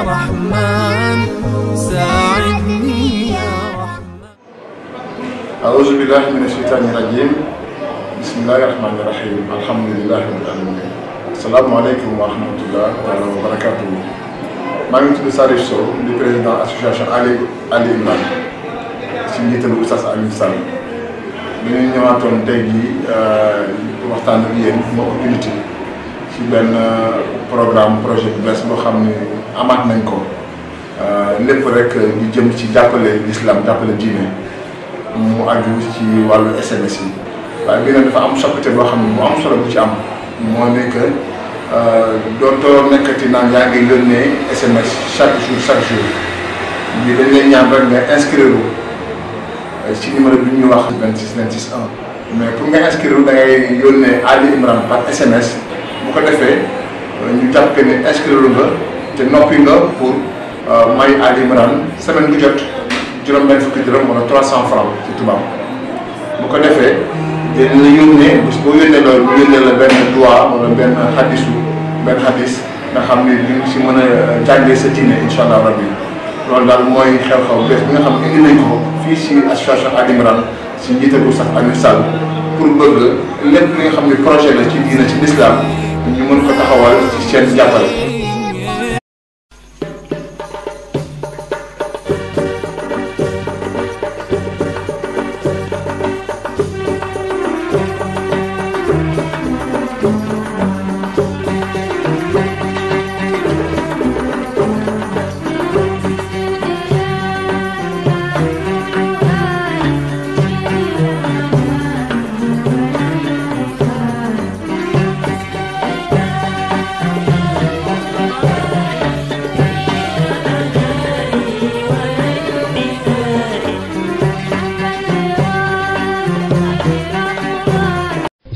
يا رحمن ساعدني يا رحمن أعوذ بالله من الشيطان الرجيم بسم الله الرحمن الرحيم الحمد لله رب العالمين asalaamaaleykum wa rahmatulah taala wa barakaatu maa ngi tudd Salif Sow di président association Ali Ali Imran si njiitalu Oustaz Alioune Sall ñu ngi ñëwaatoon tey jii euh, waxtaan ak yéen ma opportunité ci benn euh, programme projet bu bees boo xam ne amaat nañ ko euh, lépp rek ñu jëm ci jàppale lislaam jàppale diine mu aju ci wàllu SMS yi waaye bi nag dafa am soppite boo xam ne mu am solo bu ci am moo nekk euh, dootoo nekkati naan yaa ngi yónnee SMS chaque jour chaque jour ñi dañ lay ñaan rek nga inscrire euh, ci numéro bi ñu wax 26 26 1 mais pour nga inscrire da ngay yónnee Ali Imran par SMS bu ko defee ñu jàpp que ne inscrire ba te noppi nga pour euh, may Aly Imran semaine bu jot juróom-benn fukki dërëm wala 300 francs ci tubaab bu ko defee dinañ la yónnee bés boo yónnee loolu mu yónnee la benn doigt wala benn xadisu benn xadis nga xam ni li si mën a euh, jàngee sa diine incha allah rabbi loolu daal mooy xew-xew bés bi nga xam ne indi nañ ko fii si association Aly Imran si njiitagu sax Aliou Sall pour bëgg lépp li nga xam ne projet la ci diine ci l'islam ñu mën ko taxawal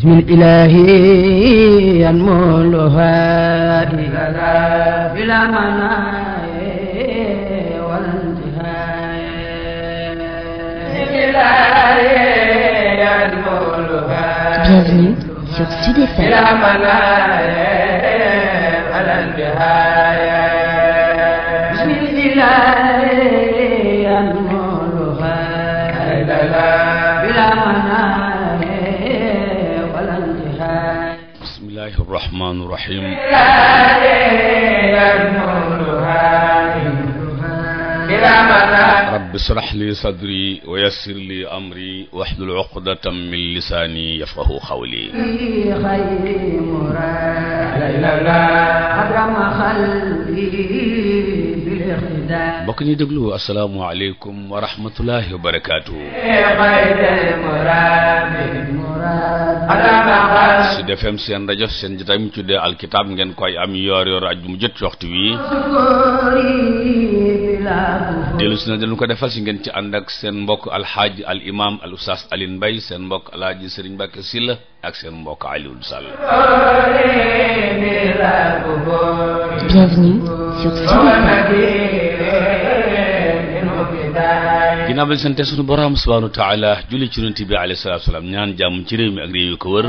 بسم الإله أنمولها إلى لا بلا مناهي ولا انتهاء بسم الإله أنمولها Bienvenue sur Sud FM. بلا مناهي ولا انتهاء بسم الإله rahmaani rahiim rabbi shrah li sadri wa yassir li amri wahlul uqdatan min lisaani yafqahu qawli mbokk ñu déglu asalaamualeykum wa rahmatullahi wa barakaatu. Sud FM seen rajo seen jotaay mu tuddee alkitab ngeen koy am yoor yoor aj mu jot ci waxtu wi dellu si na dañu ko defal si ngeen ci ànd ak seen mbokk alxaaj al imam al ustaas Alioune Mbaye seen mbokk alxaaji Serigne Mbacke Sylla ak seen mbokk Alioune Sall. ginnaaw bi sante suñu ci yonent bi alayhi salaatu salaam ñaan jàmm ci réew mi ak réew ko wër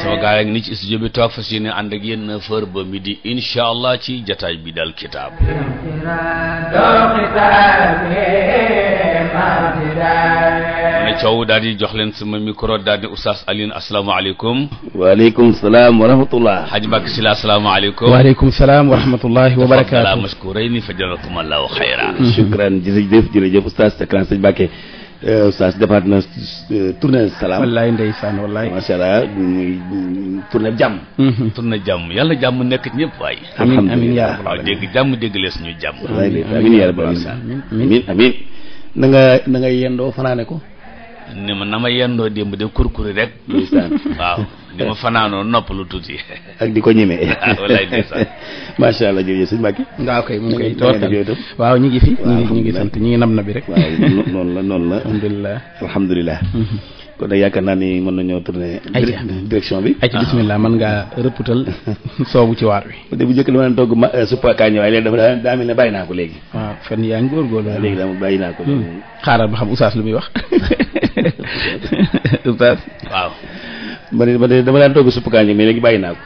sama gaay ci studio bi ak Thiaw daal di jox leen sama micro daal di oustaz Alioune asalaamaaleykum. waaleykum salaam wa rahmatullah. Hadj Mbacke Sylla asalaamaaleykum. waaleykum salaam wa rahmatullahi wa barakaatu. tafadala mashkuurayni fajazaakumu allahu xayra. Mm-hmm. shukran jërëjëf jërëjëf oustaz Sakran sëñ Mbacke. Euh, oustaz defaat na euh, tournée salaam. wallaay ndeysaan wallaay. macha allah muy tournée jàmm. Mm-hmm. tournée jàmm yàlla jàmm nekk ci ñëpp waay. amiin amiin yaa rabbal waaw dégg jàmm dégg lees ñu jàmm. amiin yaa rabbal amiin amiin na nga na nga yendoo fanaane ko. ni ma na ma yendoo démb de kurkuri rek. ndeysaan waaw di ma fanaanoo nopp lu tuuti. ak di ko ñemee. Ah, walaay ndeysaan. macha allah jërëjëf sëñ Mbacke. waaw kay mu waaw ñu ngi fi. ñu ngi ñu ngi sant ñu ngi nam na bi rek. la noonu la. alhamdulilah alhamdulilah. Mm-hmm. kon nag yaakaar naa ni mën nañoo tourner. ayca direction bi. ayca bismillah man ngaa rëpputal soobu ci waar wi. bu njëkk dama daan togg ma euh, suppa kaañ waaye léegi dafa daa mel ne bàyyi naa ko léegi. waaw fan yaa ngi góorgóorlu. waaw léegi dama bàyyi naa ko léegi. Hmm. xaaral ba xam oustaz lu muy wax oustaz. waaw. ma dama daan togg suppa kaañ mais léegi bàyyi naa ko.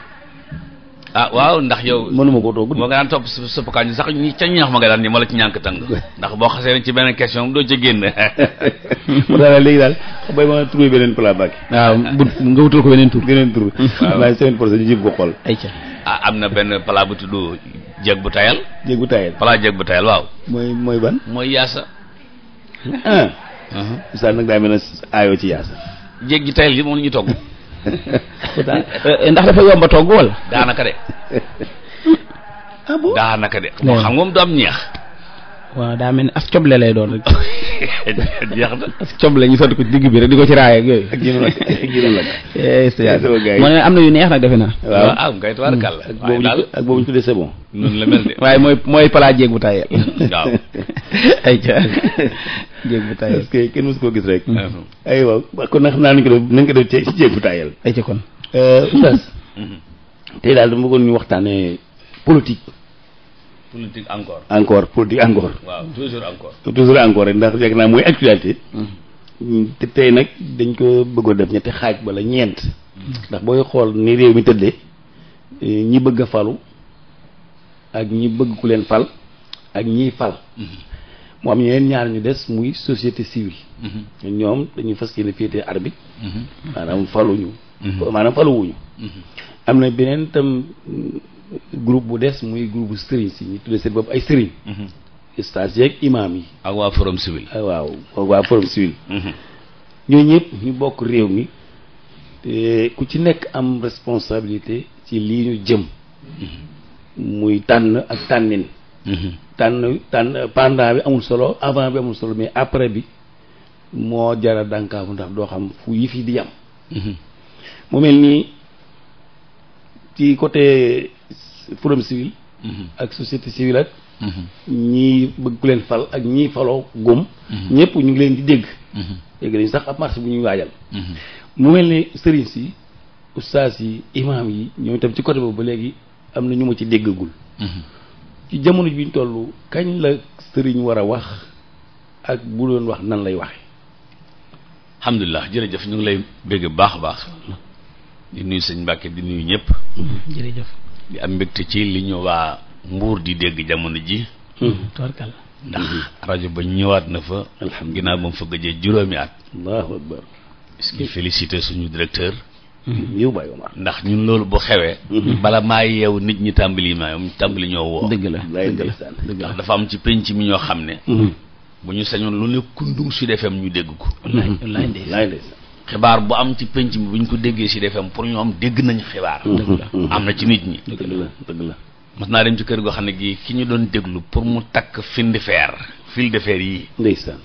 ah waaw ndax yow mënuma ko toog moo nga daan topp sax ñi ca ñaax ma nga daan ni wala ci ñànk tàng ndax boo xasee ci beneen question doo ca génn daal léegi daal bay ma trouvé beneen plat bàkki ah, bu nga wutal ko beneen tur beneen tur waaye semaine prochaine ñu jib ko xool ayca ah am na benn plat bu tudd jéeg bu tayal jéeg bu tayal palaa jéeg bu tayal waaw mooy mooy ban mooy yaasa ah uh-huh. ustaas nag daa mel ne aayoo ci yaasa jéeg ji tayal yi moom la ñuy togg Eh, eh, ndax dafa yomba togg wala. daanaka de. Ah, daanaka de. xam nga moom ñeex. waaw daa mel ni as coble lay doon jeex na com la ñu sotti ko digg bi rek di ko ci raay ak yooyu. ak juróom ak juróom eh, ak. moo ne am na yu neex nag defe naa. waaw ah kay tubaarkàlla. Mm. waaye daal ak boobu ñu tuddee c'est bon. de. waaye mooy mooy palaa jéeg bu tayel. waaw. ay ca jéeg bu tayel. parce que kenn mës koo gis rek. Mm. ay ah, waaw kon nag xam naa nañ ko def nañ ko def ci jéeg bu tayel. ay ca kon. Euh, oustaz. Mm-hmm. tey daal dama bëggoon ñu waxtaanee politique. politique encore. encore politique encore. waaw toujours encore. toujours encore rek ndax yàgg naa mooy actualité. Hmm. te tey nag dañ ko bëggoon def ñetti xaaj wala ñeent. Hmm. ndax booy xool ni réew mi tëddee eh, ñi bëgg a falu ak ñi bëgg ku leen fal ak ñi fal. Hmm. mu am ñaar ñu des muy société civile. ñoom dañu fas yéene féete arbitre. maanaam faluñu. maanaam faluwuñu. am na beneen tam groupe bu des muy groupe bu sëriñ si ñu tuddee seen bopp ay sëriñ. ustaas mhm. yeeg imaam yi. ak waa forum civil. Ah, waaw ak waa forum civil. Mhm. ñooñu ñëpp ñu bokk réew mi te ku ci nekk am responsabilité ci lii ñu jëm. Mhm. muy tànn ak tànnin. tànn tànn pendant bi amul solo avant bi amul solo mais après bi moo jara dànkaafu ndax doo xam fu yi di yam mu mel nii ci côté. forum civil mhm. ak société civile ak mhm. ñii bëgg ku leen fal ak ñii faloo góom mhm. ñëpp ñu ngi leen di dégg dégg nañu sax ab marché bu ñuy waajal mu mel ni sëriñ si ustaas yi imaam yi ñoom itam ci côté boobu ba léegi am na ñu ma ci déggagul ci jamono bi ñu toll kañ la sëriñ war a wax ak bu doon wax nan lay waxe alhamdulilah jërëjëf ñu ngi lay bégg baax a baax di nuyu sëñ Mbàkke di nuyu ñëpp di am mbégte ci li ñu waa mbuur di dégg jamono ji hmm. tabarkalla ndax rajo ba ñëwaat na fa alhamdulilah ginnaaw ba mu fa gëjee juróomi at allahu akbar suñu directeur hmm. hmm. yiw Baye ndax ñun loolu bu xewee bala maa yeew nit ñi tàmbali ma tàmbali ñoo woo dëgg la dëgg la ndax dafa am ci penc mi ñoo xam ne bu ñu sañoon lu ne kundum su defem ñu dégg ko xibaar bu am ci penc mi bu ñu ko déggee si defam pour ñoom dégg nañu xibaar. am na ci nit ñi. dëgg mas naa dem ci kër goo xam ne gii ki ñu doon déglu pour mu takk fil de fer. fil de fer yii. ndeysaan.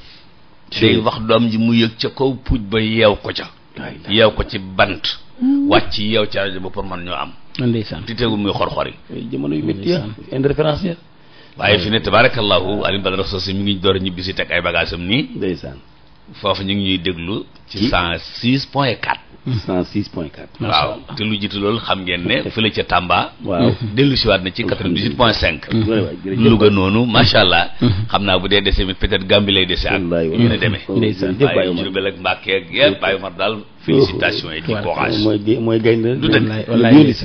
day wax doom ji mu yëg ca kaw puuj ba yeew ko ca. yeew ko ci bant. Mm. wàcc yeew ca rajo ba pour man ñoo am. ndeysaan ti tegu muy xor-xor yi. jamono yu métti ya indifférence ya waaye fi ne tabaarakallahu Alioune Badara Socé mi ngi door ñibbi si teg ay bagages am nii. ndeysaan foofu ñu ngi ñuy déglu ci cent six point quatre cent six point quatre waaw te lu jiitu loolu xam ngeen ne fële ca Tamba waaw dellu siwaat na ci quatre-vingt-dix-huit point cinq noonu macha allah mm-hmm. xam naa bu dee dese mi peut-être Gambie lay dese ak ñu ne demee waaye Jurbel ak Mbàkke ak yëpp Baye oh, oh.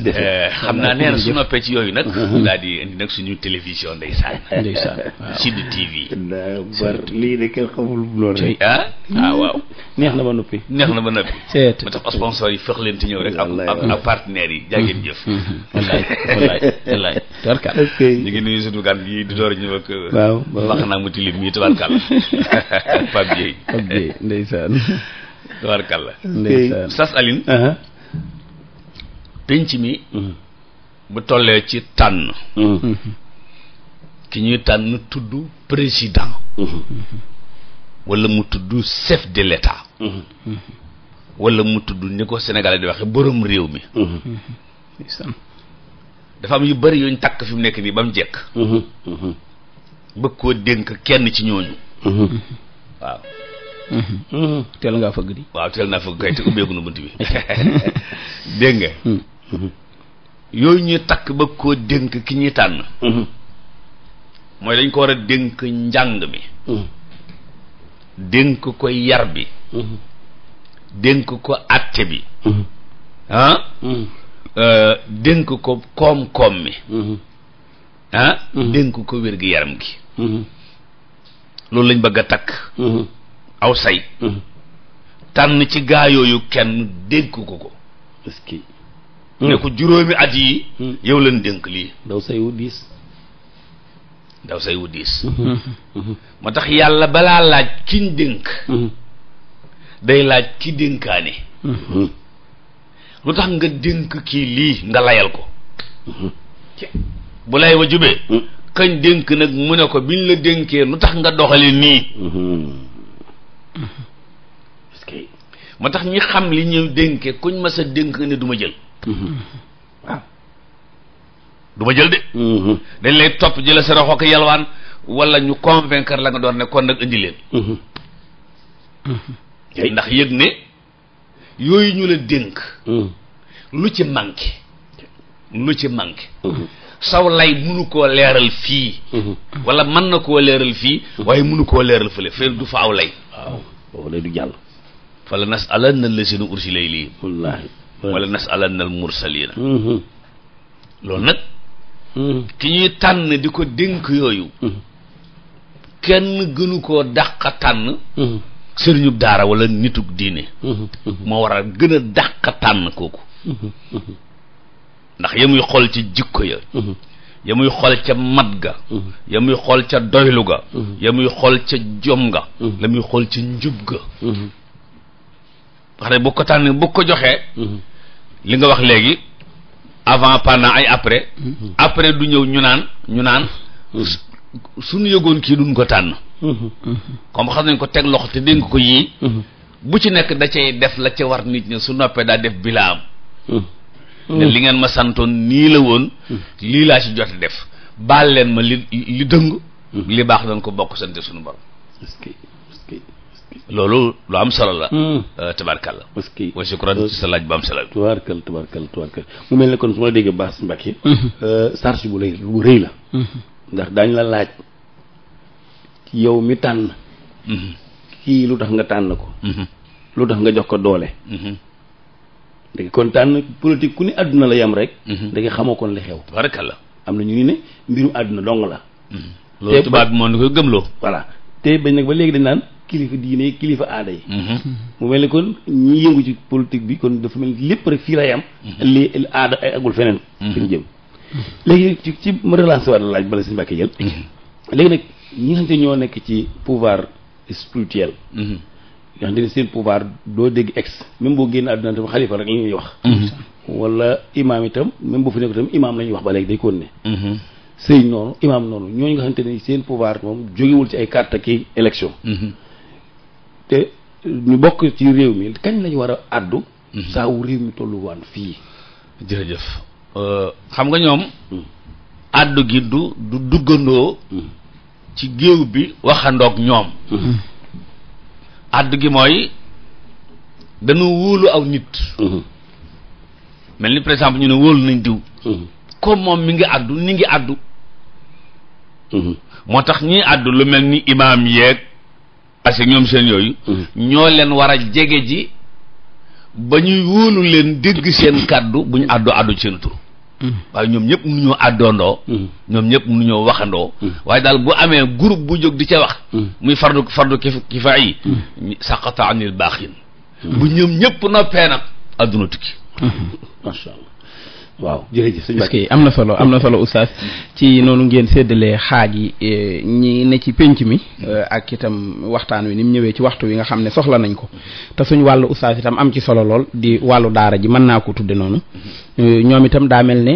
eh, xam naa nee na su noppee ci yooyu nag uh-huh. daal di indi nag suñu télévision ndeysaan ndeysaan Sud TV lii de kenn xamul loolu ah? ah waaw ba noppi neex na ba noppi ma tax sponsor yi fex leen ti ñëw rek ak partenaires yi jàngeen jëf wallaay wallaay wallaay tabarkal ñu ngi nuyu suñu gan yi di door ñëw ak euh, waaw wax naa mu tilim yi tabarkal Pape Dieye Pape Dieye ndeysaan tabarkal sas Aline uh-huh. penc mi mm-hmm. bu tollee ci tànn mm-hmm. ki ñuy tànn tudd président mm-hmm. wala mu tudd chef de l'État mm-hmm. wala mu tudd ni ko Sénégal di wax borom réew mi dafa am yu bari yuñ takk fi mu nekk nii ba mu jekk mm-hmm. Mm-hmm. bëgg koo dénk kenn ci ñooñu waaw teel ngaa fëgg di waaw teel naa fëgg kay te ubbeeku na bunt bi dégg yooyu ñuy takk bëgg koo dénk ki ñu tànn mooy dañ ko war a dénk njàng mi dénk ko yar bi mm-hmm. dénk ko atte bi mm-hmm. ah mm-hmm. Euh, dénk ko koom-koom mi ah. dénk ko wér gi yaram gi loolu lañ bëgg a takk aw say tànn ci gaa yooyu kenn dénk ko ko ne ko juróomi at yi yow lañ dénk lii ndaw say wu mhm. mhm. mhm. moo tax yàlla balaa laaj kiñ dénk day laaj ki dénkaane lu tax nga dénk kii lii nga layal ko bu lay wa kañ dénk nag mu ne ko biñ la dénkee lu tax nga doxali nii moo tax ñi xam li ñu dénkee kuñ ma dénk ne du ma jël du jël de. Mhm. dañ lay topp jëlee sa roxo ko yalwaan wala ñu convaincre la nga doon ne kon nag indi leen. Mhm. ndax yëg ne yooyu ñu la dénk. Mhm. lu ci manqué. lu ci manqué. saw lay munu koo leeral fii. wala mën na koo leeral fii. waaye mënu koo leeral fële fële du fa aw lay. waaw lay du jàll. fa la nas alan na la seen ursilay lii. wallaahi wala nas loolu nag. Hmm. ki ñuy tànn di ko dénk yooyu hmm. kenn gënu koo dàq a tànn hmm. sëriñub daara wala nitug diine moo war a gën a dàq a tànn kooku ndax ya muy xool ci jikko ya ya muy xool ca mat ga ya muy xool ca doylu ga ya muy xool ca jom ga la muy xool ca njub ga wax ne bu ko tànn bu ko joxee li nga wax léegi avant pendant ay après mhm. après du ñëw ñu naan ñu naan mhm. suñu yëgoon kii duñ ko tànn mhm. comme xam nañ ko teg loxo te dénk ko yii bu ci nekk da cay def la ca war nit ñi su noppee daa def bilaam ne li ngeen ma santoon nii la woon lii laa ci jot def baal leen ma li li dëng li baax dañ ko bokk seen sante suñu borom loolu lu am solo la. Hmm. Euh, tabarkalla. que mooy si kuréel ci sa laaj bu am solo la. tabarkalla tabarkalla mu mel ne kon su ma la déggee Bass Mbacké. Hmm. Euh, charge bu rëy bu rëy la. Hmm. ndax daañu la laaj yow mi tànn. kii lu tax nga tànn ko. lu tax nga jox ko doole. léegi kon tànn politique ku ni àdduna la yam rek. léegi xamoo kon li xew. tabarkalla am na ñu ni ne mbirum àdduna dong la. loolu tubaab bi moo ñu koy gëmloo. voilà te bañ nag ba léegi dañ naan. kilifa diine kilifa aada yi. Mhm. mu mel ni kon ñi yëngu ci politique bi kon dafa mel lépp rek fii lay am. Mhm. li aada ay agul feneen. Mhm. fi ñu jëm léegi ci ci ma relance waat laaj bala suñu mbàkkee jël. léegi nag ñi nga xam te ñoo nekk ci pouvoir spirituel. ñoo xam te ne seen pouvoir doo dégg ex même boo génn àdduna tam xalifa rek la ñuy wax. wala imaam itam même bu fi nekk itam imaam la wax ba léegi day continuer. sëñ noonu imaam noonu ñooñu nga xamante ne seen pouvoir moom jógewul ci ay carte ki élection te ñu bokk ci réew mi kañ lañu war a àddu mhm. saa wu réew mi tolluwaan fii jërëjëf euh, xam nga ñoom hmm. àddu gi du duggandoo hmm. ci géew bi waxandoog ñoom hmm. àddu gi mooy dañu wóolu aw nit mel ni par exemple ñu ne wóolu nañ diw comme moom mi ngi àddu ni ngi àddu moo tax ñiy àddu lu mel ni imaam yeeg parce ñoom seen yooyu mm-hmm. ñoo leen war a jege ji ba ñuy wóolu leen dégg seen kàddu bu ñu àddoo àddu seen tur mm-hmm. waaye ñoom ñëpp mënuñoo àddoondoo mm-hmm. ñoom ñëpp ñoo waxandoo waaye daal bu amee groupe bu jóg di ca wax muy fardu fardu kifa yi saqata anil baaxin bu ñoom ñëpp noppee nag àdduna tukki waaw jërëjëf sëñ Mbacke am na solo am na solo oustaz ci noonu ngeen séddalee xaaj yi e, ñi ne ci pénc mi mm. e, ak itam waxtaan wi ni mu ñëwee ci waxtu wi nga xam ne soxla nañ ko te suñ wàllu oustaz itam am ci solo lool di wàllu daara ji mën naa ko tuddee noonu mm-hmm. e, ñoom itam daa mel ne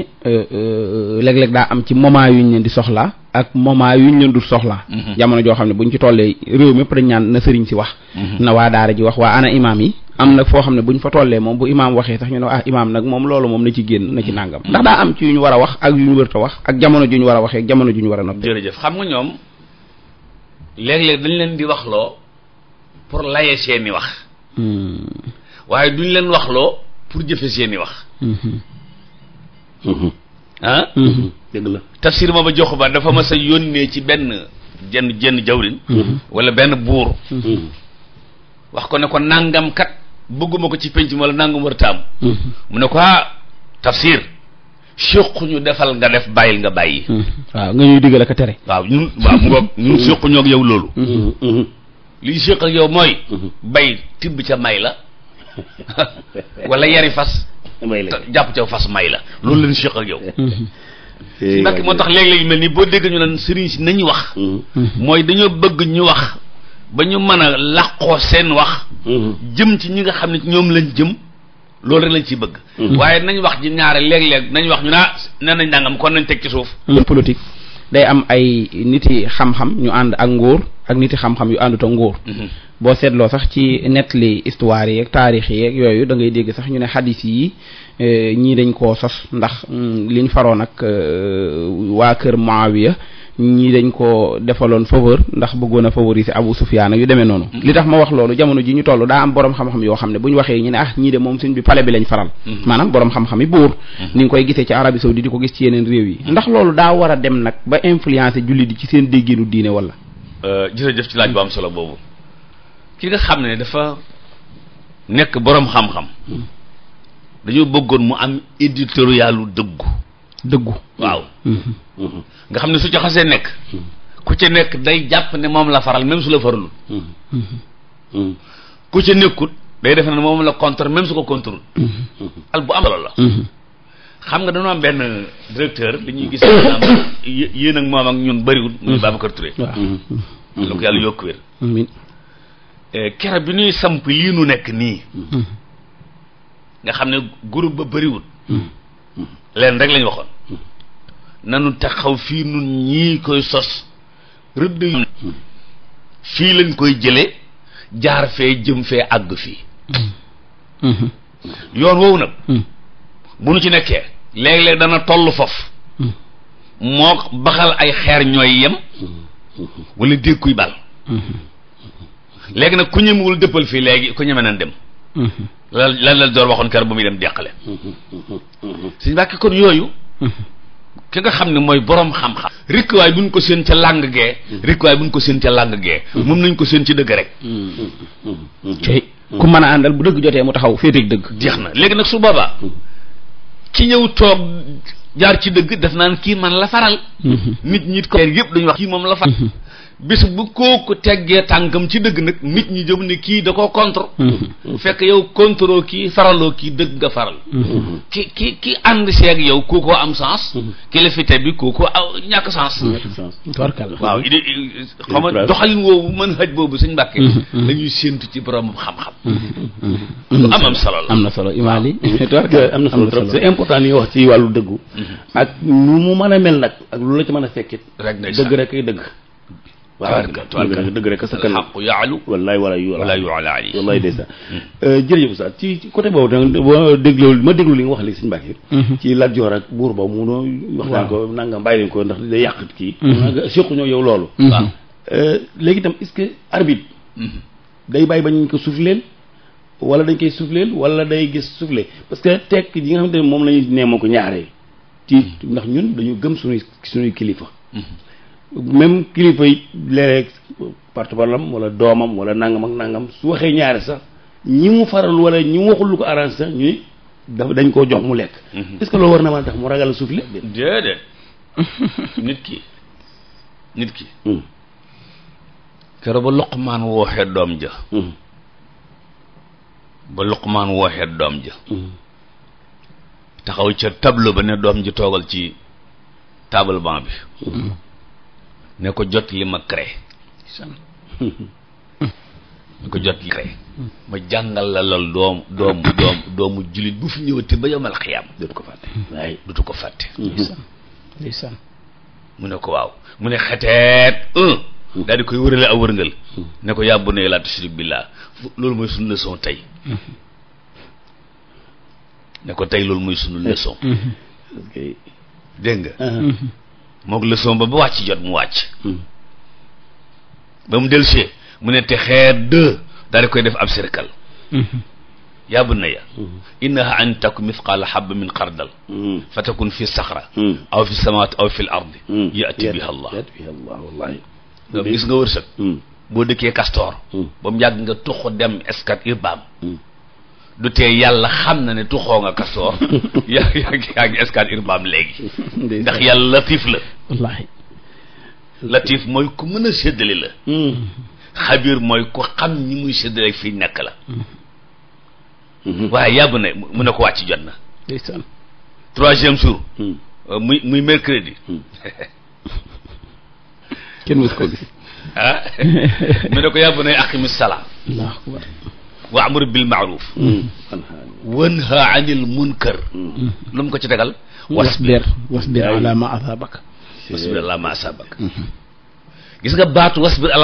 léeg-léeg daa am ci moment yuñ leen di soxla ak yu ñu leen du soxla mm-hmm. jamono joo xam ne buñ ci tollee réew mépp dañ ñaan na sëriñ si wax mm-hmm. na waa daara ji wax waa ana imaam yi am nag foo xam ne buñ fa tollee moom bu imaam waxee sax ñu ne ah imaam nag moom loolu moom na ci génn na ci nàngam ndax daa am ci ñu war a wax ak yu ñu wërta wax ak jamono ju ñu war a waxee ak ju ñu war a xam nga ñoom léeg-léeg dañ leen di loo pour laye seeni wax hmm. waaye duñ leen waxloo pour jëfe seeni wax hmm. ah hmm. dëgg la tafsir ma ba jox ba dafa ma sa yónnee ci benn jenn jenn jawrin wala benn buur wax ko ne ko nàngam kat bëgguma ko ci penc ma la nangam war taam mm-hmm. mu ne ko ah tafsir suq ñu defal nga def bàyyil nga bàyyi mm-hmm. waaw nga ñuy digal ak tere waaw ñun waaw mu ngoog ñun suq ñoog yow loolu mm-hmm. liñ suq ak yow mooy bay tibb ca may la wala yari fas jàpp ca fas may la loolu leen suq ak yow si moo tax léeg-léeg mel ni boo dégg ñu naan sëriñ si nañu wax mooy dañoo bëgg ñu wax ba ñu mën a làqoo seen wax mm-hmm. jëm ci ñi nga xam ne ñoom lañ jëm loolu rek lañ ciy bëgg mm-hmm. waaye nañ wax ji ñaare léeg-léeg nañ wax ñu naa ne ah nañ nangam kon nañ teg ci suuf politique day am ay niti xam-xam ñu ànd ak nguur ak niti xam-xam yu àndut ngóor mm-hmm. boo seetloo sax ci nettali histoire yeeg taarix yeeg yooyu da ngay dégg sax ñu ne xadis yi eh, ñii dañ ko sos ndax mm, liñ faroon ak eh, waa kër ya ñii dañ ko defaloon faveur ndax bëggoon a favoriser Abu Sufyaan yu deme noonu mm-hmm. li tax ma wax loolu jamono ji ñu toll daa am borom xam-xam yoo xam ne bu ñu waxee ñu ne ah ñii de moom suñ bi pale bi lañ faral mm-hmm. maanaam borom xam-xam yi buur mm-hmm. ni koy gisee ci Arabie Saoudite di ko gis ci yeneen réew yi ndax loolu daa war a dem nag ba influencer julli di ci seen déggéenu diine wala euh, jërëjëf ci laaj bu am solo boobu ki nga xam ne dafa nekk boroom xam dañoo bëggoon mu am éditorial lu dëggu dëggu nga xam ne su ci xasee nekk ku ci nekk day jàpp ne moom la faral même su la faralul ku ci nekkut day def ne moom la contre même su ko contre bu am xam nga dañoo am benn directeur li ñuy gis yéen ak moom ak ñun bëriwul muy Babacar Touré la ko yàlla yokk wér eh, kere bi ñuy samp yi nu nekk nii nga xam ne groupe ba bëriwul hmm. leen rek lañ waxoon nanu taxaw fii nun ñii koy sos rëdd yu hmm. fii lañ koy jële jaar fee jëm fee àgg fii hmm. Hmm. yoon woowu nag bu nu ci nekkee léeg-léeg dana toll fof moo baxal ay xeer ñooy yem wala dégg kuy bal léegi nag ku ñemewul dëppal fii léegi ku ñeme nañ dem lal lan la door waxoon kër bu muy dem deqale suñu bàkki kon yooyu ki nga xam ne mooy borom xam-xam bu buñ ko seen ca làng gee mm-hmm. bu ñu ko seen ca làng gee moom mm-hmm. nañ ko seen ci dëgg rek tey mm-hmm. ku mën a àndal bu dëgg jotee mu taxaw féeteeg dëgg jeex na léegi nag su boobaa ki ñëw toog jaar ci dëgg def naan kii man la faral nit ñit ko yëpp dañu wax kii moom la faral bis bu kooku teggee tànkam ci dëgg nag nit ñi jëm ne kii da ko contre mm-hmm. bu fekk yow contrôle kii faraloo kii dëgg nga faral mm-hmm. ki ki ki ànd seeg yow kookoo am sens mm-hmm. kilifite bi kookoo aw ñàkk sens waaw idi xam nga doxalin woowu mën haj boobu suñ mbàkke la ñuy ci borom xam-xam lu am am solo la am na solo imaali tubarkal am na solo trop important li nga wax ci wàllu dëggu ak mu mën a mel nag ak lu la ci mën a fekkit rek dëgg rek ay dëgg dëgg rek sa kanam xaqu yaalu wallaay wala yu wala yu ala ali wallaay ndeysaan euh, jërëjëf Oustaz ci ci côté boobu tamit boo dégloo ma déglu li nga wax léegi sëñ Mbàkke mhm. ci Lat Joor ak buur ba mu noo waxtaan ko nanga bàyyi leen ko ndax day yàq kii mhm. nanga séqu ñoo yow loolu mhm. waaw euh, léegi itam est-ce que arbitre day bàyyi bañ ko suufleel wala dañ koy suufleel wala day gis suufle parce que tekk yi nga xamante ne moom la ñuy nee moo ko ñaaree ci ndax ñun dañu gëm suñuy suñuy kilifa même kilifa yi léeg-léeg porte wala doomam wala nangam ak nangam su waxee ñaari sax ñi mu faral wala ñi mu waxul lu ko arrange sax ñuy dafa dañ koo jox mu lekk. Mm-hmm. est-ce que loolu war na mën a tax mu ragal suuf la. déedéet nit ki nit ki. Mm. keroog ba Luqmaan wooxee doom ja. Mm. ba wooxee doom ja. Mm. taxaw ca tableau ba ne doom ji toogal ci table banc bi. ne ko jot li ma crée ne ko jot li ma jàngal la lool doom doom doomu jullit bu fi ñëwati ba yomal xiyaam dootu ko fàtte waaye dootu ko fàtte mu ne ko waaw mu ne xeteet daal di koy wërale aw wërngal ne ko yàbbu ne laa tushrik billah loolu mooy sunu leçon tey ne ko tey loolu mooy sunu leçon dégg nga uh-huh. moog leçon ba ba wàcc jot mu wàcc hmm. ba mu delsee mu ne te xeer deux daal di koy def ab cercle hmm. yaa bunayya hmm. innaha an taku mithqaala habba min xardal fa takun fi saxra aw fi samawat aw fi l yati biha allah yati biha allah wallahi donc gis nga wërsëg boo dëkkee Castor ba mu yàgg nga tuxu dem escat urbain du tee yàlla xam na ne tuxoo nga kastoor yaa yaa ngi yaa ngi léegi ndax yàlla latif la wallaahi latif mooy ku mën a séddale la hmm. xabir mooy ku xam ñi muy séddale fi nekk la hmm. Hmm. waaye yàbb ne mu ne ko wàcc jot na troisième jour euh, muy muy mercredi ah. mu ne ko yàbb ne aqimis salaam waamur bil maaruf hmm. wanha anil munkar lu mu ko ci tegal wasbir wasbir ala ma asabak hmm. gis nga baatu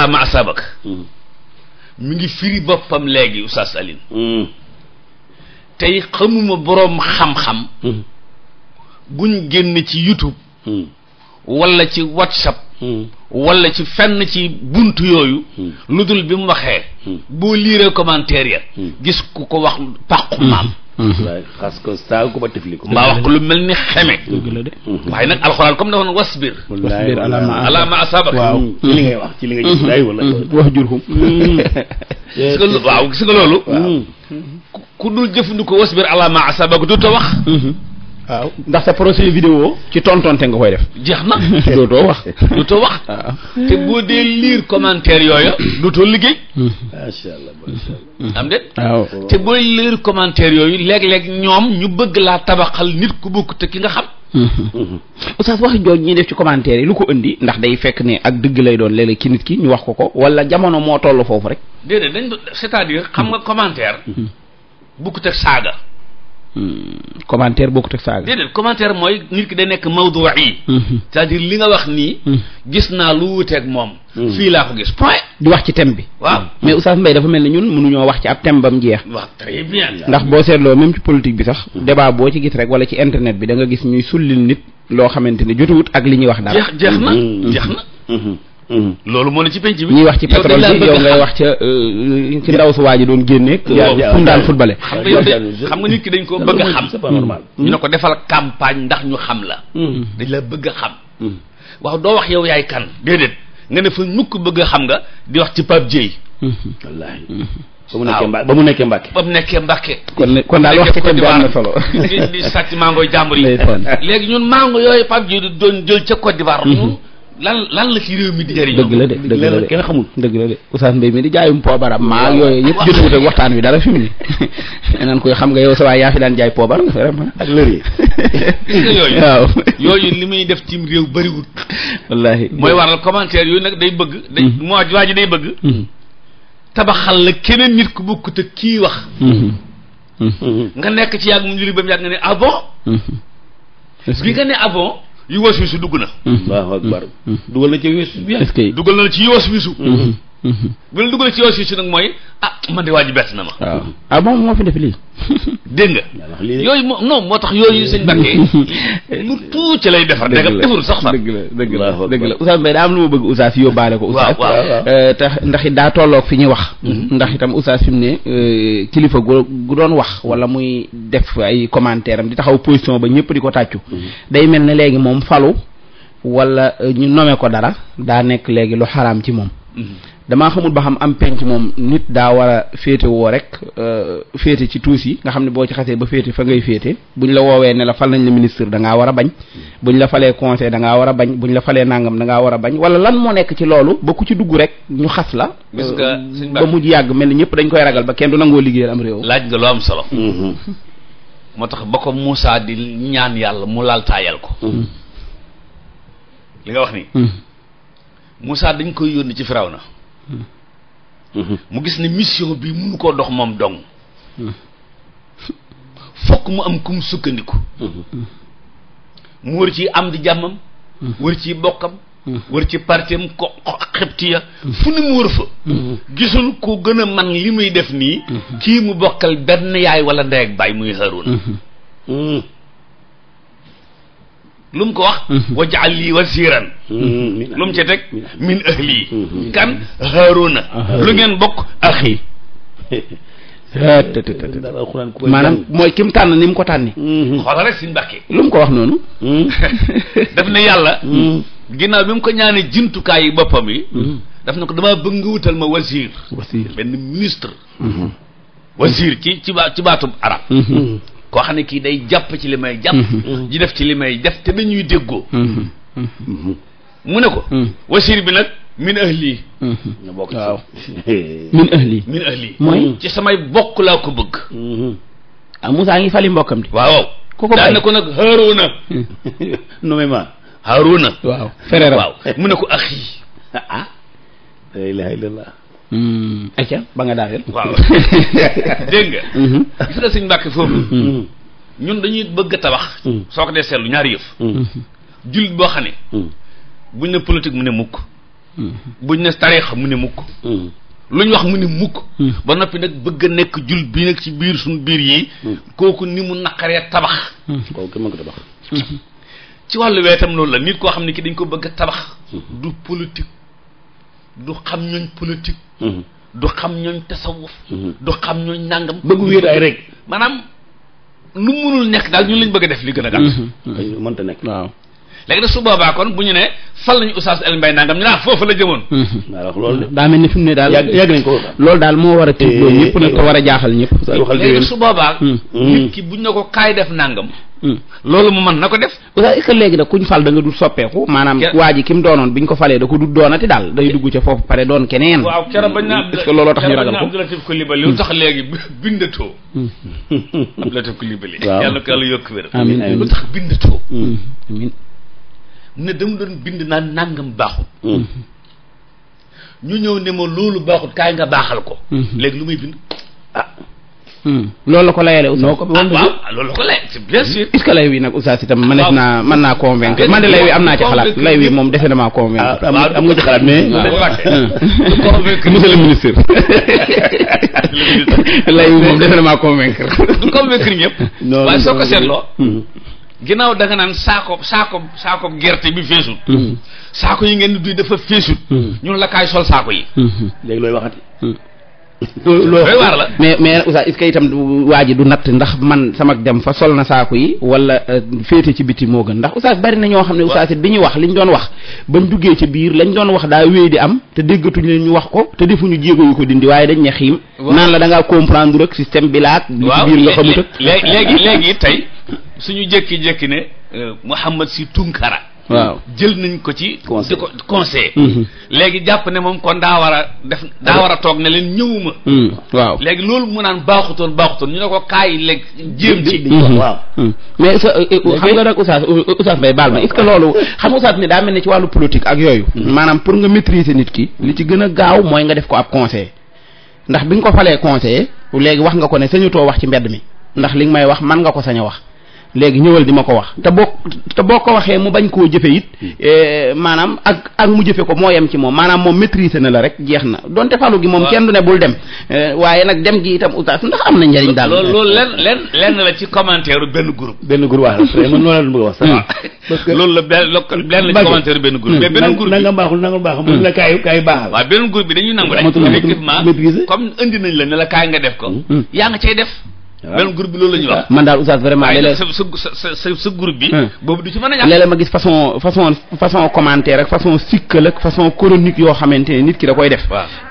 ma asabak mi hmm. ngi firi boppam léegi Oustaz Alioune tey xamuma boroom xam-xam buñ génn ci YouTube wala ci whatsapp hmm. wala ci fenn ci bunt yooyu hmm. lu dul bi mu waxee hmm. boo liiree commentaire ya gis ku ko wax pàqu maam waaye xas ko saa ko ba ko mbaa wax ko lu mel ni xeme waaye nag alxuraan comme dafa wasbir wasbir alaa maa asaabak waaw ci li ngay wax ci li nga gis day wala wax jurhum gis nga waaw gis nga loolu ku dul jëfandikoo wasbir alaa maa asaabak ta wax waaw ndax sa projet vidéo ci te nga koy def. jeex na dootoo wax. dootoo wax. Ah. te boo dee lire commentaire yooyu dootoo liggéey. macha allah macha allah. am de. te booy lire commentaire yooyu léeg-léeg ñoom ñu bëgg laa tabaxal nit ku bokk te ki nga xam. oustaz wax jooj ñuy def ci commentaire yi lu ko indi ndax day fekk ne ak dëgg lay doon léeg ki nit ki ñu wax ko ko wala jamono moo toll foofu rek. déedéet dañ c'est-à-dire xam nga commentaire. Hmm. bokk te saaga. Hmm. commentaire bokkut ak saaga. déedéet commentaire mooy nit ki da nekk mawduu yi. Hmm. cest à li nga wax nii. Hmm. gis naa lu wuuteeg moom. fii laa ko gis point. di wax ci thème bi. waaw mais Oustaz Mbaye dafa mel ni ñun mënuñoo wax ci ab thème bam jeex. waaw ndax boo seetloo même ci politique bi sax. débat boo ci gis rek wala ci internet bi da nga gis ñuy sullil nit loo xamante ne jotuwut ak li ñuy wax dara. jeex jeex na jeex na. Mm. loolu moo ne ci penc bi ñuy wax ci pétrole bi yow ngay wax ca euh, ci ndaw su waa doon génne fu mu daan footballé xam nga yow de xam nga nit ki dañ ko bëgg a xam c'est pas mm. ko defal campagne ndax ñu xam la mm. dañ la bëgg a xam waaw doo wax yow yaay kan déedéet nga ne fa bëgg xam nga di wax ci Pape Dieye wallaahi ba mu nekkee Mbacke ba mu nekkee Mbacke. ba mu nekkee Mbacke. kon kon daal wax ci thème bi am na solo. di di sàcc mango jàmbur yi. léegi ñun mango yooyu Pape Dieye doon jël ca Côte d'Ivoire. Mm-hmm. lan lan la ci réew mi di jëriñ. dëgg la de dëgg la de kenn xamul. dëgg la de Oustaz Mbaye mi di jaayum poobaram maa yooyu yëpp jotewut ak waxtaan wi dara fi mu ne. naan koy xam nga yow sa waay yaa fi daan jaay poobar ak lër yi. li muy def cim réew bëriwul. wallaahi mooy waral commentaire yooyu nag day bëgg. day mm-hmm. moo waa ji day bëgg. Mm-hmm. tabaxal la keneen nit ku ku ak kii wax. Mm-hmm. nga nekk ci yàgg mu njëriñ ba mu yàgg nga ne ah bi nga ne ah yu was wisu dugg na. waaw waaw dugal na ci wisu. est-ce que dugal na ci yu was wisu. bu la dugalee ci aussi si nag mooy ah man di waa ji bett na ma. waaw ah, ah moo fi def lii. dégg nga. yooyu moom moo tax yooyu sëñ Mbacke lu ca lay defar. dëgg la deful sax sax. dëgg la dëgg la dëgg la Oustaz Mbaye daa am ko. waaw euh, tax ndax it daa tolloog fi ñuy wax. Mm-hmm. ndax itam Oustaz fi mu ne euh, kilifa gu doon wax wala muy def ay commentaire am di taxaw position ba ñëpp di ko tàccu. Mm-hmm. day mel ne léegi moom falu wala euh, ñu nome ko dara daa nekk léegi lu xaraam ci moom. Mm-hmm. damaa xamul ba xam am penc moom nit daa war a féete woo rek euh, féete ci tuus yi nga xam ne boo ci xasee ba féete fa ngay féete buñ la woowee ne la fal nañ la ministre da ngaa war a bañ buñ la falee conseil da ngaa war a bañ buñ la falee nangam da ngaa war a bañ wala lan moo nekk ci loolu ba ku ci dugg rek ñu xas la euh, ba mujj yàgg mel ni ñëpp dañ koy ragal ba kenn du nangoo liggéey am réew laaj nga lu solo mm-hmm. moo tax ba ko di ñaan yàlla mu laltaayal ko mm-hmm. li nga mm-hmm. dañ koy yónni ci na mu gis ne mission bi mënu ko dox moom dong fokk mu am kum sukkandiku mu wër ci am di jàmmam wër ci bokkam wër ci partem ko xebti ya fu ni mu wër fa gisul ku gën a man li muy def nii kii mu bokkal benn yaay wala ndey ak baay muy Haaruna lu mu ko wax mhm. wajaal lii wasiiran lu mu ci teg min ahli mhm. kan haaruna lu ngeen bokk axi maanaam mooy ki mu tànn ni mu ko tànni mhm. xoolal rek suñ bàkkee lu mu ko wax noonu daf ne yàlla ginnaaw bi mu ko ñaanee jumtukaay yi boppam yi daf na ko damaa bëgg nga wutal ma wasiir wasiir benn ministre wasiir ci baatu ba arab koo xam ne kii day jàpp ci li may jàpp mhm. Mhm. di def ci li may def te dañuy déggoo mhm. mu ne ko wasiir bi nag min ahli ñu bokk ci waaw min ahli min ahli mooy samay bokk laa ko bëgg ah Moussa ngi fali mbokkam di waaw ku ko daan ne ko nag Haaruna nommé ma Haaruna waaw frère waaw mu ne ko axi ah, ah la ilaha illallah Hmm. acca ba nga daaneel waaw dégg nga mhm. gis na sëñ Mbàkke foofu hmm. Hmm. ñun dañuy bëgg a tabax soo ko dee seetlu ñaari yëf jullit boo xam ne buñ ne politique mu ne mukk buñ ne tariixa mu ne mukk lu ñu wax mu ne mukk ba noppi nag bëgg a nekk jullit bi nekk ci biir suñ biir yi kooku ni mu naqaree tabax kooku mën ko tabax loolu la nit koo xam ne ki dañ ko bëgg a tabax du politique du xam ñooñ politique. Mhm. du xam ñooñ tasawuf. Mhm. du xam ñooñ nangam. bëgg ay rek. maanaam lu munul nekk daal ñun lañ bëgg a def li gën a gàtt. Mhm. mënta nekk waaw. léegi nag su boobaa kon bu ñu ne fal nañu oustaz El Mbaye nangam ñu naan foofu la jëmoon. alors loolu daa mel ni fi mu ne daal yàgg nañ ko loolu daal moo war a tëj loolu eh, ñëpp nag ko eh, war a jaaxal ñëpp. léegi su boobaa. Mm. nit ki buñ ne ko kaay def nangam. Hmm. loolu mu man na ko def léegi nag kuñ fal da nga soppeeku maanaam waa ji ki mu doonoon biñ ko falee da ko dul doonati daal day dugg ca foofu pare doon keneen waaw cara bañ na hmm. est ce que looloo tax ñu ragal ko Abdoulatif Coulibaly lu tax léegi bindatoo hmm. Abdoulatif Coulibaly yàlla ko yàlla yokk wér amiin amiin lu tax bindatoo amiin ne dama doon bind naan nangam baaxut ñu ñëw ne ma loolu baaxut kaay nga baaxal ko léegi lu may bind ah. loolu hmm. la loolu la ko lay ah, c'est bien sûr est-ce que lay wi nag oustaz itam ma nekk naa mën naa convaincre man de lay wi am naa ci xalaat lay wi moom defe na maa convaincre ah, ah, am nga ci xalaat mais hmm. monsieur le ministre lay wi moom defe na maa convaincre hmm. nga naan saako saako saako gerte bi feesut saako yi ngeen di duy dafa feesut ñun la kaay sol saako yi looy mais mais oustaz itam du waa ji du natt ndax man sama dem fa sol na saako yi wala euh, féete ci bitim moo gën ndax oustaz bari na ñoo xam ne oustaz it bi ñu wax liñ doon wax bañ duggee ci biir lañ doon wax daa wéy di am te déggatuñ leen ñu wax ko te defu ñu yu ko dindi waaye dañ ne xiim naan la da ngaa comprendre rek système bi laak li ci biir nga xamut ak léegi léegi tey suñu jékki-jékki ne euh, Mouhamed si Tunkara waaw jël nañ ko ci. conseil di ko conseil. Mhm. léegi jàpp ne moom kon daa war a def daa war a toog ne leen ñëwuma. Mhm. waaw léegi loolu mu naan baaxutoon baaxutoon ñu ne ko kaay léeg jéem ci. Mhm. waaw mais euh, euh, nga nag Oustaz euh, Oustaz Mbaye baal ma est que loolu xam nga Oustaz ne daa mel ni ci wàllu politique ak yooyu. maanaam pour nga maîtriser nit ki. li ci gën a gaaw mooy nga def ko ab conseil ndax bi nga ko falee conseiller léegi wax nga ko ne sañutoo wax ci mbedd mi ndax li may wax man nga ko sañ a wax. léegi ñëwal di ma ko wax te boo te boo ko waxee mu bañ koo jëfe it hmm. eh, maanaam ak ak mu jëfe ko moo yem ci moom maanaam moom maîtriser na la rek jeex na donte falu gi moom kenn du ne bul dem eh, waaye nag dem gi itam oustaz ndax am na njariñ daal loolu lenn lenn lenn la ci commentaire benn groupe benn groupe waaw man noonu la bëgg a wax sax ah. parce loolu la benn lenn la ci commentaire benn groupe mais benn hmm. groupe bi nanga baaxul nanga baaxul mun la hmm. kaay dañuy nangu comme indi nañ la ne la kaay nga def ko yaa nga cay def beneen groupe loolu la wax man daal oustaz vraiment léeg-léeg sa sa sa hmm. a ñàkk ma gis façon façon façon commentaire ak façon sikkal ak façon chronique yoo xamante ne nit ki da koy def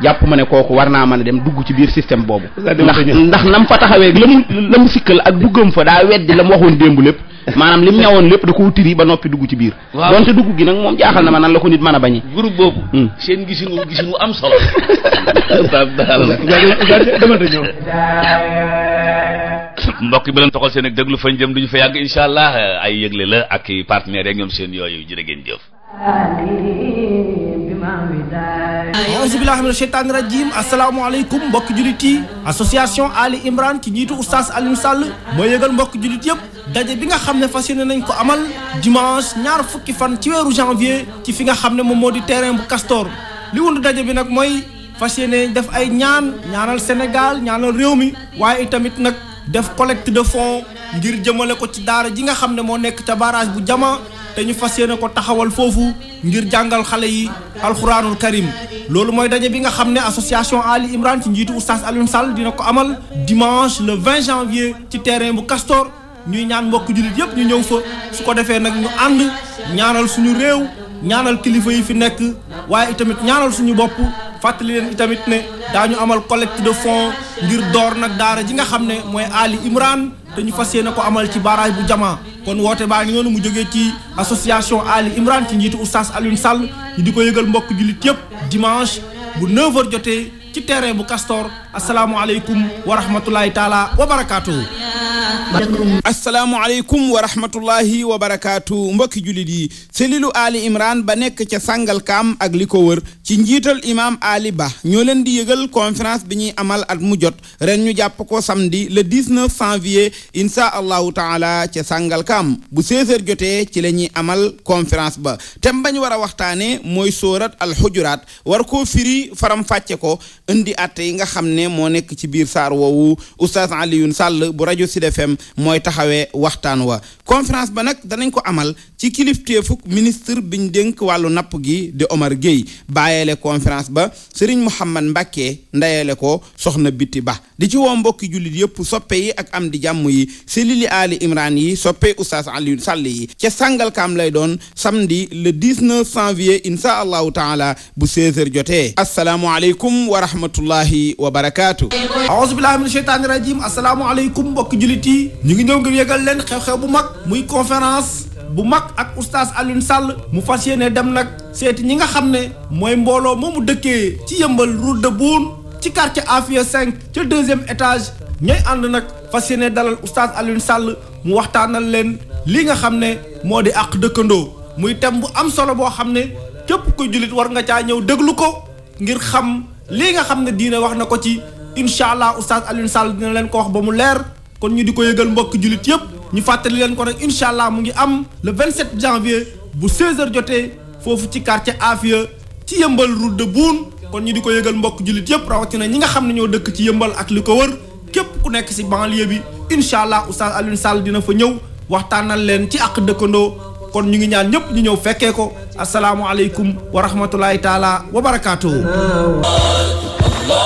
jàpp ma ne kooku war naa mën a dem dugg ci biir système boobu ndax ndax nam fa taxawee la mu la mu sikkal ak duggam fa daa weddi la mu waxoon démb lépp maanaam lim ñawoon lépp da ko tiri ba noppi dugg ci biir donte dugg gi nag moom jaaxal na ma nan la ko nit mën a bañe groupe boobu hmm. seen gisin wu gisin wu am solo daal demal te ñëw mbokk bi leen toxal seen ak déglu fañ jëm duñu fa yàgg incha allah ay yëgle la ak partenaires yeeg ñoom seen yooyu jërë ngeen jëf auzu billaahi mina sheytaani rajiim asalaamaaleykum mbokk jullit yi association Ali Imran ci njiitu oustaz Alioune Sall moo yëgal mbokk jullit yëpp daje bi nga xam ne fas yéene nañ ko amal dimanche ñaar fukki fan ci weeru janvier ci fi nga xam ne moom moo di terrain bu kastoor li wundu daje bi nag mooy fas yéene def ay ñaan ñaanal Sénégal ñaanal réew mi waaye tamit nag def collecte de fonds ngir jëmale ko ci daara ji nga xam ne moo nekk ca barrage bu Jama te ñu fas yéene ko taxawal foofu ngir jàngal xale yi alxuraanul karim loolu mooy daje bi nga xam ne association Ali Imran ci njiitu oustaz Alioune Sall dina ko amal dimanche le 20 janvier ci terrain bu Castor ñuy ñaan mbokk jullit yépp ñu ñëw fa su ko defee nag ñu ànd ñaanal suñu réew ñaanal kilifa yi fi nekk waaye itamit ñaanal suñu bopp fàttali leen itamit ne daañu amal collecte de fonds ngir door nag daara ji nga xam ne mooy Ali Imran te ñu fas yéene ko amal ci barrage bu Jamaa kon woote baa ngi mu jóge ci association Ali Imran ci njiitu oustaz Alioune Sall ñu di ko yëgal mbokk jullit yëpp dimanche bu 9h jotee ci terrain bu Castor asalaamualeykum wa rahmatulahi taala wa barakaatu. asalaamualeykum wa rahmatullahi mbokki jullit yi selilu Ali Imran ba nekk ca sangal kaam ak li ko wër. ci njiital imaam Ali Ba ñoo leen di yëgal conférence bi ñuy amal at mu jot ren ñu jàpp ko samedi le 19 janvier incha allahu taala sangal Sangalkam bu 16h jotee ci la ñuy amal conférence ba thème ba ñu war a waxtaanee mooy sóorat alxujuraat war ko firi faram-fàcce ko indi at yi nga xam ne moo nekk ci biir saar woowu oustaz Alioune Sall bu rajo Sud FM mooy taxawee waxtaan wa conférence ba nag danañ ko amal ci kilifteefuk ministre biñ dénk wàllu napp gi di Omar Gueye bàyyi ndayale conférence ba Serigne Mouhamad Mbacke ndayale ko soxna Biti Ba di ci woo mbokki jullit yëpp soppe yi ak am di jàmm yi selili Ali Imran yi soppe Oustaz Alioune Sall yi ca Sangalkam lay doon samedi le 19 janvier incha allahu taala bu 16h jotee asalaamualeykum wa rahmatullahi wa barakaatu. aouzu billahi min sheytaani rajim asalaamualeykum mbokki jullit yi ñu ngi ñëw ngir yëgal leen xew-xew bu mag muy conférence. bu mag ak oustaz Alioune Sall mu fas yéene dem nag seeti ñi nga xam ne mooy mbooloo moomu dëkkee ci yëmbal route de Boune ci quartier Afia 5 ca deuxième étage ñooy ànd nag fas yéene dalal oustaz Alioune Sall mu waxtaanal leen li nga xam ne moo di àq dëkkandoo muy thème bu am solo boo xam ne képp ko jullit war nga caa ñëw déglu ko ngir xam lii nga xam ne diine wax na ko ci incha allah oustaz Alioune Sall dina leen ko wax ba mu leer. kon ñu di ko yëgal mbokk jullit yëpp ñu fàttali leen ko rek incha allah mu ngi am le 27 janvier bu 16h jotee foofu ci quartier Afia ci yëmbal route de Boune kon ñi di ko yëgal mbokk jullit yëpp rawatina ñi nga xam ne ñoo dëkk ci yëmbal ak li ko wër képp ku nekk si banlieue bi incha allah oustaz Alioune Sall dina fa ñëw waxtaanal leen ci àq dëkkandoo kon ñu ngi ñaan ñëpp ñu ñëw fekkee ko asalaamualeykum wa rahmatulahi taala wa barakaatu.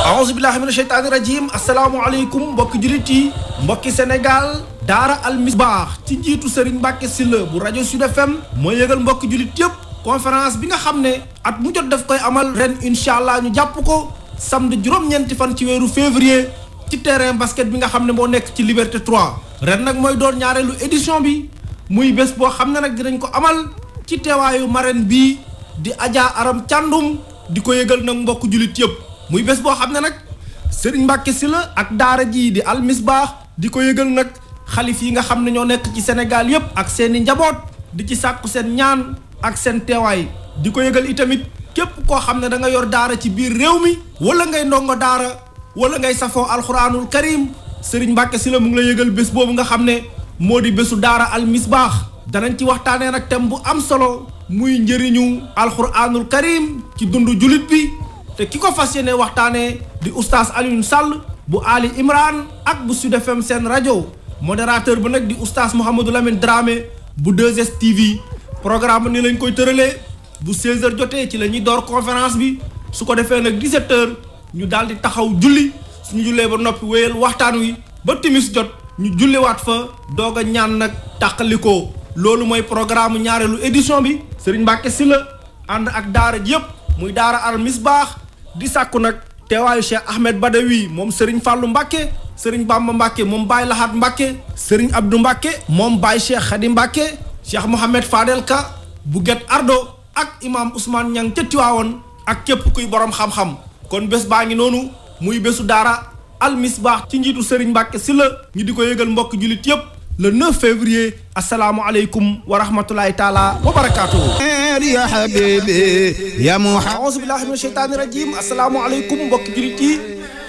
aousubillahi mina sheytaani rajim asalaamaaleykum mbokki jullit yi mbokki sénégal daara al misbaax ci jiitu sëriñ mbàkke silla bu rajo sud fm mooy yëgal mbokki jullit yépp conférence bi nga xam ne at mu jot daf koy amal ren incha allah ñu jàpp ko samd juróom-ñeenti fan ci weeru février ci terrain basket bi nga xam ne moo nekk ci liberté 3 ren nag mooy doon ñaareelu édition bi muy bés boo xam ne nag nañ ko amal ci teewaayu marraine bi di Adja Aram Thiandoum di ko yëgal nag mbokk jullit yëpp muy bés boo xam ne nag sëriñ Mbàkke sila ak daara jii di Al Misbah di ko yëgal nag xalif yi nga xam ne ñoo nekk ci Sénégal yëpp ak seeni njaboot di ci sàkku seen ñaan ak seen teewaay di ko yëgal itamit képp koo xam ne da nga yor daara ci biir réew mi wala ngay ndongo daara wala ngay safoo alxuraanul karim sëriñ Mbàkke Sylla mu ngi la yëgal bés boobu nga xam ne moo di bésu daara Al Misbah danañ ci waxtaanee nag thème bu am solo muy njëriñu alxuraanul karim ci dundu julit bi te ki ko fas yéene waxtaanee di oustaz Alioune Sall bu Ali Imran ak bu Sud FM seen rajo modérateur bi nag di oustaz Mouhamadou Lamine Dramé bu 2STV programme ni lañ koy tëralee bu 16h jotee ci la ñuy door conférence bi su ko defee nag 17h ñu daal di taxaw julli suñu jullee ba noppi wéyal waxtaan wi ba timis jot ñu julliwaat fa doog a ñaan nag tàqalikoo loolu mooy programme ñaareelu édition bi Serigne Mbacke Sylla ànd ak daara ji yëpp muy daara al misbaax di sàkku nag teewaayu Cheikh Ahmed Badawi moom Serigne Fallou Mbacke Serigne Bamba Mbacke moom Baye Lahat Mbacke Serigne Abdou Mbacke moom Baye Cheikh Khady Mbacke Cheikh Mohamed Fadel Ka Bouguette Ardo ak imaam Ousmane Niang ca Tiwaawoon ak képp kuy borom xam-xam kon bés baa ngi noonu muy bésu daara Al Misbah ci njiitu Serigne Mbacke Sylla ñu di ko yëgal mbokk julit yépp le 9 février asalaamualeykum wa rahmatulahi taala wa Muhammad ya habibi ya Muhammad auzu billahi mina shaytaani rajim asalaamaaleykum mbokk jurit yi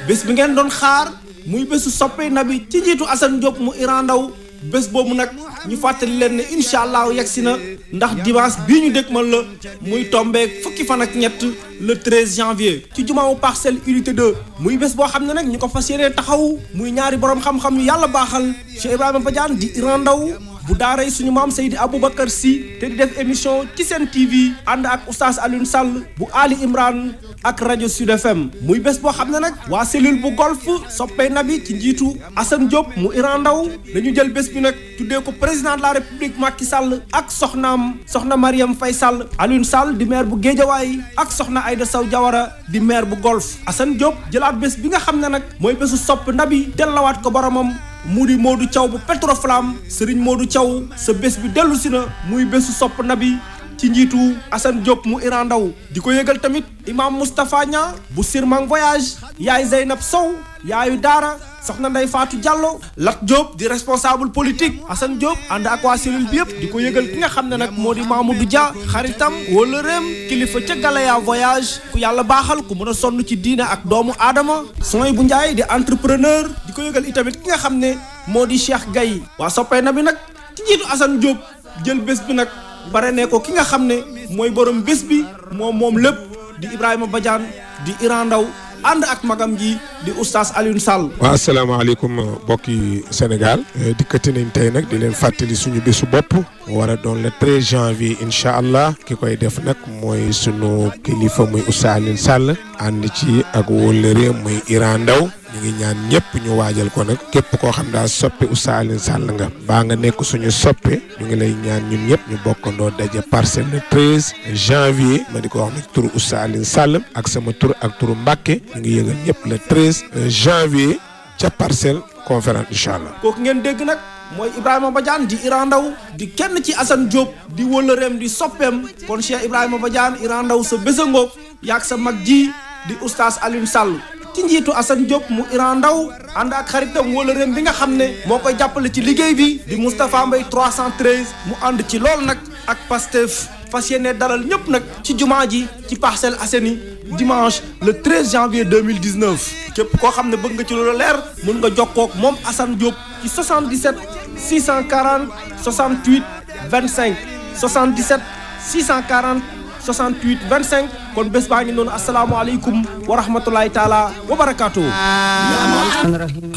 bés bi ngeen doon xaar muy bésu soppe nabi ci jiitu Assane Diop mu Iran Ndao bés boobu nag ñu fàttali leen ne incha allah yegg si na ndax dimanche bii ñu dëgmal la muy tombé fukki fan ak ñett le 13 janvier. ci jumaawu parcelle unité 2 muy bés boo xam ne nag ñu ko fas yéenee taxaw muy ñaari borom xam-xam yu yàlla baaxal Cheikh Ibrahima Badiane di Iran Ndao bu daaray suñu maam Seydi Aboubacar si te di def émission ci seen TV ànd ak oustaz Alioune sàll bu Ali Imran ak rajo Sud FM muy bés boo xam ne nag waa cellule bu golf soppee nabi ci njiitu Assane Diop mu Iran Ndaw dañu jël bés bi nag tuddee ko président de la république Macky Sall ak soxnaam soxna Mariam fay Sall Alioune Sall di maire bu Géejawaay ak soxna Aïda Sow Diawara di maire bu golf Assane Diop jëlaat bés bi nga xam ne nag mooy bésu sopp nabi dellawaat ko boromam mu di Modou caw bu Petroflamme Serigne Modou Thiaw sa bés bi dellu si na muy bésu sopp bi ci njiitu Assane Diop mu Iran Ndaw di ko yëgal tamit imam Moustapha Niang bu Sirmang Voyage yaay Zeynab Sow yaayu Daara soxna Ndeye Fatou Diallo Lat Diop di responsable politique Assane Diop ànd ak waa cellule bi yëpp di ko yëgal ki nga xam ne nag moo di Mamadou Dia xaritam wala réem kilifa ca Galaya Voyage ku yàlla baaxal ku mën a sonn ci diine ak doomu aadama sooy bu Ndiaye di entrepreneur di ko yëgal itamit ki nga xam ne moo di Cheikh Gaye waa soppee na bi nag ci jiitu Assane Diop jël bés bi nag bare ne ko ki nga xam ne mooy borom bés bi moom moom lépp di Ibrahima Badiane di Iran Ndaw ànd ak magam ji di oustaz Alioune Sall. waaw asalaamaaleykum mbokki Sénégal. Eh, dikkati nañ tey nag di leen fàttali suñu bésu bopp. war a doon le 13 janvier incha allah. ki koy def nag mooy sunu kilifa muy oustaz Alioune Sall. ànd ci ak wóllëre muy Iran Ndaw ñu ngi ñaan ñëpp ñu waajal ko nag képp koo xam daa soppe Oustaz Alioune Sall nga baa nga nekk suñu soppe ñu ngi lay ñaan ñun ñëpp ñu bokkandoo daje parcelle le 13 janvier ma di ko wax nag turu Oustaz Alioune Sall ak sama tur ak turu Mbàkke ñu ngi yëgal ñëpp le 13 janvier ca parcelle conférence incha allah. kooku ngeen dégg nag mooy Ibrahima Badiane di Iran Ndaw di kenn ci Assane Diop di wëllëreem di soppeem kon Cheikh Ibrahima Badiane Iran Ndaw sa bés a ngoog yaag sa mag ji di oustaz Alioune Sall. ci njiitu Assane Diop mu Iran Ndaw ànd ak xaritam wala rem bi nga xam ne moo koy jàppale ci liggéey bi di Moustapha Mbaye 313 mu ànd ci lool nag ak Pastef fas yéene dalal ñëpp nag ci jumaa ji ci parcelle Assainies dimanche le 13 janvier 2019 képp koo xam ne bëgg nga ci loolu leer mën nga jokkoo ak moom Assane Diop ci 77 640 68 25 77 640 68 25. kon bés baa ngi noonu asalaamaaleykum wa rahmatulahi taala wa barakaatu. Ah,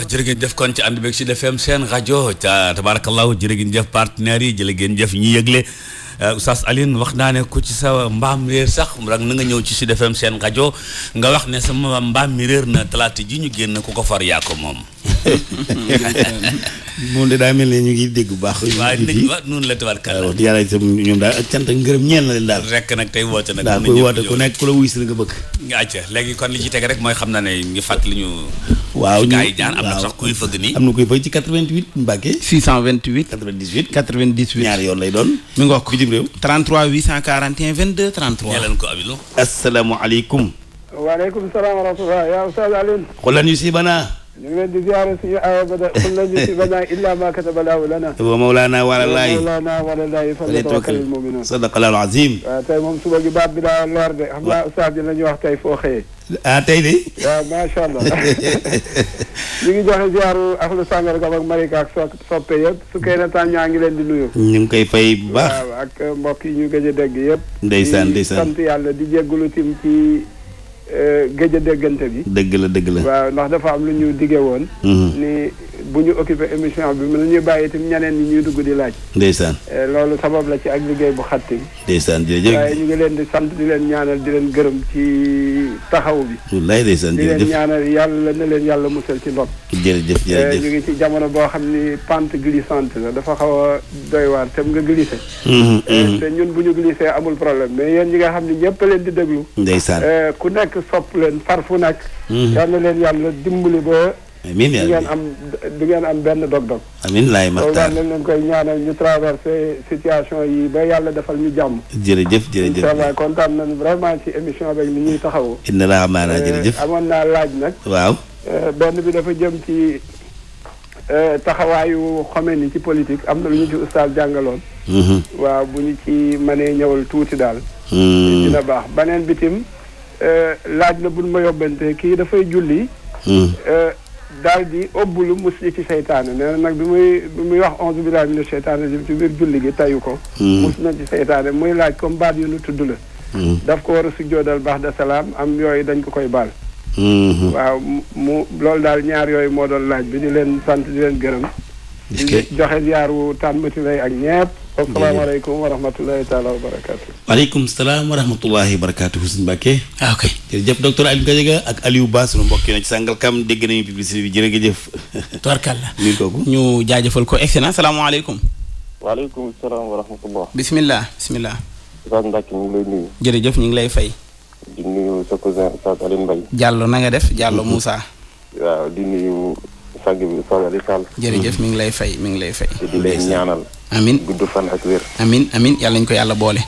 jërë ngeen jëf kon ci ànd beeg si FM seen rajo ca tabarakallahu jërë ngeen jëf partenaires yi jërë ngeen jëf ñi yëgle ah, Oustaz Alioune wax naa ne ku ci sa mbaam réer sax rek na nga ñëw ci Sud FM seen rajo nga wax ne sama mbaam mi réer na talaata ji ñu génn ku ko far yaa ko moom. moom de daa mel ne ñu ngi dégg bu baax. waaw dégg waaw noonu la tabarkàlla. waaw ah, yàlla itam ñoom daal ak cant ak ngërëm ñeel na leen daal. rek nag tey woote nag. daa koy woote ku nekk ku la wuy si nga bëgg. acca léegi kon li ci teg rek mooy xam na ne ngi fàttali ñu. waaw ñu yi jaan am na sax kuy fëgg nii. am na kuy fëgg ci 88 Mbacke. 628. 98 98. ñaar ko bitim réew. 33 841 salaam wa rahmatulah. yaa Oustaz Alioune. xulan yu si banaa ñu ngi leen di ziare suñu awa ba da xul lañu si banaa illa ma kataba laahu lana wa mawlaana wa alallaahi mawlaana wa alallaahi fa tawakkalil muminuun sadaqallaahu al-aziim waaw tey moom suba gi baat bi daa leer de xam naa ustaas ji la ñuy wax tey foo xëyee ah tey de waaw macha allah ñu ngi joxe ziaru ahlu Sangalkam ak Malika ak so soppe yëpp su kay na tan ñaa ngi leen di nuyu ñu ngi koy fay bu baax waaw ak mbokk yi ñu gëj a dégg yëpp ndeysaan ndeysaan sant yàlla di jéggulu tim ci Euh, géej a déggante bi. dëgg la dëgg la waaw ndax dafa am lu ñu diggee woon. Mm-hmm. ni bu ñu occupé émission bi na ñuy bàyyi itam ñeneen ñi ñuy dugg di laaj. ndeysaan euh, loolu sabab la ci ak liggéey bu xatti bi. ndeysaan waaye ñu ngi leen di sant di leen ñaanal di leen gërëm ci taxaw bi. wallaay ndeysaan jërëjëf di leen ñaanal yàlla la na leen yàlla musal ci ndox. jërëjëf euh, jërëjëf ñu ngi ci jamono boo xam ni pente glissante la dafa xaw a doy waar tam nga glissé. Mm-hmm, mm-hmm. te ñun bu ñu glissé amul problème mais yéen ñi nga xam ni ñëpp leen di déglu. sopp leen farfu nekk. Mhm. yal na leen yàlla dimbali ba. amiin yaa ngeen am du ngeen am benn dog-dog. amiin laay Maxtaar loolu leen koy ñaana ñu traversé situation yi ba yàlla defal ñu jàmm. jërëjëf jërëjëf incha kontaan nañu vraiment ci émission beeg ni ñuy taxawu. inna laa maanaa euh, jërëjëf amoon naa laaj nag. waaw. Euh, benn bi dafa jëm ci euh, taxawaayu xome ni ci politique am na lu ñu ci ustaas jàngaloon. Mhm. waaw bu ñu ci mënee ñëwal tuuti daal. Mhm. dina bitim. Euh, laaj la buñ ma yóbbante kii dafay julli. Hmm. Euh, daal di ëbbulu mus li ci seytaane nee na nag bi muy bi muy wax onze billahi mina seytaane rajim ci biir julli gi tayu ko. Hmm. mus na ci seytaane muy laaj comme baat yu nu tudd la. Hmm. daf ko war a al baax da salaam am yooyu dañ ko koy baal. waaw mu loolu daal ñaar yooyu moo doon laaj bi di leen sant di leen gërëm. joxe yaaru tànn lay ak ñepp. asalaamaaleykum wa rahmatulahi taala wa barakaatu. waaleykum salaam wa rahmatulahi wa barakaatu Sëñ Mbàkke. Ah, ak Aliou Ba sunu mbokk yi nag ci Sàngalkam dégg nañu publicité bi jërëjëf. tubarkalla ñu kooku ñu jaajëfal ko excellent salaamaaleykum. waaleykum salaam wa rahmatulah. bisimilah bisimilah. Oustaz Mbacke ñu ngi lay nuyu. jërëjëf ñu ngi lay fay. di nuyu sa cousin Oustaz Alioune Mbaye. Diallo na nga def Diallo Moussa. waaw di nuyu sàgg bi Oustaz jërëjëf mi ngi lay fay mi ngi lay fay. amin gudd fan ak wér. amin amin yàlla ñu ko yàlla boole.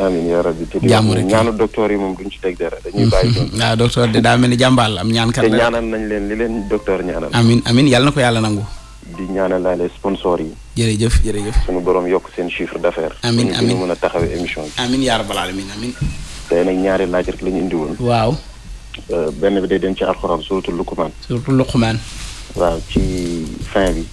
amin yaa rabbi te jàmm rek ñaanu docteur yi moom duñ ci teg dara dañuy bàyyi waaw docteur de daa mel ni jàmbaal am ñaan kat te ñaanal nañ leen li leen docteur ñaanal amin amin yàlla na ko yàlla nangu di ñaanalaale sponsor yi jërëjëf jërëjëf suñu borom yokk seen chiffre d'affaires amin amin mën a taxawee émission bi amin yaa rabbal alamin amin tey nag ñaari laaj rek la ñu indi woon waaw euh, benn bi day dem ci alxuraan surtout Luqman surtout Luqman waaw ci fin bi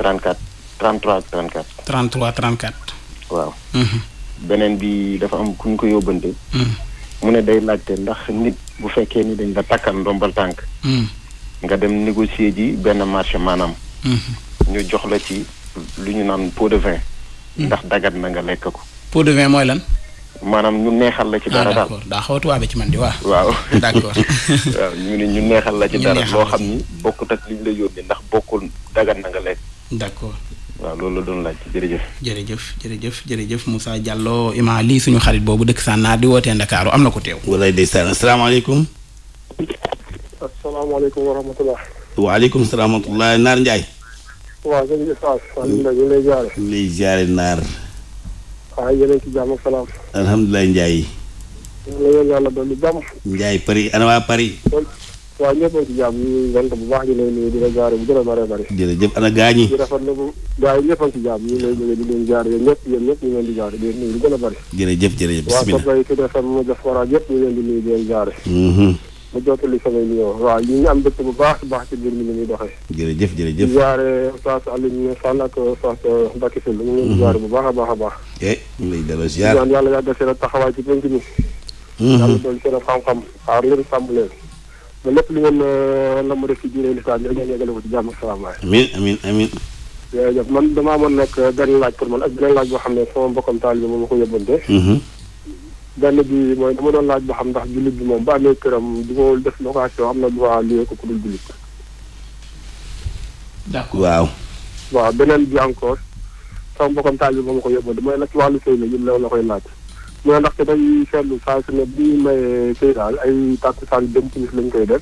34 mhm. 33 34. 33 34. waaw. Mhm. beneen bi dafa am ku ko yóbbante. Mhm. mu ne day laajte ndax nit bu fekkee ni dañ la takkal ndombal tànk. Mhm. nga dem négocier ji benn marché maanaam. ñu jox la ci lu ñu naan pot de vin. ndax dagat na nga lekk ko. pot de vin mooy lan. maanaam ñu neexal la ci ah, dara daal daa xaw a tubaab ci man di waa waaw d'accord ñu ne ñu neexal la ci dara. loo xam ni bokkut ak li ñu la yónnee ndax bokkul dagat na nga lekk. d'accord. waaw loolu la doon laaj jërëjëf. jërëjëf jërëjëf jërëjëf Moussa Diallo Ima lii suñu xarit boobu dëkk Sànnaar di wootee Ndakaaru am na ko teew. walaay ndeysaan asalaamaaleykum. asalaamaaleykum wa rahmatulah. waaleykum salaam wa rahmatulah Naar Ndiaye. waaw jërëjëf Saal. ñu lay jaare. ñu lay jaare Naar. waaw ñu lay yàlla dolli jàmm. Paris ana Paris. waaw ñëpp a ngi si jàmm ñu ngi bu baax ñu lay nuyu di la jaare bu gën a bare bare. jërëjëf ana gaa ñi. di rafetlu bu ñëpp a ngi si jàmm ñu ngi lay jaare ñëpp ñu ngi jaare ñu ngi leen di nuyu samay nuyoo waaw ñu ngi am bu baax baax ci biir mi ni muy doxee. jërëjëf jërëjëf di jaare Oustaz Alioune Sall euh, bu baax a baax a baax. eh ñu lay delloo ziar yàlla yàggal seen taxawaay ci penc mi. Mm-hmm. yàlla doon seen xam-xam aar leen sàmm leen ba lépp lu ngeen la mu def ci biir lislaam ñu yeggale ko ci jàmm ak salaam waay. amiin amiin amiin. jërëjëf man damaa amoon nag benn laaj ko man ak beneen laaj xam ne sama mbokkam taal bi moom ma ko yóbbante. Mm-hmm. benn bi mooy dama doon laaj boo xam ndax jullit bi moom ba amee këram du ko def location am na droit luyee ko ku dul jullit. d'accord waaw. waaw beneen bi encore sama mbokkam taal bi moom ma ko yóbbante mooy nag ci wàllu sëy la ñun loolu koy laaj. mu ndax te day seetlu saa su ne bu ñuy mayee sëy daal ay tàkkusaan dem ci lañ koy def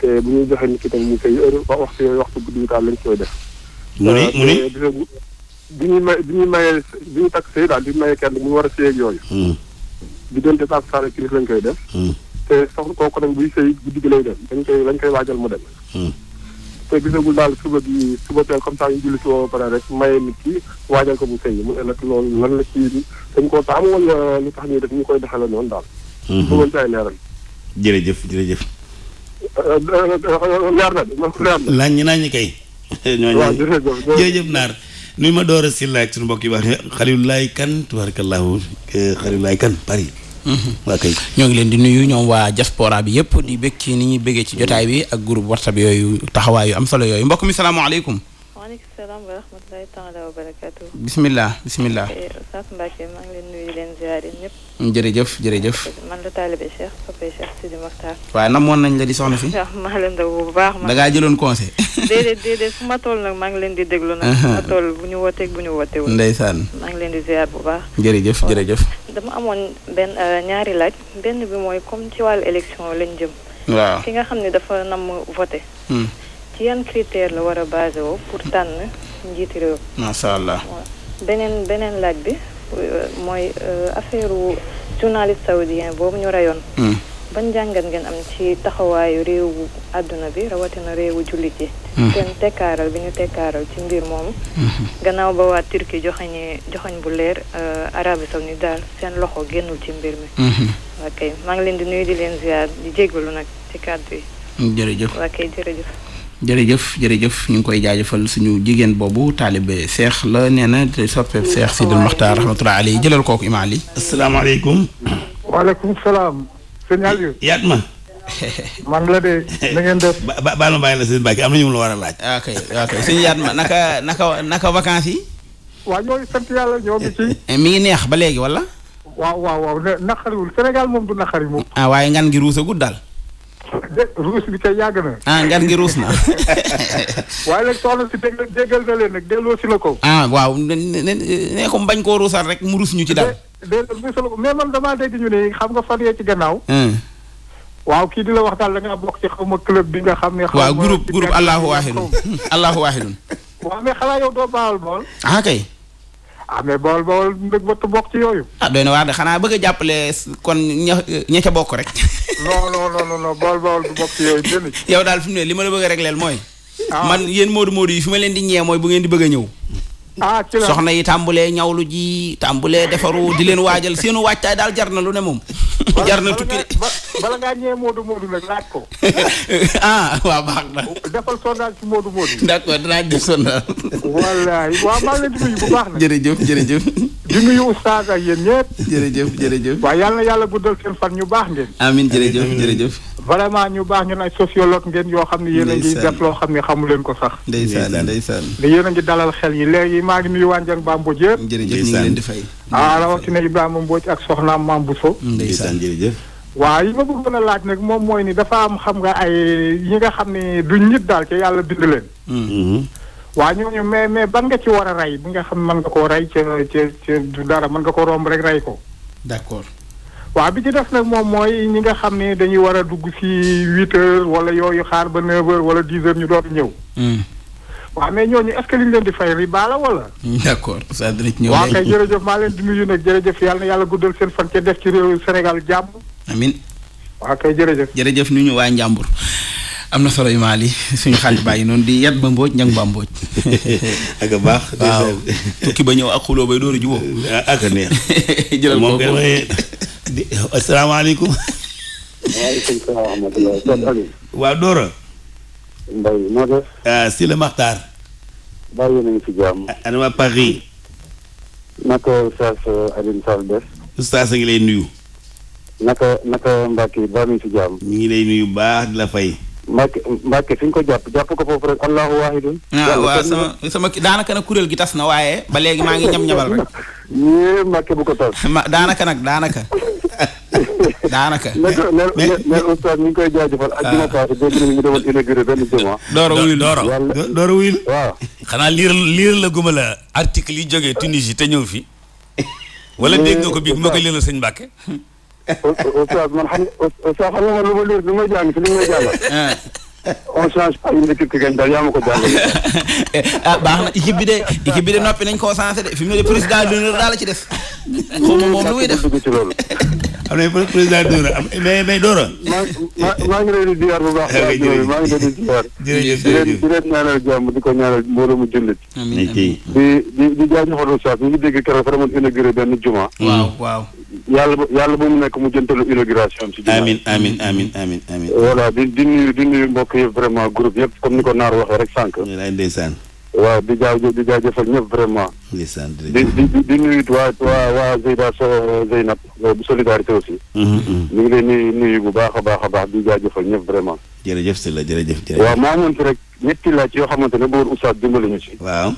te bu ñuy joxe nit ki tam ñu koy heure waxtu yooyu daal lañ koy def. mu ni euh, mu ni bi ñuy may bi ñuy mayee bi daal di mayee kenn mu war a sëy ak yooyu. Hmm. di donte tàkkusaan ak koy def. Hmm. te soxna kooku nag buy sëy guddi gi lay dem dañ koy lañ koy waajal mu dem. Hmm. te gisagul daal suba bi suba teel comme ça ñu julli si woo ba rek maye nit ki waajal ko bu sëy mu ne nag loolu lan la dañ koo taam wala euh, lu tax ñuy def ñu koy doxalee noonu daal. Mhm. bëggoon ci ay leeral. jërëjëf jërëjëf. Euh, euh, leer na de man leer na. laaj ñu naan ñu kay. waaw jërëjëf jërëjëf Naar. nuyu ma door si laaj suñu mbokk yi baax Xalilulaay Kan tabarakallahu Xalilulaay Kan Paris. Mm-hmm. waa kay ñoo ngi leen di nuyu ñoom waa diaspora bi yëpp di bëgg ci ni ñuy bëggee ci jotaay bi ak groupe whatsapp yooyu taxawaay yu am solo yooyu mbokk mi salaamaaleykum. waaleykum salaam wa bisimilah jërëjëf jërëjëf. man la taalibe Cheikh Papa Cheikh Sidi Mokhtar. nam namoon nañ la di soxna si. waaw maa leen di bu baax. da ngaa jëloon conseil. déedéet déedéet fu ma toll nag maa ngi leen di déglu nag. fu ma toll bu ñu wootee bu ñu wootewul. ndeysaan. maa ngi leen di ziar bu baax. jëf jërëjëf jëf dama amoon benn euh, ñaari laaj benn bi mooy comme ci wàllu élection lañ jëm. waaw ki nga xam ne dafa nam voté. Hmm. ci yan critère la war a basé woo pour tànn njiiti réew. macha laaj bi mooy euh, affaire journaliste saoudien boobu ñu rayoon. Hmm. ban jàngat ngeen am ci taxawaayu réewu àdduna bi rawatina réewu jullit yi. Hmm. seen tekkaaral bi ñu tekkaaral ci mbir moomu. Hmm. gannaaw ba waa Turquie joxañi joxañ bu leer euh, Arabie Saoudite daal seen loxo génnul ci mbir mi. waa kay maa ngi leen di nuyu di leen ziar di jéggalu nag ci kàddu yi. jërëjëf waa kay jërëjëf. jërëjëf jërëjëf ñu ngi koy jaajëfal suñu jigéen boobu taalibe seex la nee na te soppeeb seex Sidil Maxtaar rahmatulah aleyhi jëlal kooku imaam Ali. asalaamaaleykum. waaleykum salaam. sëñ Aliou. ma. man la de ngeen def. ba la sëñ Mbacke am na ñu mu war a laaj. Ah, ok ah, ok sëñ naka naka yi. waaw ñoo ngi eh, eh, mi ngi neex ba léegi wala. waaw waaw waaw naqariwul Sénégal moom du naqari moom. ah waaye ngan gi ruusagul daal. dé ruus bi kay yàgg na. ah ngan ngi ruus na. waaye nag soxna si dégg déggal na leen nag delloo si la ko. ah waaw ne ko bañ koo ruusal rek mu ruus ñu ci daal. dé ruusal ko mais man damaa dégg ñu ne xam nga fan yee ci gannaaw. Hmm. waaw kii di la wax daal da ngaa bokk ci xaw club bi nga xam ne. xaw ma waaw groupe groupe Allahu Wahidun Allahu Wahidun. waaw mais xanaa yow doo baawal bool. ah kay. ah mais bool bool ndëg bokk ci yooyu. ah doy na waar de xanaa bëgg a jàppale kon ña ña ca bokk rek. non non non non bool bool du bokk ci yooyu benn. yow daal fi mu ne li ma la bëgg a régleel mooy. Ah. man yéen Modou Modou yi fi ma leen di ñee mooy bu ngeen di bëgg a ñëw. ah ci la soxna yi tàmbulee ñawlu ji tàmbulee defaru di leen waajal seenu waajtaay daal jar na lu ne moom. jar na tukki de bala ngaa ñëwee Modou Modou nag laaj ko. ah waaw baax na. defal sondage ci Modou Modou. d' accord dinaa def sondage. wallaahi waaw maa ngi leen di nuyu bu baax na. jërëjëf jërëjëf. di nuyu oustaz ak yéen ñëpp. jërëjëf jërëjëf. waaw yàlla yàlla guddal seen fan ñu baax ngeen. amiin jërëjëf jërëjëf. vraiment ñu baax ñu ay sociologue ngeen yoo xam ne yéen a ngi def loo xam ne xamu leen ko sax. ndeysaan ndeysaan li yéen a ngi dalal xel yi léegi maa ngi nuyu waa Ndiang Ba Mbodj yëpp. jërëjëf ñu ngi leen di fay. ah rawatina Ibrahima Mbodj ak soxnaam Mame Bousso. ndeysaan jërëjëf. waaw yi ma bëggoon a laaj nag moom mooy ni dafa am xam nga ay yi nga xam ne duñ nit daal ca yàlla bind leen. Mm-hmm. waa ñooñu mais mais ban nga ci war a rey bi nga xam ne mën nga koo rey ca ca ca du dara mën nga ko romb rek rey ko. d'accord waaw bi ci def nag moom mooy ñi nga xam ne dañuy war a dugg si huit heures wala yooyu xaar ba neuf heures wala dix heures ñu door ñëw. Hmm. waaw mais ñooñu est-ce que li ñu leen di fay riba la wala. d'accord ça dina ci ñëw waaw kay jërëjëf maa leen di nuyu jërëjëf yàlla na yàlla guddal seen fan ca def ci réew Sénégal jàmm. amin waaw kay jërëjëf. jërëjëf ñu ñu waa Njàmbur. am na solo yu maal yi suñu xarit bàyyi noonu di yat ba mbooj ñang ba mbooj. ak baax. waaw tukki ba ñëw ak xuloo bay door a jubóo. Ah, ak a neex. jëlal asalaamaaleykum. waaleykum salaam wa rahmatulah. waaw Dora. Mbaye noo def. ah si la Maxtaar. bàyyi nañu si jàmm. Ah, ana Paris. naka euh, Oustaz a ngi lay nuyu. naka naka Mbacke baa mi si jàmm. mi ngi lay nuyu baax di la fay. Mbacke Mbacke fi ñu ko jàpp jàpp ko foofu rek allahu waahidun. Ah, waaw sama sama daanaka nag kuréel gi tas na waaye. ba léegi maa ngi ñam ñamal rek. ñii bu ko tas. ma daanaka nag daanaka. daanaka. mais mais mais koy jaajëfal ak juma paase dégg nañu ñu demoon a benn ah. xanaa liir liir la guma la article yi jógee Tunisie te ñëw fi wala dégg nga ko bii ma koy liir la sëñ Mbàkke. oustaz man xam oustaz xam nga lu ma liir lu ma jàng si li ma jàngal. Ah. on change pas une équipe ki daal yaa ko jàngalee. ah baax na équipe bi de équipe bi de noppi nañ koo sensé de fi mu ne président d'honneur la ci def. xaw ma moom ci loolu. am nañu président d'honneur am mais mais Dora. maa maa ngi leen di ziar bu baax. maa ngi leen di ziar. jërëjëf jërëjëf di leen ñaanal jàmm di ko ñaanal mbooloo mu jullit. amiin amiin di di di jaajëfal saa ñu ngi dégg keroog fa demoon inauguré benn juma. waaw waaw. yàlla ba bu ba mu nekk mu jëntalu inauguration ci amin amin amin amin amin voilà di di nuyu di nuyu mbokk yëpp vraiment groupe yëpp comme ni ko naar waxee rek sànq ndeysaan waaw di jaay di jaajëfal ñëpp vraiment ndeysaan di di di nuyu waa waa waa Zeyda so Zeynab bu solidarité aussi mm-hmm, mm-hmm. ñu ngi leen nuyu nuyu bu baax a baax a baax di jaajëfal ñëpp vraiment jërëjëf si la jërëjëf jërëjëf waaw maa moon fi rek ñetti laaj yoo xamante ne boor oustaz dimbali ñu si waaw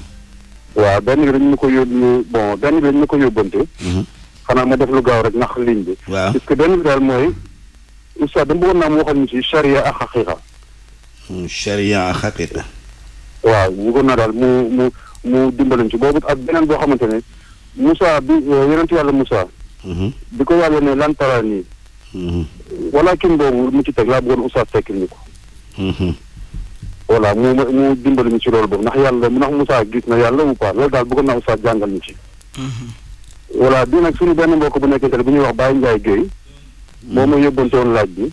waaw benn bi dañ ma ko yóbbu bon benn bi dañ ko yóbbante mm-hmm. xanaa ma def lu gaaw rek ndax ligne bi. waaw parce benn bi daal mooy. oustaz dama bëggoon naa mu waxal ñu ci charia ak xaqiqa. charia hmm, ak xaqiqa. waaw ñu bëggoon naa daal mu mu mu dimbaluñ ci boobu ak beneen boo xamante ne Moussa bi euh, yonent yàlla Moussa. Hmm. bi ko yàlla ne lan tara nii. Hmm. walaakin boobu mu ci teg laa bëggoon oustaz tekkil ñu ko. voilà mu mu dimbaluñ ci loolu boobu ndax yàlla ndax Moussa gis na yàlla ou pas loolu daal bëggoon naa oustaz jàngal ñu ci. voilà bii nag suñu benn mbokk bu nekk itam bu ñuy wax Baye Ndiaye Guèye. Hmm. moom moo yóbbante woon laaj bi.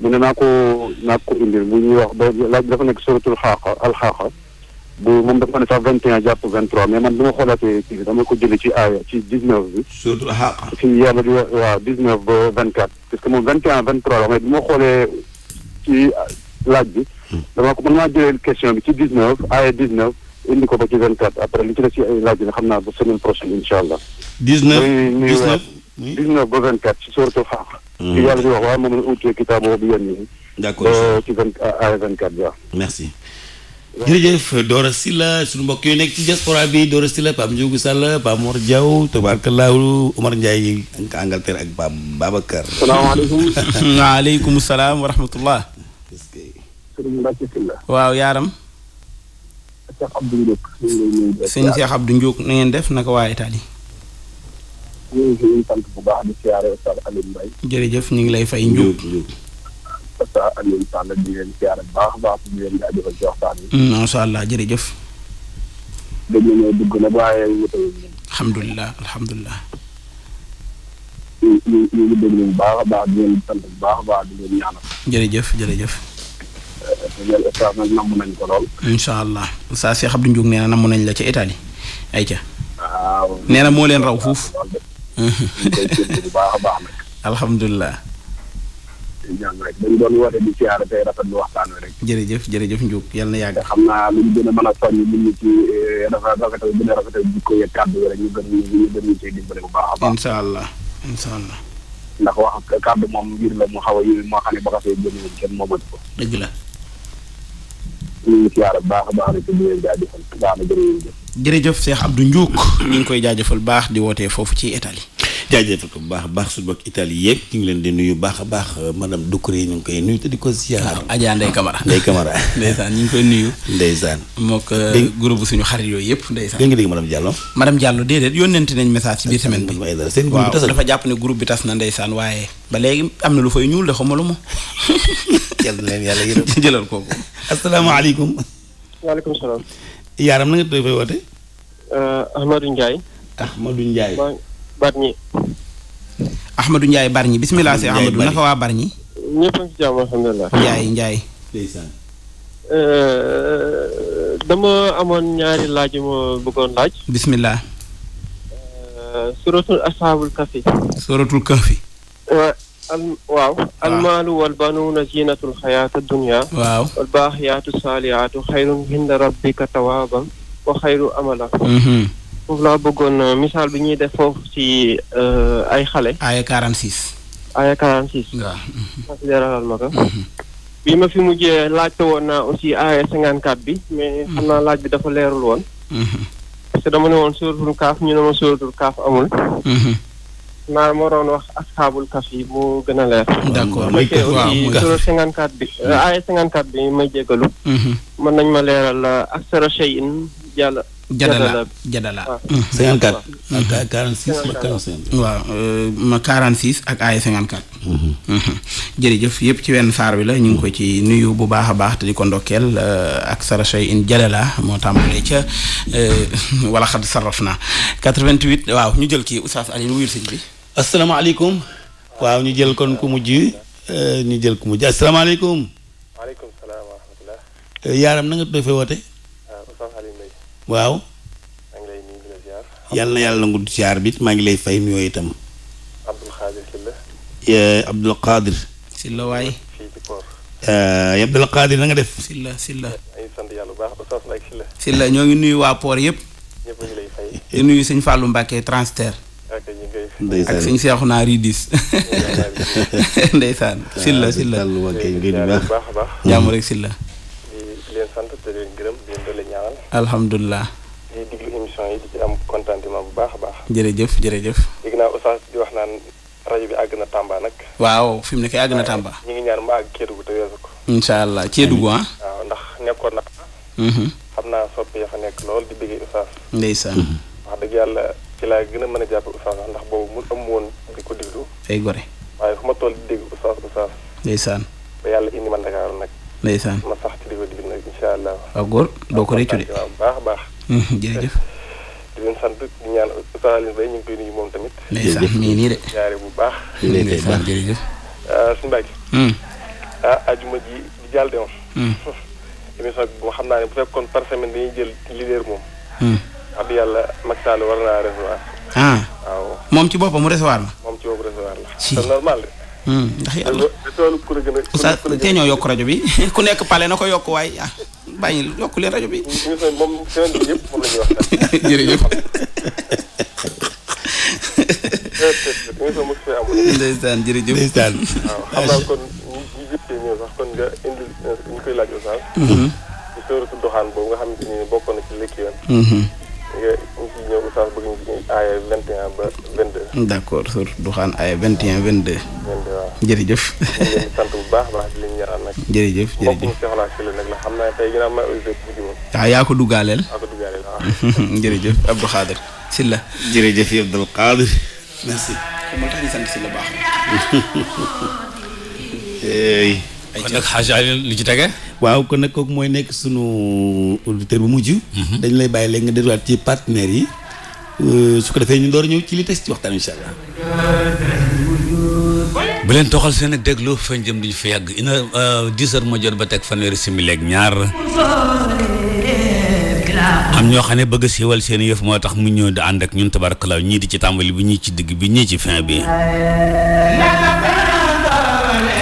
mu ne naa ko naa ko indil bu ñuy wax ba la dafa nekk suratul xaaxa alxaaxa. bu moom dafa ne sax vingt et un jàpp vingt trois mais man bi ma xoolaatee ci dama ko jëlee ci aaya ci dix neuf bi. suratul di wax waaw dix neuf ba vingt quatre. parce que moom vingt et un vingt trois la mais bi ma xoolee ci laaj bi. Hmm. dama ko mën naa jëlee question bi ci dix neuf aaya dix neuf. indi ko ba ci 24 après li ci des ci ay laaj nga xam naa ba semaine prochaine incha allah. 19 19 muy 19 ba 24 ci sóoratul Xalq. Hmm. ci yàlla di wax waaye moom la utee kitaaboo bi yéen ñi. d'accord ba ci 20 ay 24 bi waaw. merci. jërëjëf Dora Sylla suñu mbokk yu nekk ci diaspora bi Dora Sylla Pape Ndiogou Sall Pape Mor Diaw tabaarkallahu Omar Ndiaye ak Angleterre ak Pape Babacar. salaamaaleykum. waaleykum salaam wa rahmatullah. est-ce que. sëriñ Mbacke Sylla. waaw yaaram. Cheikh Abdou Ndiouk. du Cheikh na ngeen def naka waa Italie. ñu ngi bu baax di siyaare jërëjëf ñu ngi lay fay Ndiouk. Oustaz Alioune Sall di leen siyaare bu baax a baax di leen jaajëfal ci mm, allah jërëjëf. dañu ñëw dugg nag waaye wute wuñu. alhamdulilah alhamdulilah. bu baax a baax bu baax a baax di leen ñaanal. jërëjëf jërëjëf. ñoom état nag namm nañ ko lool. incha allah saa si Abdou Ndiouk na namm nañ la ca Italie ayca. waaw nee na moo leen raw fuuf. a baax nag. alhamdulilah. ñaan rek dañ doon woote di siyaare tey rafet lu waxtaan wi rek. jërëjëf jërëjëf Ndiouk yàlla na xam naa lu ñu gën a mën a soññ nit eh, a rafetal jikko yeeg kàddu yi rek ñu ñu gën ñu ciy dimbale bu baax a baax. incha allah ndax wax kàddu moom mbir la mu xaw a yéeme moo xam ne ba ko see jëmee kenn moomatu ko. dëgg la. ñu ngi siyaara baax a baax jërëjëf. jërëjëf Cheikh Abdou Ndiouk ñu ngi koy jaajëfal baax di wootee foofu ci Italie. jaajëfal ko bu baax baax su bokk Italie yeeg ñu ngi leen di nuyu baax a baax madame Doucouré ñu ngi koy nuyu te di ko ziar. Adja Ndeye Camara Ndeye Camara. ndeysaan ñu ngi koy nuyu. ndeysaan mook euh, groupe suñu xarit yooyu yëpp ndeysaan. dégg nga dégg madame Diallo. madame Diallo déedéet yónnante nañ message ci biir semaine bi. seen groupe bi tas na waaw jàpp ne groupe bi tas na ndeysaan waaye. ba léegi am na lu fay ñuul de xamaluma yal na leen yàlla yërëm jëlal kooku. asalaamaaleykum. salaam. yaaram na nga doy fay woote. Uh, Ahmadou Ndiaye. Ahmadou Ndiaye. Bargny. Ahmadou Ndiaye Bargny bisimilah. si Ahmadou naka waa Bargny. ñëpp a ci jàmm alhamdulilah. Ndiaye Ndiaye. Uh, dama amoon ñaari laaj yu ma bëggoon laaj. bisimilah. Uh, suratul ashabul kafi. suratul kafi. al waaw almaalu wal banuuna ziinatul xayaati dunya waaw wal baaxiyaatu saalihaatu xayrun inda rabbika tawaaban wa xayru mm-hmm. foofu laa bëggoon euh, misaal bi ñuy def foofu ci euh, ay xale aaya quarante six aaya quarante six ma si leeralal ma ko mm-hmm. bi ma fi mujjee laajte woon na aussi aaya cinquante bi mais mm-hmm. xam naa laaj bi dafa leerul woon parce que dama ne woon sóoratul kaaf ñu ne ma sóoratul kaaf amul naa waroon wax asxaabul kaf yi bu gën a leer. d'accord muy kaf waaw muy kaf aussi 54 bi mm-hmm. euh, ay 54 bi may jégalu. Mm-hmm. mën nañ ma leeral euh, aksara shay'in jàll. jadala jadala 54. 46 ah. mm-hmm. waaw euh, ma 46 yëpp ci wenn saar bi la ñu ngi ko ci nuyu bu baax a baax te di ko ndokkeel ak sarashay in jadala moo tàmbalee ca wala xad sarraf na 88 waaw ñu jël kii Oustaz Alioune wuyul sëñ bi. asalaamaaleykum. waaw ñu jël kon ku mujj euh, ñu jël ku mujj asalaamaaleykum. waaleykum salaam wa rahmatulah. Euh, yaaram na nga doon fay ah, waaw. yàlla na yàlla nangu ziar bi maa ngi lay fay nuyoo itam. Abdul Xaadir Sylla. Abdul Xaadir. Sylla na nga def. Sylla Sylla. ay sant yàlla bu baax Oustaz ñoo ngi nuyu waa Port yëpp. nuyu sëñ fàllu Mbacke transitaire. ak suñu seexu naa ridis ndeysaan silla silla jàmm rek silla di leen sant te leen gërëm di leen dolli ñaanal alhamdulilah di diglu émission yi di ci am contentement bu baax a baax jërëjëf jërëjëf dégg naa oustaz di wax naan rajo bi àgg na Tamba nag waaw fi mu nekk àgg na Tamba ñu ngi ñaan mu àgg Kédougou te weesu ko incha allah Kédougou ah ndax nekkoon na mhm. xam naa sopp ya nekk lool di bëggee oustaz ndeysaan mhm. wax dëgg yàlla ci laa gën a mën a jàpp oustaz ndax boobu mu am woon di ko ay gore waaye fu ma toll di dégg oustaz oustaz ndeysaan ba yàlla indi ma Ndakaaru nag ndeysaan ma sax ci di ko diglu nag incha allah waaw ah, góor doo ko réccu de waaw baax baax hmm, jërëjëf di leen sant di ñaan oustaz Alioune Mbaye ñu ngi koy nuyu moom tamit ndeysaan mii nii de jaare bu baax ndeysaan jërëjëf ah, suñu bàcc hmm. ah ajuma ji di jàll de moom hmm. émission bi boo xam naa ne bu fekkoon par semaine dañuy jël leader moom ab yàlla Macky Sall war naa recevoir. ah waaw moom ci boppam mu recevoir ma. moom ci boppam recevoir la. si c'est normal de. Hmm, ndax yàlla oustaz tey ñoo yokk rajo bi ku nekk pale na ko yokk waay ah bàyyi yokk leen rajo bi. moom semaine bi yëpp moom la ñuy wax. jërëjëf. ndeysaan jërëjëf ndeysaan. waaw xam ñu jëppee ñëw sax kon nga indi ñu koy laaj oustaz. Mm-hmm. ci sóoratu doxaan boobu nga xamante ni bokkoon na ci lekki yoon. Mm-hmm. ñu ciy ñëw oustaz bëgg ñu d' accord sur Duxaan aaya 21 22. 22 waaw jërëjëf. bu baax baax jërëjëf jërëjëf la la xam naa tey ginnaaw ma usé bu ji moom. waaw ah, yaa ko duggaaleel. yaa ko duggaaleel waaw. jërëjëf Abdou Khadir. Sylla. merci. xam tax ñu sant Sylla baax na. kon nag xaaj li ci tege. waaw kon nag kooku mooy nekk sunu auditeur bi mujj. Mhm. dañ lay bàyyi léegi nga delluwaat ci partenaires yi euh, su ko defee ñu door ñëw ci li teg ci waxtaan incha bu leen toxal seen ak déglu fañ jëm duñu fa yàgg une heure euh, dix heures moo ba teg fanweeri simili ak ñaar. am ñoo xam ne bëgg siiwal seen yëf moo tax mu ñëw di ànd ak ñun tabarakalaw ñii di ci tàmbali bi ñii ci digg bi ñii ci fin bi.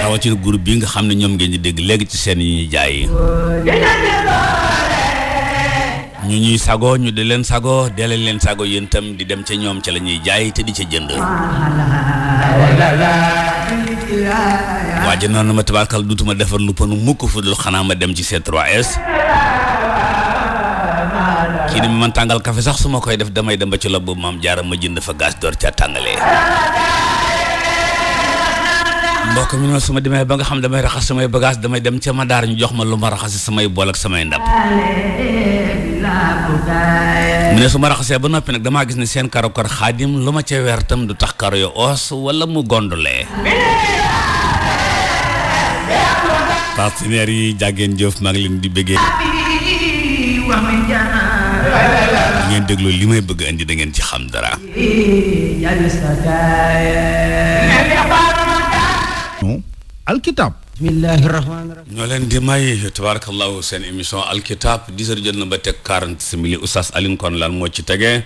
rawatina groupe bi nga xam ne ñoom ngeen di dégg léegi ci seen yi ñuy jaay ñu ñuy sago ñu di leen sago dee leen sago yéen itam di dem ca ñoom ca la ñuy jaay te di ca jënd waa jëndoon na ma tabaarkal duutuma defar lu panu mukk fu dul xanaa ma dem ci C3S kii ne man tàngal kafe sax su ma koy def damay dem ba ci lob bu maam jaara ma jënd fa gaz door ca tàngalee mbokk mi noonu su ma demee ba nga xam damay raxas samay bagage damay dem ca ma daar ñu jox ma lu ma raxasi samay bool ak samay ndab mu ne su ma raxasee ba noppi nag damaa gis ne seen karo kor xaadim lu ma ca weer tam du tax karo yo oos wala mu gondulee partenaires yi jàggeen jëf maa ngi leen di bëggee di ngeen dégloo li may bëgg indi da ngeen ci xam dara alkitab bismillahi rahmaani rahim ñoo leen di may tabarakallahu seen émission alkitab 10 heures jot na ba teg 40 simili oustaz Alioune kon lan moo ci tegee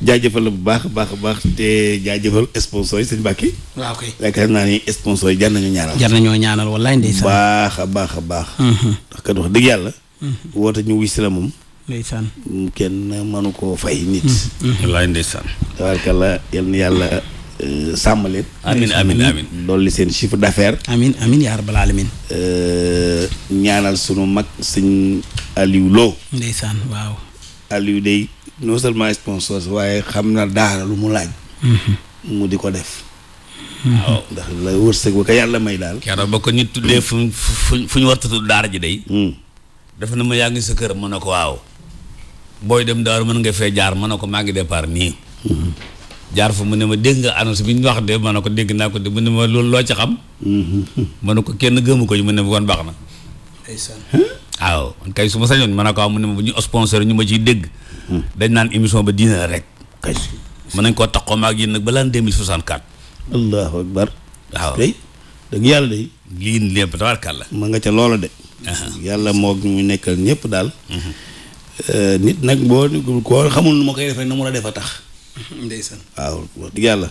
jaajëfal la bu baax baax a baax te jaajëfal sponsor yi sëñ Bakki. waaw kay yaakaar naa ni sponsor yi jar nañu ñaanal. jar nañoo ñaanal wallaay ndeysaan. baax a baax a baax. Mhm. ndax kat dëgg yàlla. Mhm. woote ñu wuy si la moom. ndeysaan. kenn mënu koo fay nit. Mhm. wallaay ndeysaan. tabaarkalla yal na yàlla. Euh, sàmm leen. amiin amiin amiin dolli seen chiffre d'affaires. amiin amiin yaa rabbal aalamiin. Euh, ñaanal sunu mag sëñ Aliou Lo. ndeysaan waaw. Aliou day non seulement sponsor waaye xam na daara lu mu laaj. Mhm. mu di ko def. waaw ndax la wërsëg ba ko yàlla may daal. keroog ba ko ñu tuddee fu fu fu ñu war tudd daara ji day. Hmm. dafa na ma yàgg sa kër mën na ko waaw. booy dem daaru mën nga fee jaar mën na ko maa ngi nii. Hmm. jaar fa mu ne ma dégg nga annonce bi ñu wax de ma ne ko dégg naa ko de mu ne ma loolu loo ci xam. Mm-hmm. man ne ko kenn gëmu ko mu ne ma kon baax na. ndeysaan. waaw su ma sañoon ma ne ko mu ne ma bu ñu sponsor ñu ma ciy dégg. Mm-hmm. dañ naan émission ba diina rek. kay mën nañ koo taxaw ma ak yéen nag balaa 2064. allahu akbar. waaw kay dëgg yàlla de. lii nii lépp tabarkàlla. ma nga ca loola de. yàlla moo ñu nekk ñëpp daal. Mm-hmm. Euh, nit nag boo ko xamul nu ma koy defee na mu la def a tax. ndeysaan waaw wax dëgg yàlla.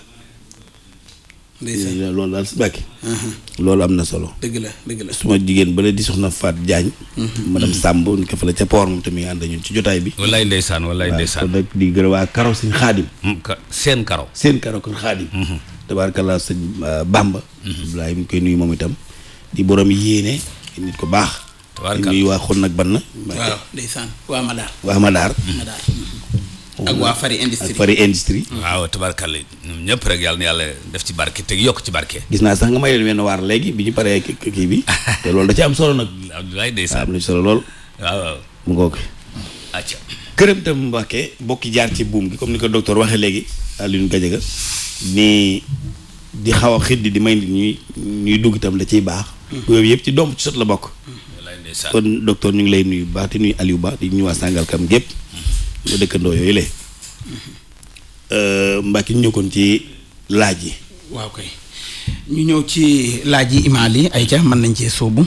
ndeysaan loolu daal si bàkki loolu am na solo. dëgg la dëgg la suma jigéen ba di soxna Fat Diagne. Mhm. madame Samb ñu ko fa la ca Port moom tamit ànd ñun ci jotaay bi. wallaay ndeysaan wallaay ndeysaan waaw kon nag di gërëm waa Karo mm, seen Karo. seen Karo kon Xaadim. Mhm. tabaarkalla euh, mhm. koy nuyu moom itam. di borom yéene nit ko baax. tabaarkalla di nuyu waa nag ban na. waaw ndeysaan waa Madaar. waa Madaar. ak waa Fari industrie ak Fari industrie. waaw tabarkalla ñoom ñëpp rek yàlla yàlla def ci barke te yokk ci barke. gis naa sax nga wenn waar léegi bi ñu paree kii bi te loolu da am solo nag. Abdoulaye ndeysaan am na solo lool. waaw waaw mu ngoog. bokki jaar ci buum comme ni ko docteur waxee léegi Alioune Gadiaga ni di xaw a xiddi di may nit ñuy ñuy dugg itam da ciy baax. Mm-hmm. yooyu yëpp ci doom ci sot la bokk. kon docteur ñu ngi lay nuyu baax di nuyu Aliou Ba di nuyu waa Sàngalkam gépp dëkkandoo yooyu le euh, Mbacke ci laaj yi. waaw ñëw ci laaj yi imaal yi ay ca mën nañ cee soobu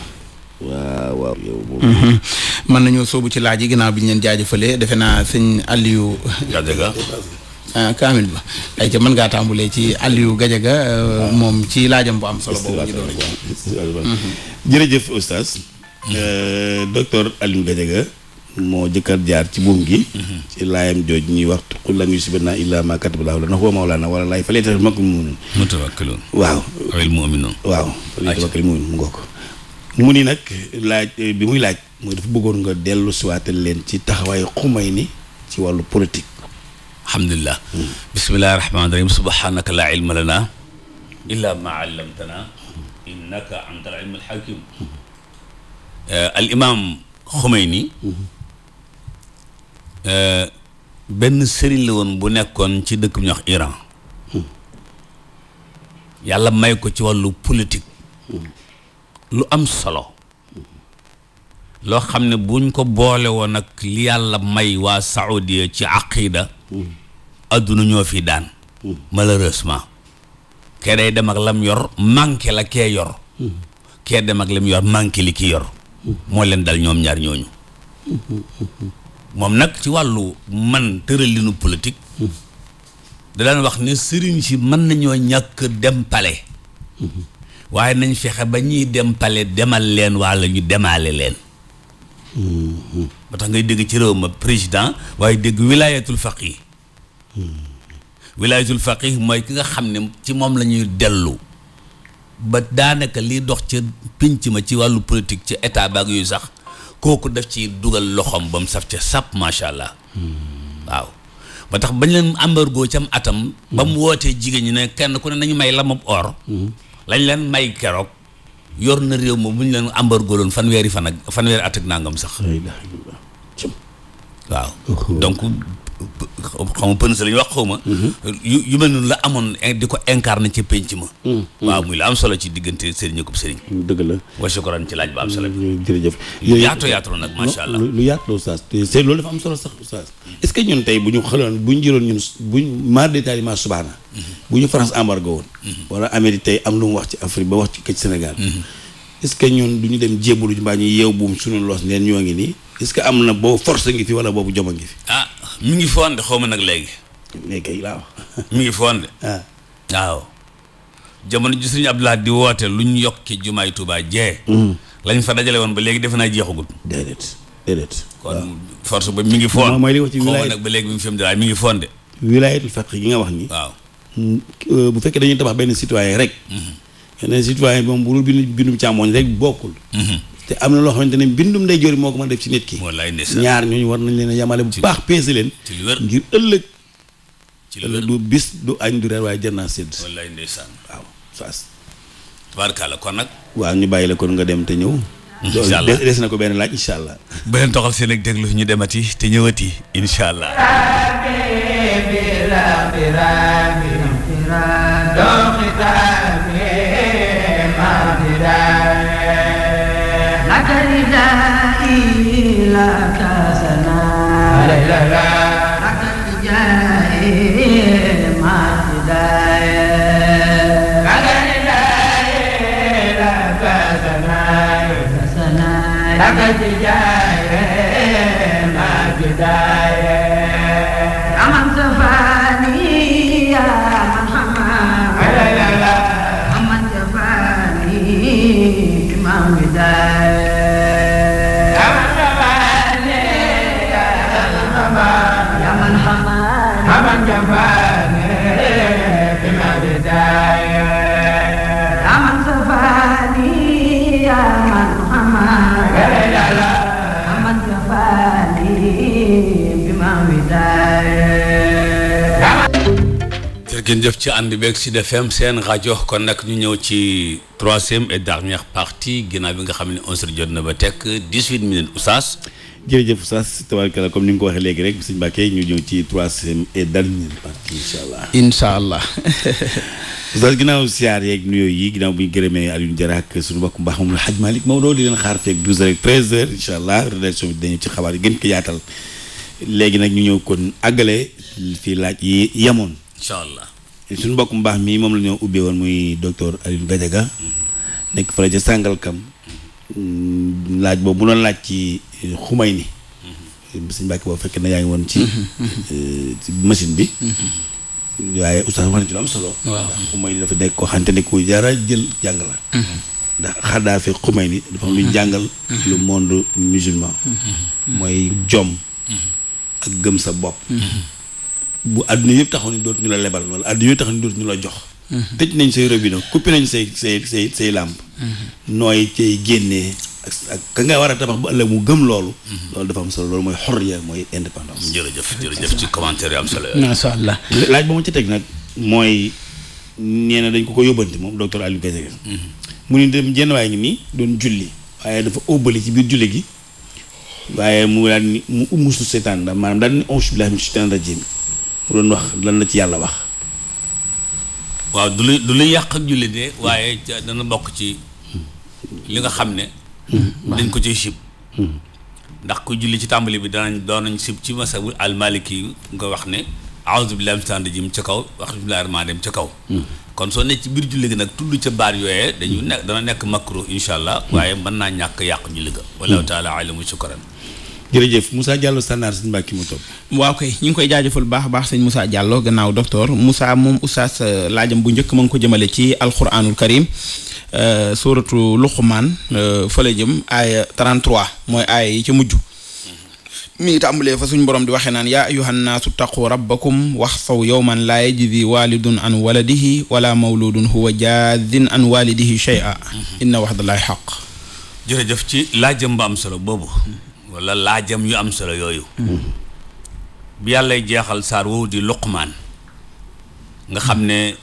waaw mhm. mën nañoo sóobu ci laaj yi ginnaaw bi ñu leen jaajëfalee defe naa sëñ Aliou. Gadiaga. ah kaamil ba ay ca mën ngaa tàmbulee ci Aliou Gadiaga euh, moom ci laajam bu am solo boobu ñu doon. Mhm. jërëjëf oustaz. Mhm. Euh, docteur Aliou Gadiaga. moo jëkkër jaar ci buum gi mm-hmm. ci laayam jooj ñuy wax qul lan yusiibanaa illaa maa kataba Allaahu lanaa huwa mawlaanaa wa alaa Allaahi falyatawakkalil mu'minuun mutawakkiluun waaw awil mu'minuun waaw falyatawakkalil ko mu ni nag laaj eh, bi muy laaj mooy dafa bëggoon nga dellu siwaatal leen ci taxawaayu xumay ni ci wàllu politique alhamdulilah mm. bismillahi rahmaani rahim subhaanaka laa ilma lanaa illaa maa allamtanaa innaka antal alimul hakim mm-hmm. eh, al imam xumay ni mm-hmm. Euh, benn sëriñ bu nekkoon ci dëkk bu ñuy Iran yàlla may ko ci wàllu politique lu am solo loo xam ne buñ ko boole woon ak li yàlla may waa Saoudia ci aqida adduna ñoo fi daan malheureusement kee day dem ak lam yor manqué la kee yor kee dem ak lam yor manqué li ki yor moo leen dal ñoom ñaar ñooñu moom nag ci wàllu man tëralinu politique da wax ne sëriñ si mën nañoo ñàkk dem pale waaye nañ fexe ba ñuy dem pale demal leen walla ñu demaale leen ba tax ngay dégg ci réew ma président waaye dégg wilaayatul faqih wilaayatul faqih mooy ki nga xam ne ci moom la ñuy dellu ba daanaka liy dox ca pinc ma ci wàllu politique ci état baag yooyu sax kooku def ci dugal loxoom ba mu saf ca sap macha allah. waaw ba tax bañ leen ambargo cam atam. ba mu wootee jigéen ñi ne kenn ku ne nañu may lamab or. lañ leen may keroog. yor na réew ma bu ñu leen ambargo loon fanweeri fan ak fanweeri at ak nangam sax. waaw donc xaw ma pënus la ñu wax xaw ma. Mhm. yu yu mel noonu la amoon eh, di ko incarné ci penc ma. Mhm. Mhm. waaw muy la am solo ci diggante sëriñ ak sëriñ. dëgg la wa shukran ci laaj ba am solo bi. Mm, jërëjëf lu yaatu yaatu nag macha allah lu yaatu oustaz loolu dafa am solo sax oustaz est ce que tey bu ñu xëloon bu ñu jëloon ñun bu ñu maar détaillé ma subaana. bu ñu France embargo woon. wala Amérique tey am lu mu wax ci Afrique ba wax ci Sénégal. est ce que ñun du ñu dem jébbalu mbaa ñu yeew buum suñu loos neen est-ce que am na boo force ngi fi wala boobu joma ngi fi. ah mi ngi foon de xaw ma nag léegi. mais kay laa wax. mi ngi foon de. Ah. waaw. jamono ji suñu Abdoulaye di woote lu ñu yokk ci jumaay Touba jee. Mm. lañu fa dajale woon ba léegi defe naa jeexagul. déedéet déedéet. kon force ba mi ngi foon. moom mooy li wax ci ba léegi mi mi ngi foon de. wilaayatul faq gi nga wax nii. waaw. Mm, euh, bu fekkee dañuy tabax benn citoyen rek. Mm-hmm. yeneen citoyen moom bu dul bindu bindum càmmoñ rek bokkul. Mm-hmm. te am na loo xamante ne bindum nday jori moo ko mën def ci nit ki ñaar ñu war nañ leen a yamale bu baax peese leen ngir ëllëg ëllëg du bis du añ du reer waaye jar naa sédd wallaay ndeysaan a saas kon nag waa ñu bàyyi la kon nga dem te ñëw incha allah des na ko benn laaj incha allah ba leen toxal seen ak déglu ñu demati te ñëwati incha allah أكاسنا لا إله إلا لك الجاه مع الهداية لك الجاه لا أكاسنا لك الجاه jërëjëf ci ànd beeg Sud FM seen rajo kon nag ñu ñëw ci troisième et dernière partie ginnaaw bi nga xam ne onze heures na ba tekk dix-huit minutes oustaz. jërëjëf oustaz tabaarkalla comme ni nga ko waxee léegi rek sëñ Mbacke ñu ñëw ci troisième et dernière partie incha allah. incha allah. oustaz ginnaaw siyaar yeeg nuyoo yi ginnaaw bu ñu gërëmee Alioune Diarra ak suñu mbokku mbaax moom la Hadj Malick Maodo di leen xaar feeg douze heures ak treize heures incha allah rédaction bi dañu ci xabaar yi gën ko yaatal léegi nag ñu ñëw kon àggale fii laaj yi yemoon suñu mbokk mbaax mii moom la ñoo ubbee woon muy docteur Alioune Gadiaga nekk fële ca Sàngalkam laaj boobu bu doon laaj ci xumay ni sëñ Mbàkke boobu fekkee ci machine bi waaye oustaz wax na ci lu am solo xumay ni dafa nekk koo xamante ne ku jara jël jàng la ndax xadaafi xumay ni dafa am jàngal le monde musulman mm-hmm. mooy jom mm-hmm. ak gëm sa bopp bu àdduna yëpp taxaw ni dootuñu la lebal wala àdduna yëpp tax ni ñu la jox. Mhm. tëj nañ say robinet coupé nañ say say say say làmp. Mhm. nooy cay génnee ak ak ka nga war a tabax bu ëllëg mu gëm loolu. Mhm. loolu dafa am solo loolu mooy xorriya mooy indépendance. jërëjëf jërëjëf ci commentaire am solo. macha allah laaj ba ma ci teg nag mooy nee dañ ko ko yóbbanti moom docteur Aliou Gaye. mu ni dem jenn waay ngi nii doon julli waaye dafa óbbali ci biir julli gi waaye mu daal ni mu umusu seetaan maanaam daal ni auzu billahi mina shaytaani rajiim ku doon wax lan la ci yàlla wax waaw du lu lu yàq ak julli de waaye dana bokk ci li nga xam ne dañ ko ci sib ndax ku julli ci tàmbali bi danañ doonañ sib ci masabu almaliki yi nga wax ne aouzu billahi mina shaytaani rajiim ca kaw wax bismillahi rahmaani rahiim ca kaw kon soo ne ci biir julli gi nag tudd ca baar yooyee dañu nekk dana nekk makruh insha allah waaye mën naa ñàkk yàq julli ga wallahu taala alamu shukran jërëjëf Moussa Diallo Sanaar sëñ Mbàkke mu topp waaw kay ñu ngi koy jaajëfal baax a baax sëñ Moussa Diallo gannaaw docteur Moussa moom oustaz euh, laajam bu njëkk ma ngi ko jëmale ci alquranul karim euh, suratu luqman euh, fa la jëm aaya 33 mooy aaya yi ca mujj mhm. mi tàmbalee fa suñ borom di waxee naan yaa ayuha nnaasu taqu rabbakum wax saw yowman laa yajzi walidun an waladihi wala mawludun huwa jaazin an walidihi shay'a mhm. inna waxdallaahi xaq jërëjëf ci laajam ba am solo boobu wala laajam yu am solo yooyu bi yàllay jeexal saar woowu di luqmaan nga xam ne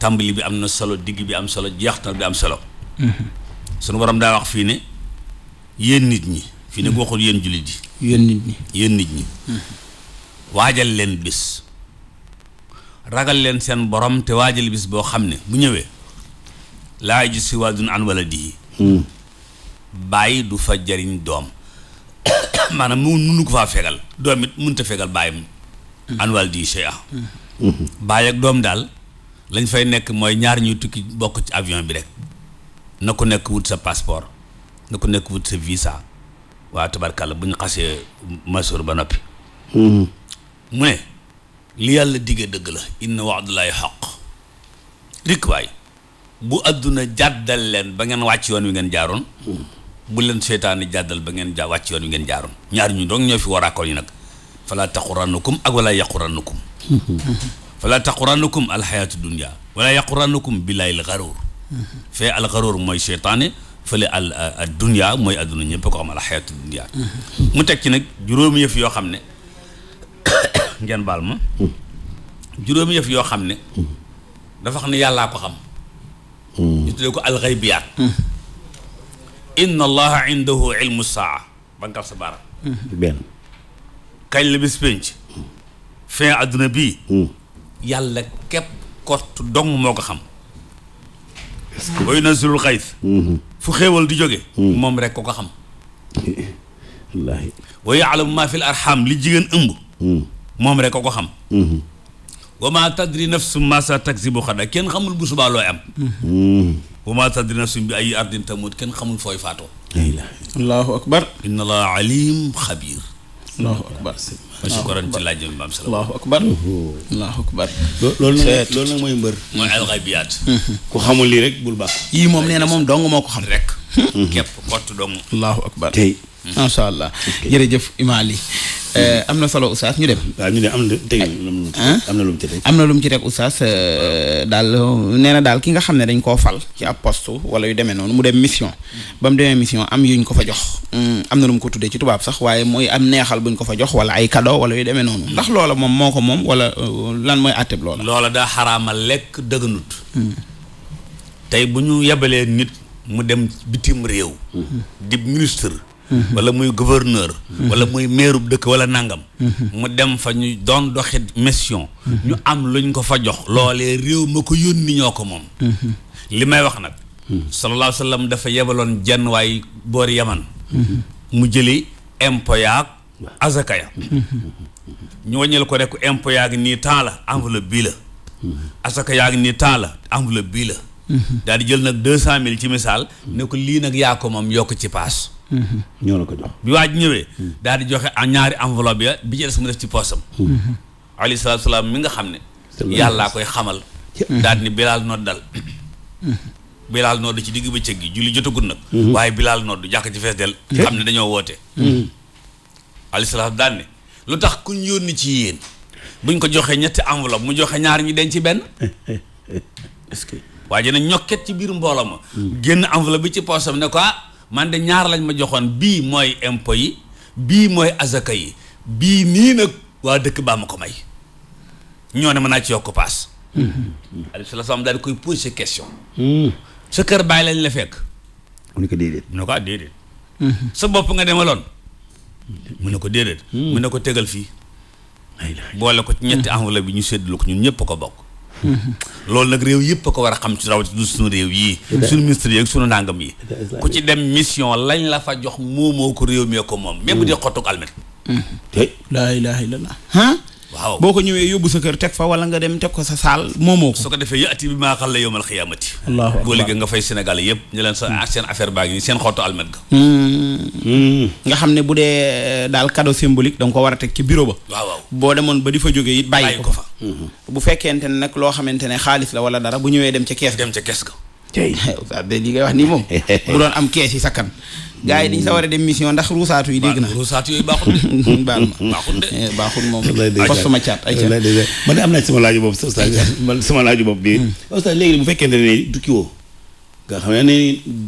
tàmbali bi am na solo digg bi am solo jeextal bi am solo sunu borom daa wax fii ne yéen nit ñi fii ne waxul yéen jullit yi yéen nit yéen nit ñi waajal leen bis ragal leen seen borom te waajal bis boo xam ne bu ñëwee laay ji si waadun an wala di hmm. bàyyi du fa jariñ doom maanaam mu munu ko faa fegal doom it mënut a fegal bàyyam anwal di chey bàyyi ak doom daal lañ fay nekk mooy ñaar ñuy tukki bokk ci avion bi rek na ku nekk wut sa passeport na ko nekk wut sa visa waa tabarkàlla bu ñu xasee masoor ba noppi mu ne li yàlla digge dëgg la inna wa'dallahi haqq rikk waay bu adduna jàddal leen ba ngeen wàcc yoon wi ngeen jaaroon bu leen seytaane jàddal ba ngeen ja wàcc yoon wi ngeen jaaroon ñaar ñu dong ñoo fi waraakoon yi nag falaa taqurannakum ak walaa yaqurannakum falaa taqurannakum alxayaatu dunia walaa yaqurannakum billaahil garuur fee al garuur mooy seytaane fële al al mooy àdduna ñëpp ko am alxayaatu dunia mm-hmm. mu teg ci nag juróomi yëf yoo xam ne ngeen baal ma mm-hmm. juróomi yëf yoo xam ne mm-hmm. dafa xam ne yàllaa ko xam ñu tuddee ko alxaybiyaat inna allaha indahu ilmu saa banqal sa baaraam benn kañ la bis pénc fin àdduna bii hmm. yàlla képp kott dong moo ko xam wa yunazzilul xayth hmm. fu xéewal di jóge hmm. moom rek ko ko xam wallaahi wa yaalamu maa fi l arxam li jigéen ëmb moom rek ko ko xam wa ma tadri nafsum ma sa taksibu xada kenn xamul bu subaa looy am wa maa tadri nafsun bi ay ardin tamut kenn xamul fooy faatoo allahu akbar inna allah alim xabir allahu akbar shukran ci laaj bi maam sala allahu akbar loolu nag loolu nag mooy mbër mooy alxaybiyaat ku xamul lii rek bul baax yii moom nee moom dong moo ko xam rek képp kott dong allahu akbar Mm-hmm. macha allah jërëjëf Imaali. Eh, am na solo oustaz ñu dem. ñu dem am na tey eh, am na lu mu ci teg. am na lu mu ci teg oustaz eh, daal nee na daal ki nga xam ne dañ koo fal ci ab poste wala yu demee noonu mu dem mission. Mm-hmm. ba mu demee mission am yuñ ko fa jox. Mm, am na lu mu ko tuddee ci tubaab sax waaye mooy am neexal buñ ko fa jox wala ay kado wala yu demee noonu mm-hmm. ndax loola moom moo ko moom wala lan mooy àtteb loola. loola daa xaraama lekk dëgënut. Mm. tey bu ñu yebalee nit mu dem bitim réew. di ministre. Mm-hmm. wala muy gouverneur. Mm-hmm. wala muy maire bu dëkk wala nangam. Mm-hmm. mu dem fa ñu doon doxi mission. ñu am luñ ko fa jox. loolee réew ma ko yónni ñoo ko moom. li may wax nag. sallallahu alayhi dafa yebaloon jenn waay boori yaman. mu jëli impôt yaag azaka ya ñu wàññil ko rek impôt yaag nii temps la enveloppe bii la. azaka yaag nii temps la enveloppe bii la. daal di jël nag deux cent mille ci misaal. ne ko lii nag yaa ko moom yokk ci paas. ñoo ko jox bi waa ji ñëwee daal joxe ñaari enveloppe ya bi ci des mu def ci poosam alayhi salaam mi nga xam ne yàllaa koy xamal daal ni bilaal noddal bilaal nodd ci digg ba gi julli jotagul nag waaye bilaal nodd jàkk ci fees del xam ne dañoo woote alayhi salaam daal lu tax kuñ yónni ci yéen buñ ko joxee ñetti enveloppe mu joxe ñaar ñu ci benn que waa ji ne ñokket ci biir mbooloo mm. génn enveloppe bi ci poosam ne ko ah, man de ñaar lañ ma joxoon bii mooy impôt yi bii mooy azaka yi bii nii nag waa dëkk baa ma ko may ñoo ne mën naa ci yokk paas alayhi salaam daal di koy posé question sa kër bàyyi lañ la fekk mu ne ko déedéet mu ne ko ah déedéet sa bopp nga demaloon mu ne ko déedéet mu ne ko tegal fii boole ko ci ñetti enveloppe bi ñu séddlu ko ñun ñëpp ko bokk loolu nag réew yëpp a ko war a xam ci rawatina suñu réew yii suñu ministre yi ak suñu nàngam yi ku ci dem mission lañ la fa jox moomoo ko réew mee ko moom même bu dee mm. xottuk almet mm. laa ilaaha illallah waaw boo ko ñëwee yóbbu sa kër teg fa wala nga dem teg ko sa saal moomoo ko su ko defee yàtti bi maa xal la yowmal xiyaamati allahu boo liggéey nga fay Sénégal yëpp ñu leen sa seen affaire baa ngi seen xottu almet hmm. Hmm. nga xam ne bu dee eh, daal cadeau symbolique danga ko war a teg ci bureau ba waaw boo demoon ba di fa jógee it bàyyi ko fa hmm. bu fekkente ne nag loo xamante ne xaalis la wala dara bu ñëwee dem ca kees dem ca kees ga tey ngay wax nii moom bu doon am kees yi gaa yi dañ sa war a dem mission ndax ruusaatu yi dégg na ruusaatu yooyu baaxul de baal ma baaxul de eh, baaxul moom fos sama caat ay caat man de am naa sama laaju bopp oustaz man sama laaju bopp bi hmm. oustaz léegi bu fekkente ne dukki woo nga xam ne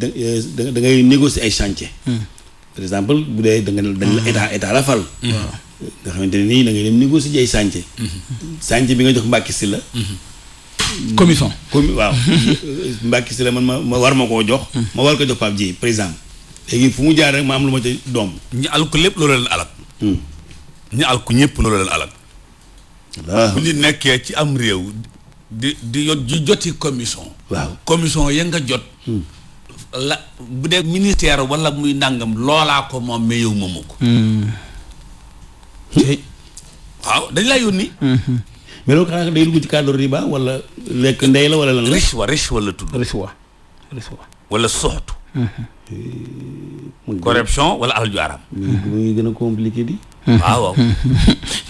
da da ngay négocier ay chantier hmm. par exemple bu dee da nga dañ la hmm. état état la fal nga xamante ne nii da ngay dem négocier ji ay chantier chantier bi nga jox Mbacke Sylla commission commi waaw Mbacke Sylla man ma war ma koo jox ma war ko jox Pape Dieye par exemple léegi fu mu jaar rek ma am lu ma ca doom ñi al ko lépp loolu leen alal hmm. ñi al ko loolu leen alal bu ñu nekkee ci am réew di di yot di joti commission waaw commission ya nga jot hmm. la bu dee ministère wala muy nàngam loolaa ko moom mais yow moomu ko hmm. waaw dañ laa yónni mais loolu xanaa day dugg ci cadre riba wala lekk ndey la wala lan la. riche wa soxtu corruption wala alal ju araam. muy gën a compliqué di. waaw waaw.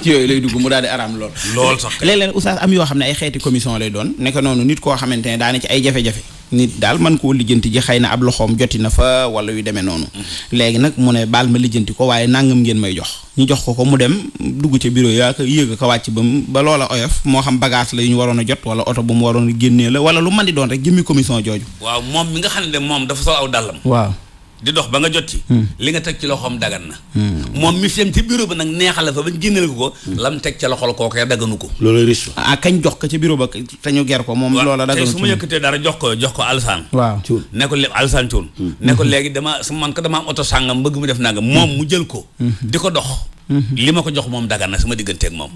ci yooyu lay dugg mu daal di araam lool. lool sax léeg-léeg oustaz am yoo xam ne ay xeeti commission lay doon nekk noonu nit koo xamante ne daane ci ay jafe-jafe. nit daal man koo lijjanti ji xay na ab loxoom joti na fa wala yu demee noonu mm-hmm. léegi nag mu ne baal ma lijjanti ko waaye nangam ngeen may jox ñu jox ko ko mu dem dugg ca bureau yaa ko yéeg ko wàcc ba mu ba loola oyof moo xam bagage la yu ñu waroon a jot wala oto bu mu waroon a génnee la wala lu man di doon rek jëmmi commission jooju waaw moom mi nga xam ne moom dafa sol aw dàllam waaw di dox ba nga jot ci. Hmm. li nga teg ci loxoom dagan na. Hmm. moom mi fi dem ci bureau ba nag neexal la fa ba génneel ko. Hmm. lam teg ca loxol kookee daganu ko. loolu riche ah kañ jox ko ci bureau ba te ñu ger ko moom. loola daganu ci su ma yëkkatee dara jox ko jox ko alsaan. waaw cuun ne ko alsaan cuun. ne ko léegi dama su man ko dama oto sàngam bëgg mu def nangam moom mu jël ko. di ko dox. Mhm. li ma ko jox moom daga na sama digganteeg moom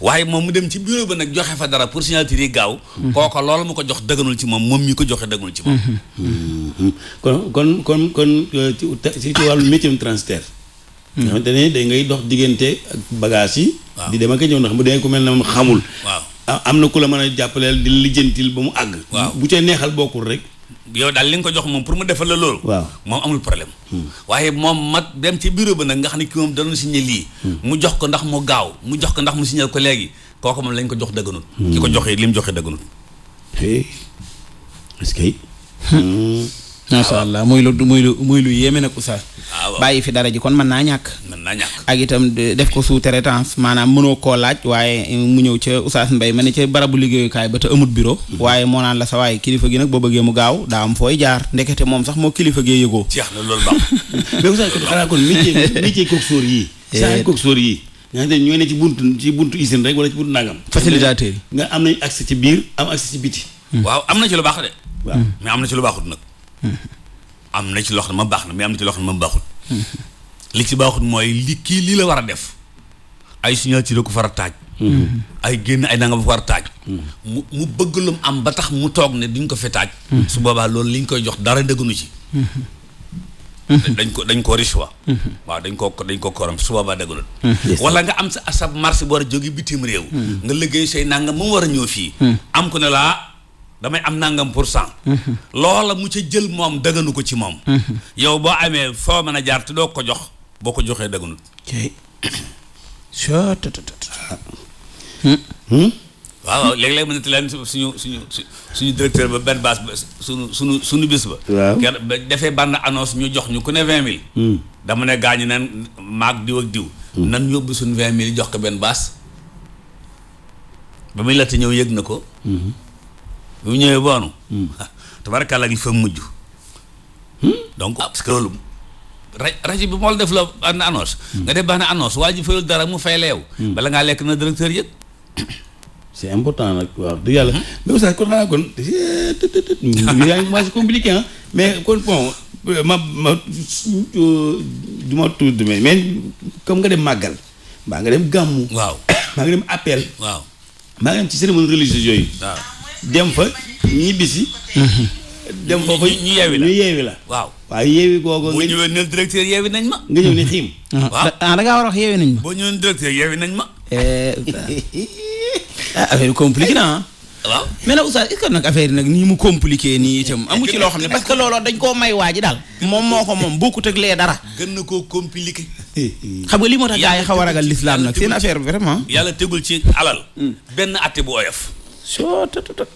waaye moom mu dem ci bureau ba nag joxe fa dara pour signature yi gaaw mhm. kooka loolu ma ko jox daganul ci moom moom mi ko joxe daganul ci mhm. kon kon kon kon euh, ci wàllu métier transitaire nga xamante ne da ngay dox diggante ak bagage yi di dem ak ñëw ndax mu dee ku mel ne moom xamul waaw am na ku la mën a jàppaleel di lijjantil ba mu àgg bu ca neexal bokkul rek yow daal li nga ko jox moom pour ma defal la loolu. waaw moom amul problème. Hmm. waaye moom mag dem ci bureau ba nag nga xam ne kii moom danoon signé lii. Hmm. mu jox ko ndax mu gaaw mu jox ko ndax mu signé ko léegi kooku moom lañ ko jox dëgganut. Hmm. ki ko joxee li mu joxe dëgganut. macha allah muy lu muy lu muy lu yéeme nag oustaz ah, bàyyi fi dara ji kon man naa ñàkk man naa ñàkk ak itam def ko sous traitance maanaam mënoo koo laaj waaye mu ñëw ca oustaz mbay ma ne ca barabu liggéeyukaay ba te amut bureau hmm. waaye moo naan la sa waaye kilifa gi nag boo bëggee mu gaaw daa am fooy jaar ndekete moom sax moo kilifa gee yëgoo jeex na loolu baax mais oustaz kon xanaa kon métier métier kook sóor yii eh. ne ci buntu ci buntu usine rek wala ci buntu yi nga am nañ accès ci biir am accès ci biti hmm. waaw am na ci lu baax hmm. mais am na ci lu baaxut nag am na ci loo ma baax na mais am na ci loo xam ma baaxut li ci baaxut mooy li kii lii la war a def ay signature ko far a taaj ay génn ay nangam war a taaj mu mu bëgg lu am ba tax mu toog ne duñ ko fi taaj su boobaa loolu li ñu koy jox dara dëggunu ci dañ ko dañ ko riche waaw dañ ko ko dañ ko korom su boobaa dëggalul wala nga am sa asab marché bu war a jóge bitim réew hmm. nga liggéey say nangam mu war a ñëw fii hmm. am ko ne damay am nangam pour cent. loola mu ca jël moom daganu ko ci moom. yow boo amee foo mën a jaar te doo ko jox boo ko joxee daganut. ok. Hmm? Hmm? waaw léeg-léeg mu ne leen suñu suñu suñu directeur ba benn baas ba suñu suñu suñu bis ba. waaw defee bande annonce ñu jox ñu ku ne vingt mille. Hmm. dama ne gaañu nan maag diw ak diw. nan yóbbu suñu vingt mille jox ko benn baas. ba muy laata ñëw yëg na ko. bu mu ñëwee boonu. Hmm. tabarakàlla gi fa mujj. Hmm? donc ah. parce que loolu. rajo bi moo def la benn annonce. Hmm. nga def benn annonce waa ji fayul dara mu fay leew. bala ngaa lekk na directeur yëg. c' important nag waaw du yàlla. mais oustaz kon xanaa eh, mais kon bon mais comme nga dem màggal. maa nga dem gàmmu. waaw maa nga dem appel. waaw maa nga dem ci cérémonie religieuse yooyu. waaw. dem fa ñibbisi. Mhm. dem foofu ñu yeewi la ñu la. waaw waaw yeewi googu. boo ñëwee ne directeur yeewi nañ ma. nga ñëw ne xiim. Ah, waaw ah, a wax yeewi nañ boo ñëwee ne directeur yeewi nañ ma. Eh, ah, affaire bi compliqué na waaw mais nag oustaz est-ce que nag affaire nag nii mu compliqué nii itam eh, amu ci loo xam ne parce que looloo dañ koo may waa ji daal moom moo ko moom bokkut ak lee dara gën na koo compliqué xam nga li moo tax gaa yi xaw a ragal l'islam nag seen affaire bi vraiment yàlla tegul alal hmm. benn atte bu oyof soo tëtëtët.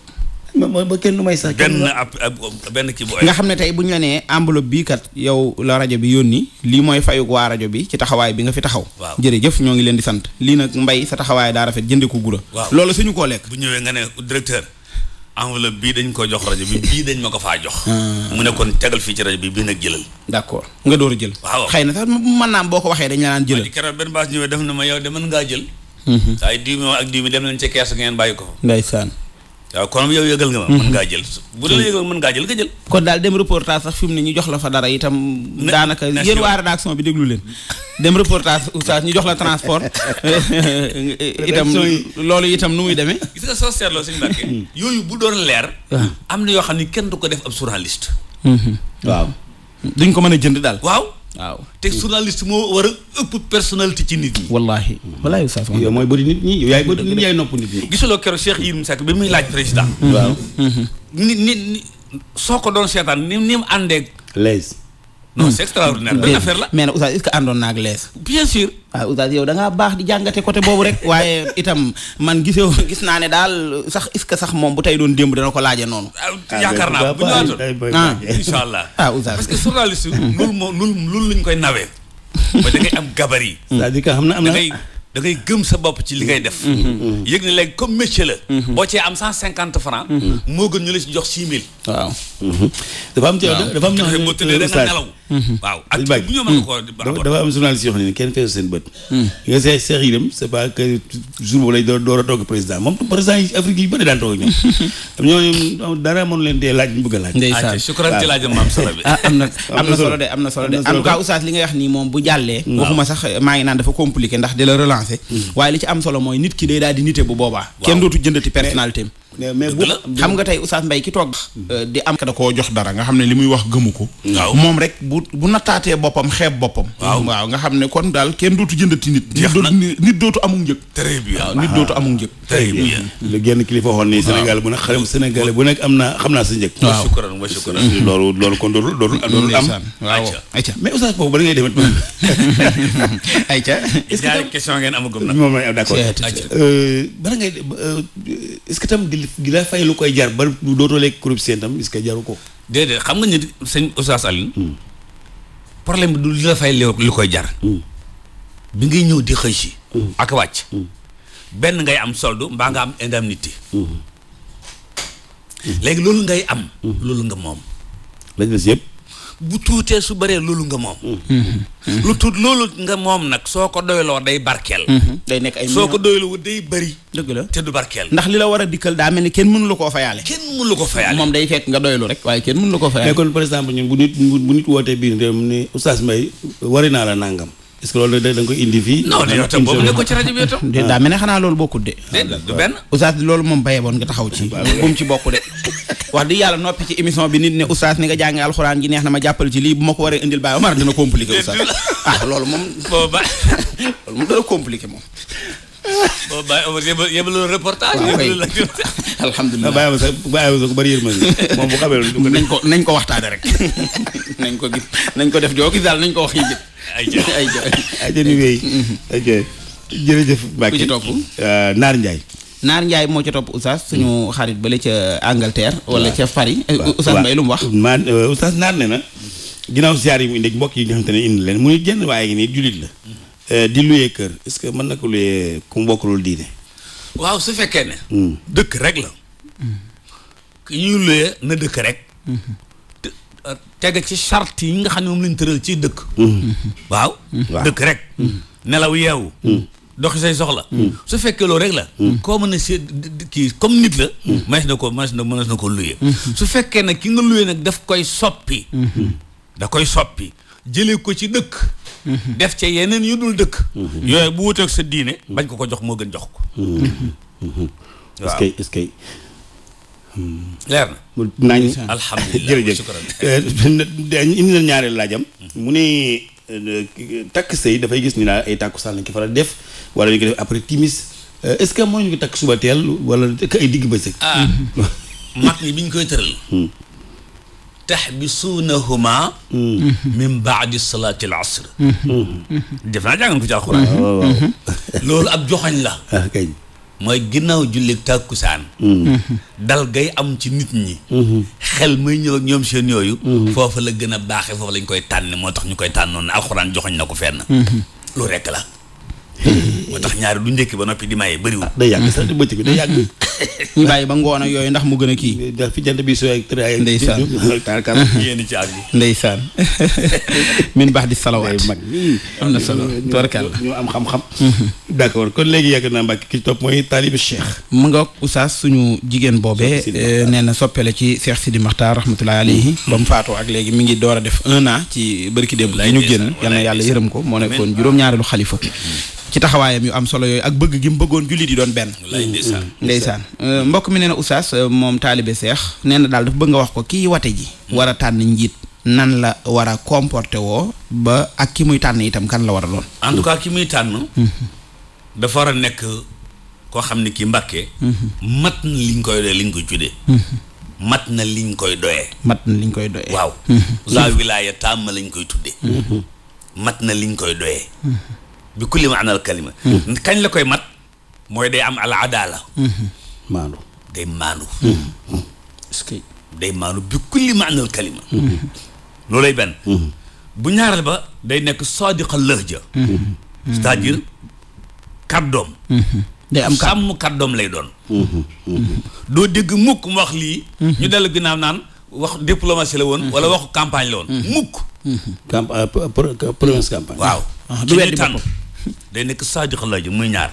ma ma kenn lu may sax. kenn benn ab benn kii bu nga xam ne tey bu ñu la nee enveloppe bii kat yow la rajo bi yónni lii mooy fayug waa rajo bi ci taxawaay bi nga fi taxaw. waaw jërëjëf ñoo ngi leen di sant lii nag mbay sa taxawaay daa rafet jëndee ko gura. waaw loolu suñu ko lekk. bu ñëwee nga ne directeur. enveloppe bii dañ ko jox rajo bi bii dañ ma ko faa jox. Ah. mu ne kon tegal fii ci rajo bi bii nag jëlal. d'accord nga door a jël. waaw na sax mën naa boo ko waxee dañ naan jëlal. waaw keroog benn baas ñëwee na ma yow mën ngaa jël waaye mm-hmm. diw mi moom ak diw mi dem nañ ca kees ngeen bàyyi ko fa ndeysaan waaw kon yow yëgal nga ma mën mm-hmm. ngaa jël bu dee yëgal mën ngaa jël nga jël kon daal dem reportage sax fi mu ne ñu jox la fa dara itam daanaka yéen waa rédaction bi déglu leen dem reportage oustaz ñu jox la transport itam loolu itam nu muy demee gis seetloo suñu mbàkke mm. yooyu bu doon leer ah. am na yoo xam ne kenn du ko def ab journaliste mm-hmm. waaw mm. duñ ko mën a jënd daal waaw waaw te journaliste moo war a ëpp personnalité ci nit ñi. wallaahi wallaahi oustaz. yow mooy bëri nit ñi yow yaay bëri nit ñi yaay nopp nit ñi. gisuloo keroog Cheikh Yérim Seck bi muy laaj ni ni soo ko doon seetaan ni ni mu àndeeg. non c'est extraordinaire benn affaire la. mais nag oustaz est-ce que àndoon naa ak lees. bien sûr. waaw ah, oustaz yow da ngaa baax di jàngate côté boobu rek waaye itam man gisoo gis naa ne daal sax est-ce que sax moom bu tey doon démb dana ko laaje noonu. Ah, yaakaar naa bu ñu naan incha allah. ah oustaz parce que journaliste. moo loolu loolu lañ koy nawee. mooy da ngay am gabarit. c'est-à-dire xam na am na. dangay gëm sa bopp ci li ngay def. Mm-hmm. Mm-hmm. yëg ne léegi comme métier la. Mm-hmm. boo cee am cent cinquante franc. moo gën ñu la ci jox six mille. waaw. dafa am ci ne boo tëddee da nga nelaw. waaw ak bu ñu mën koo dafa am journaliste yoo xam ne kenn feesu seen bët. Mm. nga see Cheikh Yérim c'est pas que jour boobu lay door a toog président moom président yi Afrique yi bëri daan toog ñoom. ñooñu dara leen dee laaj ñu bëgg a laaj. ndeysaan sukran ci laajam maam solo bi. Ah, am na am na solo de am na solo de en tout cas oustaz li nga wax nii moom bu jàllee. waxuma sax maa ngi naan dafa compliqué ndax di la avancé hmm. waaye li ci am solo mooy nit ki day daal di nite bu boobaa kenn dootu jëndati personnalité am mais bu xam nga tey Oustaz Mbaye ki toog. Hmm. Euh, di am da ko jox dara nga xam ne li muy wax gëmu ko. waaw moom rek bu bu nattaatee boppam xeeb boppam. waaw nga xam ne kon daal kenn dootu jëndati nit. nit dootu amul njëg. très bien nit dootu amul njëg. très bien lu génn kilifa waxoon ni Sénégal bu ne xaram Sénégalais bu nekk am naa xam naa sa njëg. waaw shukran wa shukran loolu loolu kon dootul dootul am. ayca waaw mais Oustaz boobu ba da ngay demee. ayca est-ce que tam question ngeen amagum na. di la fay lu koy jar ba dootoo lekk kurub seen tam est-ce que jaru ko. déedéet xam nga ni sëñ Oustaz Alioune. Hmm. problème bi du li la fay lu koy jar. Hmm. bi ngay ñëw di xëy si. Hmm. ak wàcc. benn ngay am solde mbaa nga am indemnité. léegi loolu ngay am. loolu nga moom. lañ des yëpp. bu tuutee su baree loolu nga moom mm-hmm. Mm-hmm. lu tuut loolu nga moom nag soo ko doyloo day barkeel mm-hmm. day nekk ay soo ko doyloo day bari dëgg la te du barkeel ndax li la war a dikkal daa mel ni kenn mënu la koo fayaale kenn mënu lu ko fayaale moom day fekk nga doylu rek waaye kenn mënu la ko fayaale mais kon par exemple ñun bu nit bu nit wootee biir réew mu ne oustaz wari naa la nangam parce que loolu da nga koy indi fii. non non te boobu ko ci rajo bi itam. daa mel ne xanaa loolu bokkut de. du loolu moom baye boon nga taxaw ci. bu ci bokk de. wax dëgg yàlla noppi ci émission bi nit ne oustaz ni nga jàngee alxuraan ji neex na ma jàppal ci lii bu ma ko waree indil Baye Omar dina compliqué oustaz ah loolu moom. booba loolu moom dana compliqué moom. boo bàyyi Omar yëbal yëbalul reportage. waaw kay alhamdulilah bàyyi ma sa bàyyi ma sa ku bëri ko nañ ko nañ ko waxtaane nañ ko gis nañ ko def joo daal nañ ko wax yi jëpp. ayca ayca ayca ñu wéy. Mm-hmm. ayca jërëjëf. Mbacke euh, moo ca topp Oustaz suñu mm-hmm. xarit bële ca Angleterre. wala ca Paris. Eh, Oustaz Mbaye lu mu wax. man Naar euh, ne na ginnaaw siyaar yi mu indi mbokk yi nga xam te ne indi leen mu ni jenn waaye ngi jullit la. Mm-hmm. Euh, di luyee kër ce que mën na ko luyee ku mbokkulul diine. waaw su fekkee ne. Hmm. dëkk rek la. ki ñuy luyee na dëkk rek. teg ci charte yi nga xam ne moom lañ tëral ci dëkk. Hmm. waaw. Hmm. dëkk rek. nelaw yeewu. doxi say soxla. su fekkee loolu rek la. koo mën a seet kii comme nit la. mënees na ko mënees na mënees na ko luyee. su fekkee nag ki nga luyee nag daf koy soppi. da koy soppi. jëlee ko ci dëkk def ca yeneen yu dul dëkk yooyu bu wuteeg sa diine bañ ko ko jox moo gën jox ko waaw est-ce que hmm. leer na nañ alhamdulilah jërëjëf indi euh, na ñaareel laajam mu ne euh, takk sëy dafay gis ni laa ay tàkku tàkkusaan lañ ko faral def wala ñu ko def après timis euh, est-ce que moo ñu ko takk suba teel wala ay digg bëccëg ah mag ñi bi ñu koy tëral hmm. taxbisuunahuma min baadi salaati al asr def naa jàngan ko ci alxuraan ah, loolu ab joxoñ la ah, mooy ginnaaw jullig tàkkusaan mm-hmm. dal gay am ci nit ñi mm-hmm. xel may ñëw ak ñoom seen yooyu mm-hmm. foofu la gën a baaxee foofu lañ koy tànn moo tax ñu koy tànnoon na alxuraan joxoñ na ko fenn lu rekk la moo tax ñaari du njëkk ba noppi di maye bëriwul ah, day yàgg sax di bëcc bi day yàgg ñu bàyyi ba ngoon ak yooyu ndax mu gën a kii. daal fi jant bi soo ak tëraay. ndeysaan yéen ci àll yi. ndeysaan. min baax di salawaat. mag am na solo am xam-xam. Mhm. d' kon léegi yàgg naa mbàkk ki topp mooy taalibu Cheikh. mu nga Oustaz suñu jigéen boobee. Eh, nee na soppeele ci Cheikh si di rahmatullahi alayhi. Mhm. ba mu faatoo ak léegi mi ngi door def un an ci barki démb. lay ñu génn yal na yàlla yërëm ko moo nekkoon juróom-ñaareelu xalifa mhm. ci taxawaayam yu am solo yooyu ak bëgg gi mu bëggoon jullit yi doon benn. ndeysaan mm, ndeysaan euh, mbokk mi nee na oustaz euh, moom taalibe seex nee na daal dafa bëgg nga wax ko kii wate ji. war a tànn njiit. nan la war a comporté woo. ba ak ki muy tànn itam kan la war a doon. en tout cas ki muy tànn. Mm-hmm. dafa war a nekk koo xam ne kii mbakke mm-hmm. mat na liñ koy doyee liñ koy juddee. Mm-hmm. mat na liñ koy doyee. mat liñ koy doyee. waaw. la wilaaya tàmm lañ koy tuddee. mat na liñ koy doyee. bi kulli ma kalima hmm. kañ la koy mat mooy day am al adala hmm. maandu day maandu hmm. est-ce que day bi kulli ma anal kalima loolay benn bu ñaareel ba day nekk sadiqa lahja c'est-à-dire kàddoom day am sàmm kàddoom lay doon doo dégg mukk mu wax lii ñu dellu ginnaaw naan wax diplomatie la woon wala waxu campagne la woon mukk euh, waaw ah, du weddi boppam day nekk saadiq laaju muy ñaar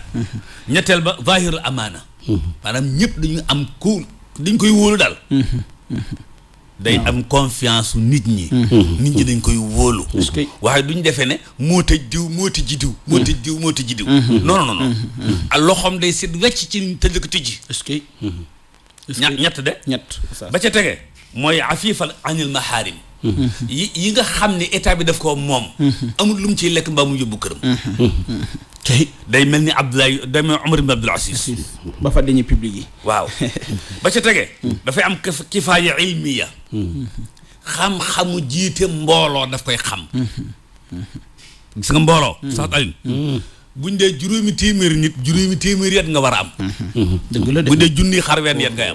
ñetteel ba zahirul amaana maanaam ñëpp dañu am ku dañ koy wóolu daal day am confiance nit ñi nit ñi dañ koy wóolu waaye duñ defee ne moo tëj diw moo tëj diw moo tëj diw moo tëj diw mm-hmm. non non non a ah, loxoom day set wecc ci tëdd ko tëjji ñett de ñett ba ca tege mooy afifal anil maharim yi yi nga xam ni état bi daf koo moom. amul lu mu ciy lekk mbaa mu yóbbu këram. day mel ni Abdoulaye day mel ni Omar ibn Abdoul Aziz. ba fa dañuy public yi. waaw ba ca tege. dafay am kifaaya ilmiya. xam-xamu mbooloo daf koy xam. gis nga mbooloo. Mm. sax Alioune. Mm. buñ dee juróomi téeméeri nit juróomi téeméeri yet nga war a am. dëgg la de dee junni xarween yet ngay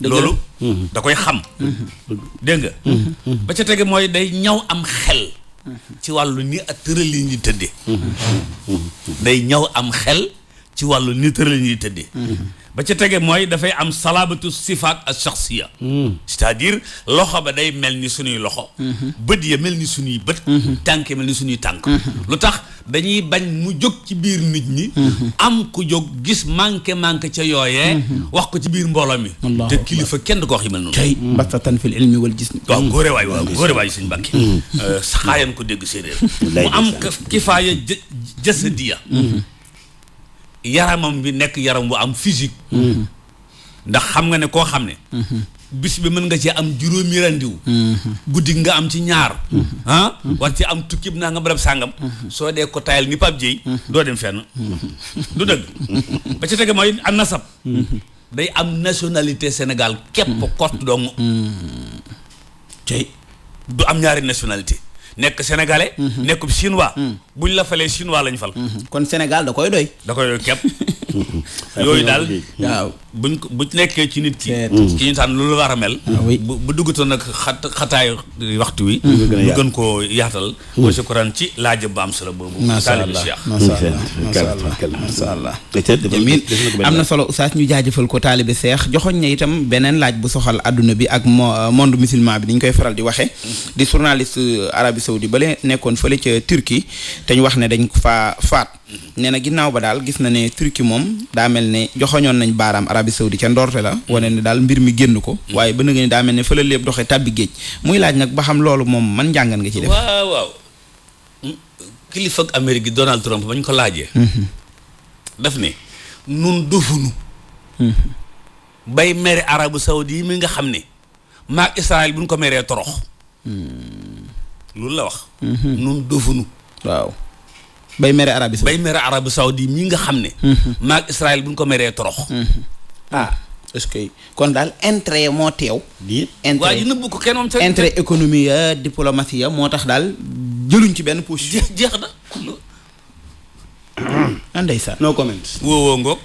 loolu mhm. da koy xam mhm. dégg mhm. ba ca tege mooy day ñaw am xel ci wàllu ni ak tëral yi ñu tëddee day ñaw am xel ci wàllu ni tëral ñuy tëddee mm-hmm. ba ca tege mooy dafay am salaabatu sifaat ak shaxsiya mm-hmm. cest à loxo ba day mel ni suñuy loxo mm-hmm. bët ya mel ni suñuy bët tànk ya mel ni suñuy tànk lu tax dañuy bañ mu jóg ci biir nit ñi am ku jóg gis manqué manqué ca yooyee wax ko ci biir mbooloo mi te kilifa kenn du ko wax yi mel noonu tey bastatan fil ilmi wal jism waaw góore waay suñ mbàkke euh, saxaayan ko dégg séeréer mu am kifaaya jasadiya yaramam bi nekk yaram bu am physique. Mm-hmm. ndax xam nga ne koo xam ne. Mm-hmm. bis bi mën nga ci am juróomi randiw mm-hmm. guddi nga am ci ñaar ah ci am tukkib naa nga barab sàngam soo dee ko tayal ni Pape Dieye doo dem fenn du dëgg ba ci tege mooy am nasab day am nationalité Sénégal képp kott dong tey du am ñaari nationalité nekk sénégalais nekkub chinois buñ lafalee falee waa lañ fal. Mhm. kon Sénégal da koy doy. da koy doy képp. yooyu daal. waaw ko bu nekkee ci nit ki. ki ñu tànn loolu war a mel. Ah bu bu duggatoon nag xat xataay waxtu wi. Mm. ñu gën koo yaatal. wa mm. shukran ci laaj ba am solo boobu. macha allah macha allah macha allah am na solo Oustaz ñu jaajëfal ko taalibe seex joxoñ ne itam beneen laaj bu soxal àdduna bi ak euh, monde musulman bi ni koy faral di waxee. Mm. di journaliste euh, Arabie Saoudi bale nekkoon fële ca Turquie. te ñu wax ne dañ ko faa faat nee na ginnaaw ba daal gis na ne Turquie moom daa mel ne joxoñoon nañ baaraam Arabie Saoudi ca ndoorte la wane ne daal mbir mi génn ko waaye ba nga daa mel ne fa la lépp doxee tàbbi géej muy laaj nag ba xam loolu moom man nga ci def waaw waaw kilifa ak Amérique gi ko laajee mhm. daf ne nun dofunu mhm. mi nga xam ne maag buñ ko meree torox mhm. loolu la wax waaw bay mere arabi saudi bay mere arabi saudi mii nga xam ne. Mhm. maag Israël bu ñu ko meree torox. Mhm. ah est que kon daal intérêt moo teew. di intérêt waa ji nëbbu ko kenn moom sa intérêt économie ya diplomatie ya moo tax daal jëluñ ci benn puus. jeex jeex na. Ah, ndeysaan. no comment. woowoo ngoog.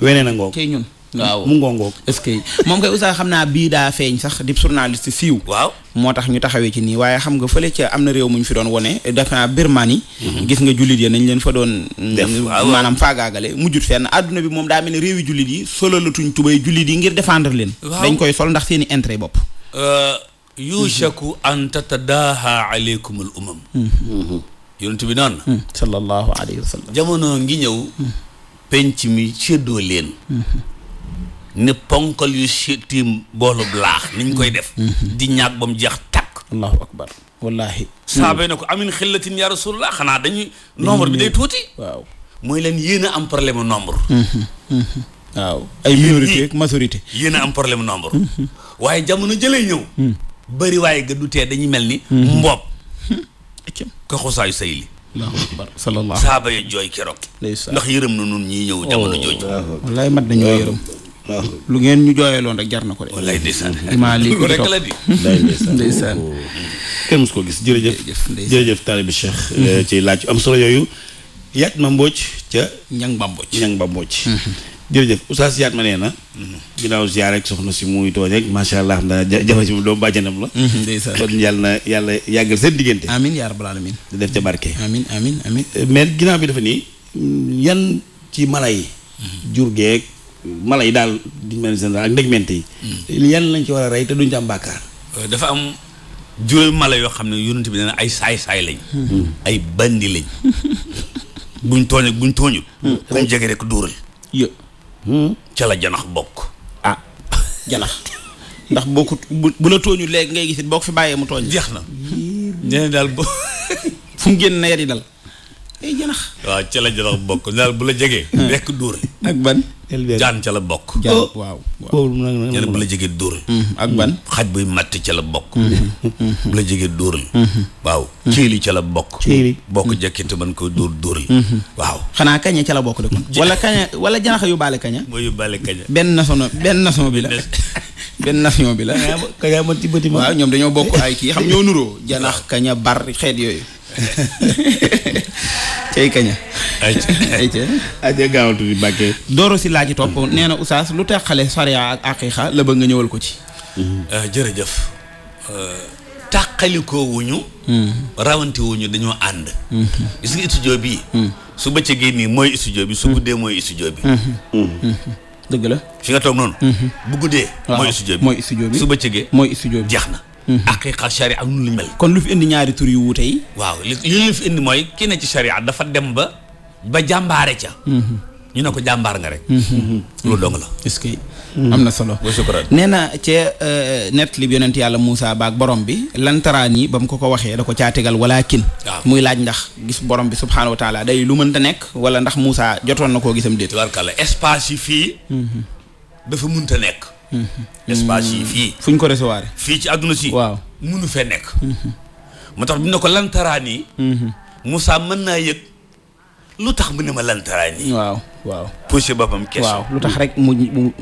weneen a ngoog tey ñun. waaw mu ngongoog est-ce que moom kay Oustaz xam naa bii daa feeñ sax di journaliste siiw waaw moo tax ñu taxawee ci nii waaye xam nga fële ca am na réew mu ñu fi doon wone dafa Birmanie mhm. gis nga jullit ya nañ leen fa doon maanaam faagaagale mujjut fenn adduna bi moom daa mel ne réewi jullit yi solalatuñ tubay jullit yi ngir défendre leen dañ koy sol ndax seeni intérêt bopp euh, yushaku an tatadaaha aleykum al umam mhm. yonent bi noonu mhm. sallallahu alayhi wa sallam jamono ngi ñëw penc mi séddoo leen ni ponkal yu sitim boolub laax niñ koy def mm-hmm. di ñaag ba mu jeex tàkk allahu akbar wallahi saabee na ko amin xillatin ya rasulullah xanaa dañuy nombre bi day tuuti waaw mooy leen yéen a am problème nombre mm-hmm. Mm-hmm. waaw ay minorité ak yéen a am problème nombre waaye jamono jële ñëw mm. bëri waaye ga du tee dañuy mel ni mboob ko xusaayu say li allahu akbar sallallahu saaba ya jooy keroog ndax yërëm na nun ñii ñëw jamono oh, jooju wallahi mat nañoo yërëm waaw lu ngeen ñu jooyee loon rek jar na ko de. wallaay ndeysaan maa lii ko rek la di. ndeysaan oh. kenn mës ko gis jërëjëf. jërëjëf taalibi Cheikh. Eh, ci laaj am solo yooyu. yaat ma mbooj ca. ñang ba mbooj ñang ba mbooj. Mm-hmm. jërëjëf oustaz yaat ma nee na. ginnaaw ziar rek soxna si muy tooñ rek macha allah xam naa jafe si moom doomu bàjjanam la. Mm-hmm, ndeysaan kon yàlla na yàlla yàggal seen diggante. amiin yaa rabbal aalamiin. di def ca barke. amiin amiin eh, bi dafa nii mm, yan ci mala yi. Mm-hmm. jur geeg. mala yi daal di mel général ak ndegmente yi. Hmm. yan lañ ci war rey te duñ ci am bàkkaar. Euh, dafa am juróomi mala yoo xam ne yonent bi nee na ay saay-saay lañ. Hmm. ay bandi lañ. buñ tooñ ak buñ tooñut. Hmm. ku jege rek dóoral. yë. ca la janax bokk. ah janax. ndax boo ko bu la tooñu léegi ngay gis it bokk fi bàyyee mu tooñ. jeex na nee daal bo fu mu na yar yi dal. ay eh, janax waaw ca la janax bokk daal bu la jegee rekk hmm. dóor ak ban jaan ca la bokk oh. waaw waaw bu la jegee dóor ak ban xaj buy matt ca la bokk bu la jegee dóor hmm. waaw hmm. ciili ca la bokk ciili bokk jekkinte man ko dóor dóor waaw xanaa kañe ca la bokk de kon wala kañe wala janax yu baale kaña mooy yu baale kaña benn nasono benn nasono bi la benn nation bi la kaña man ci bëti waaw ñoom dañoo bokk ay kii xam ñoo nuroo janax kaña bar xeet yooyu cey kaña ayca ayca gaawantu bi bàkkee dooro si laa ci topp nee na oustaz lu teqale sariya ak aqiqa la bëgg nga ñëwal ko ci euh, jërëjëf euh, tàqalikoo wuñu hmm. rawante wuñu dañoo ànd hmm. gis nga studio bi hmm. su bëccëgee nii mooy studio bi su dee mooy studio bi dëgg la fi nga toog bu guddee mooy studio bi mooy studio bi su bëccëgee mooy studio jeex na Mhm. aqiqa sharia nun lañ mel kon lu fi indi ñaari tur yu wuute yi waaw li li fi indi mooy ki ne ci sharia dafa dem ba ba jàmbaare ca mhm. ñu ne ko jàmbaar nga rek mhm. loolu dong la est am na solo nee na ca euh, net li yonent yàlla Moussa baak borom bi lantaraan yi ba ko ko waxee da ko caategal wala kin muy laaj ndax gis borom bi subhaanahu wa taala day lu mënta nekk wala ndax Moussa jotoon na koo gisam déet tubaarkàlla espace yi fii dafa mënta nekk Mm-hmm. espace yi mm-hmm. fii. fu ñu ko recevoir. fii ci àdduna si. waaw munu fee nekk. Mm-hmm. moo tax bu ne ko lantaraan yi. Moussa mën naa yëg lu tax mu ne ma lantaraan yi. waaw waaw. posé boppam question. waaw lu tax rek mu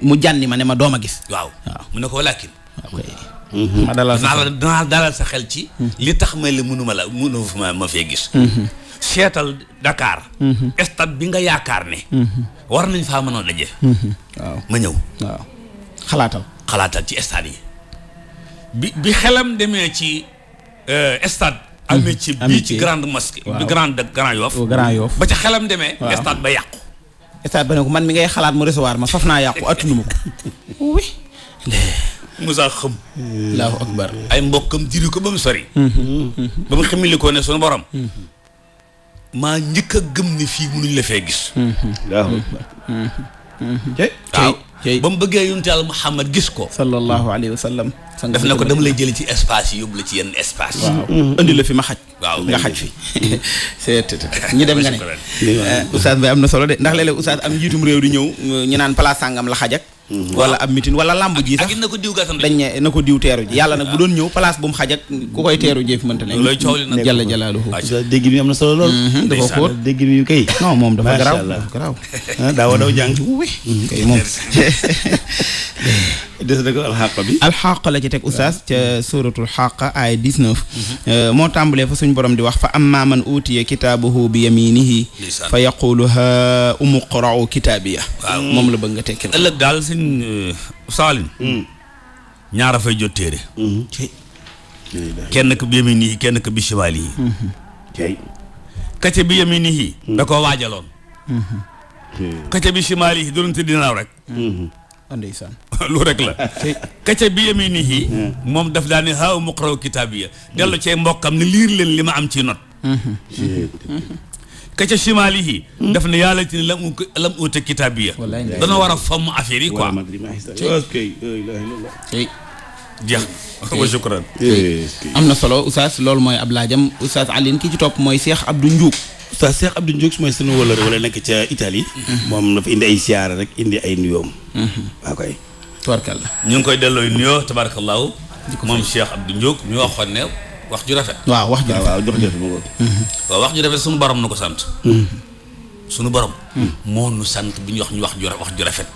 mu jànni ma ne ma doom a gis. waaw mu ne ko laakin. ma dalal sa xel dinaa sa xel ci. li tax may la mënuma la mënu ma ma fee gis. seetal dakaar stade bi nga yaakaar ne. war nañ faa mënoo a daje. ma ñëw xalaatal xalaatal ci stade yi bi xelam demee ci euh, stade amitié bii ci grande mosquée bi grande grand Yoff grand Yoff ba ci xelam demee stade ba yàqu stade ba ne ko man mi ngay xalaat mu recevoir ma faf naa yàqu attunuma ko oui Moussa xam allahu akbar ay mbokkam diri ko ba mu sori mm-hmm. Mm-hmm. ba ne sunu borom mm-hmm. maa njëkk a gëm ne fii mënuñ la fee gis allahu ba mu bëggee yonent Yàlla Muhammad gis ko. sallallahu alayhi wa sallam. def na ko dama lay jëli ci espace yi yóbbu la ci yenn espace waaw mm-hmm. la fi ma xaj. waaw nga xaj fi. ñu dem nga ne. Eh, ustaas bi am na solo de ndax léeg-léeg ustaas am njiitum réew di ñëw ñu naan place sàngam la xajak Mhm. wala ab mitin wala làmb ji sax na ko diw gasam dañ ne na ko diw teeru ji yàlla nag bu doon ñëw place bu mu xaj ak ku koy teeru jee fi mënta ne looy coow li nag jalla jalaaluhu dégg mi am na solo lool mhm, dafa xóot dégg mi yu kay non moom dafa garaaw garaaw daa wa daw jàng kay moom des na ko alxaqa bi. alxaqa la ci teg oustaz ca suratul xaqa ay 19. Euh, moo tàmbalee fa suñu borom di wax fa amma man uutiya kitaabahu bi yaminihi fa yaqulu ha umuqra'u kitaabiya. waaw moom la bëgg nga tekki la. ëllëg daal sëñ euh, Saalin. Hmm. ñaara fay jot téere. Hmm. kenn ku bi yaminihi hmm. kenn bi shimaalihi. kace bi yaminihi da bi shimaalihi doonte dinaaw rek. ndeysaan lu rek la kaca bi yaminihi moom daf daa ne haaw muqraw kitaabiya dellu mm. cee mbokkam ne liir leen li ma am ci not mm-hmm. kaca shimaalihi mm. daf ne yàlla ci ne lam u kitaabiya dana war a fomm affaire am na solo oustaz loolu mooy ab laajam oustaz Alioune ki ci topp mooy Cheikh Abdou Ndiouk oustaz Cheikh Abdou Ndiog mooy sunu wala wala nekk ca Italie. Mhm. moom dafa indi ay siyaara rek indi ay nuyoom. Mhm. waaw kay. tubarkalla ñu ngi koy delloo nuyoo tabarakallahu moom Cheikh Abdou Ndiog ñu waxoon ne wax ju rafet. waaw wax ju rafet waaw jox jox mhm. waaw wax borom na ko sant. sunu borom. moo nu sant bu ñu wax ñu wax ju wax ju rafet.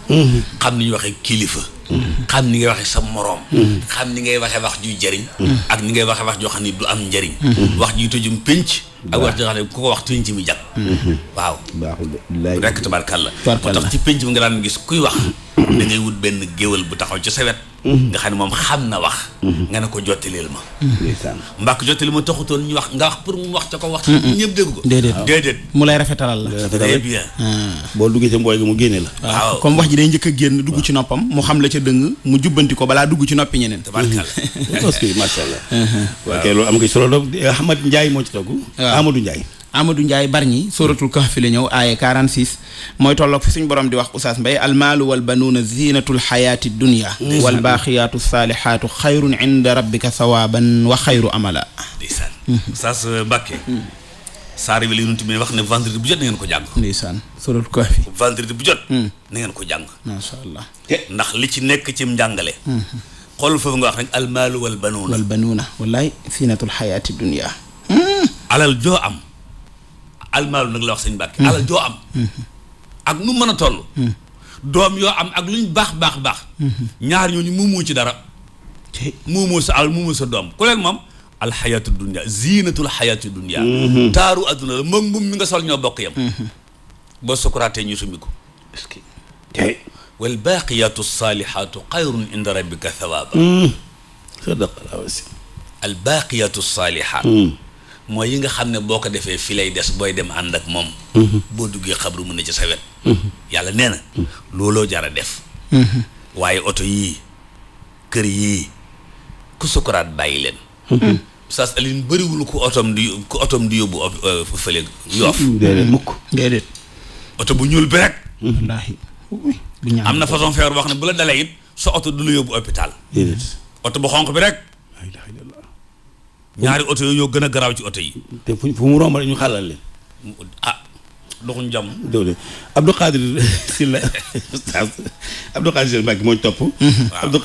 xam ni ñu waxee kilifa. xam ni ngay waxee sa moroom. xam ni ngay waxee wax juy jëriñ. ak ni ngay waxee wax joo xam ni du am njëriñ. wax juy tëjum pénc. ak wax joo xam ne ko wax pénc mi jag waaw baaxul de rekk tabarkàlla moo tax ci pénc mi nga daan gis kuy wax da wut benn géwal bu taxaw ci sawet mm-hmm. nga xam ne moom xam na wax mm-hmm. nga ne ko jottalil ma mm-hmm. mbàkk jottali ma taxutoon ñu wax nga wax pour mu wax ca ko wax ñëpp dégg ko déedéet mu lay rafetalal la très bien ah. boo duggee ca mbooy gi mu génne la waaw comme wax ji day njëkk a génn dugg ci noppam mu xam la ca dëng mu jubbanti ko balaa dugg ci noppi ñeneen tabarkàlla parce que macha allah waaw kay moo ci togg ah. Amadou Ndiaye Amadou Ndiaye Bargny suratul kahfi la ñëw aaye 46 mooy tolloog fi suñ borom di wax Oustaz Mbaye almaalu wal banuuna zinatul xayaati dunia wal baaxiyaatu saalihaatu xayrun inda rabbika sawaaban wa xayru amala ndeysaan mhm. Oustaz euh, mhm. wax ne vendredi bu jot ngeen ko jàng ndeysaan suratul kahfi vendredi bu jot na ngeen ko jàng mhm. macha allah eh, ndax li ci nekk cim njàngale xool foofu nga wax rek almaalu wal banuuna wal banuuna xayaati dunia alal joo am almaalu nag la wax sëñ Mbàkke alal joo am ak nu mën a toll doom yoo am ak luñ baax baax baax ñaar ñooñu muumoo ci dara muumoo sa alal muumoo sa doom ku leen moom alxayaatu dunia ziinatul xayaatu dunia mm-hmm. taaru adduna la moom mbubb mi nga sol ñoo bokk yam mm-hmm. boo sukuraatee ñu summi ko wal baaqiyaatu saalihaatu xayrun inda rabbika thawaaba mm-hmm. sadaqallaahu al baaqiyaatu saalihaat mooy yi nga xam ne boo ko defee fi lay des booy dem ànd ak moom mhm. boo duggee xab xabru mën a ci sa mhm. yàlla nee na mhm. looloo jar a def waaye oto yii kër yii ku sukuraat bàyyi leen sas alin bëriwul ku otom di di yóbbu euh, fële yoof déedéet mukk déedéet oto bu ñuul bi rek wallaahi am na façon feebar boo xam ne bu la dalee it oto du la yóbbu hôpital oto bu xonq bi rek ñaari oto yooyu yoo gën a garaaw ci oto yi. te fu fu mu romb ñu xàllal leen. ah doxuñ jàmm. déedéet Abdou Khadir Sylla oustaz Abdou Khadir Sylla Mbacke mooy topp. waaw Abdou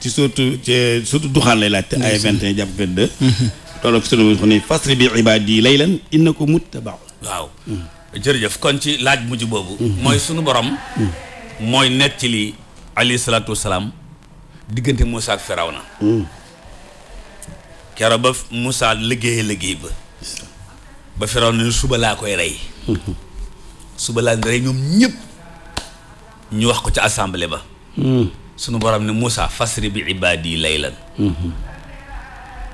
ci surtout ci surtout duxaan lay laajte. ay 21 jàpp 22. Mhm. tolloog sunu wax ni fasri bi ibaadi laylan innakum muttaba'un. waaw. Mm. jërëjëf kon ci laaj mujj boobu. Mm-hmm. mooy suñu borom. Mm. mooy net ci lii. alayhi salaam diggante Moussa ak na kero ba Moussa liggéeye liggéey ba ba Firaw ne suba laa koy rey suba laa rey ñoom ñëpp ñu wax ko ca assemblée ba sunu borom ne Moussa fasri bi ibaadi laylan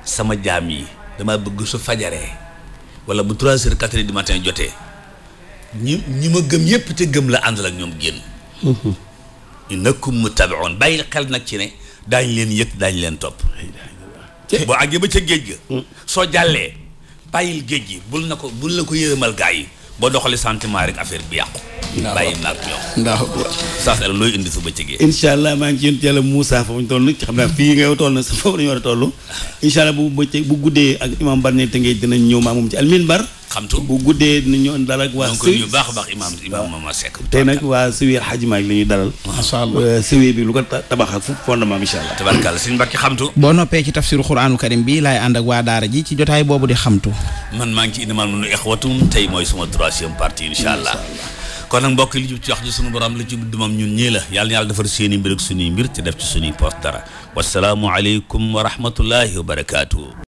sama jaam yi dama bëgg su fajaree wala bu trois heures quatre heures du matin jotee ñi ñi ma gëm yépp te gëm la àndal ak ñoom génn hmm. innakum muttabi'un bàyyi xel nag ci ne daañ leen yëg daañ leen topp boo àggee ba ca géej ga mm. soo jàllee bàyyil géej gi bul na ko bul na ko yërëmal gaa yi boo doxalee sentiment rek affaire bi yàqu bàyyi naag ñoom ndax saasal looy indi su bëccëgee incha allah maa ngi ci yonent yàlla Moussa foofu ñu toll nag ci xam war a toll incha allah bu bëccëg bu guddee ak imam bar ne te ngay dinañ ñëw maa moom ci almin bar xamtu bu guddee nañu dalal ak waa Siwi baax a baax imaam imaam Mama Seck tey nag waa Siwi Hadj Maag la ñuy dalal masha Allah euh, Siwi bi lu ko tabax ak fu fondement insha Allah tabarkàlla suñu mbokki xamtu boo noppee ci tafsiru Quraanul Karim bi laay ànd ak waa daara ji ci jotaay boobu di xamtu man maa ngi ci inamal munu exwatum tey mooy suma troisième partie insha Allah kon nag mbokk li ci wax ji sunu borom la ci ñun ñii la yàlla na yàlla defar seeni mbir ak suñuy mbir te def ci suñuy post dara wasalaamualeykum wa rahmatullahi wa barakaatu.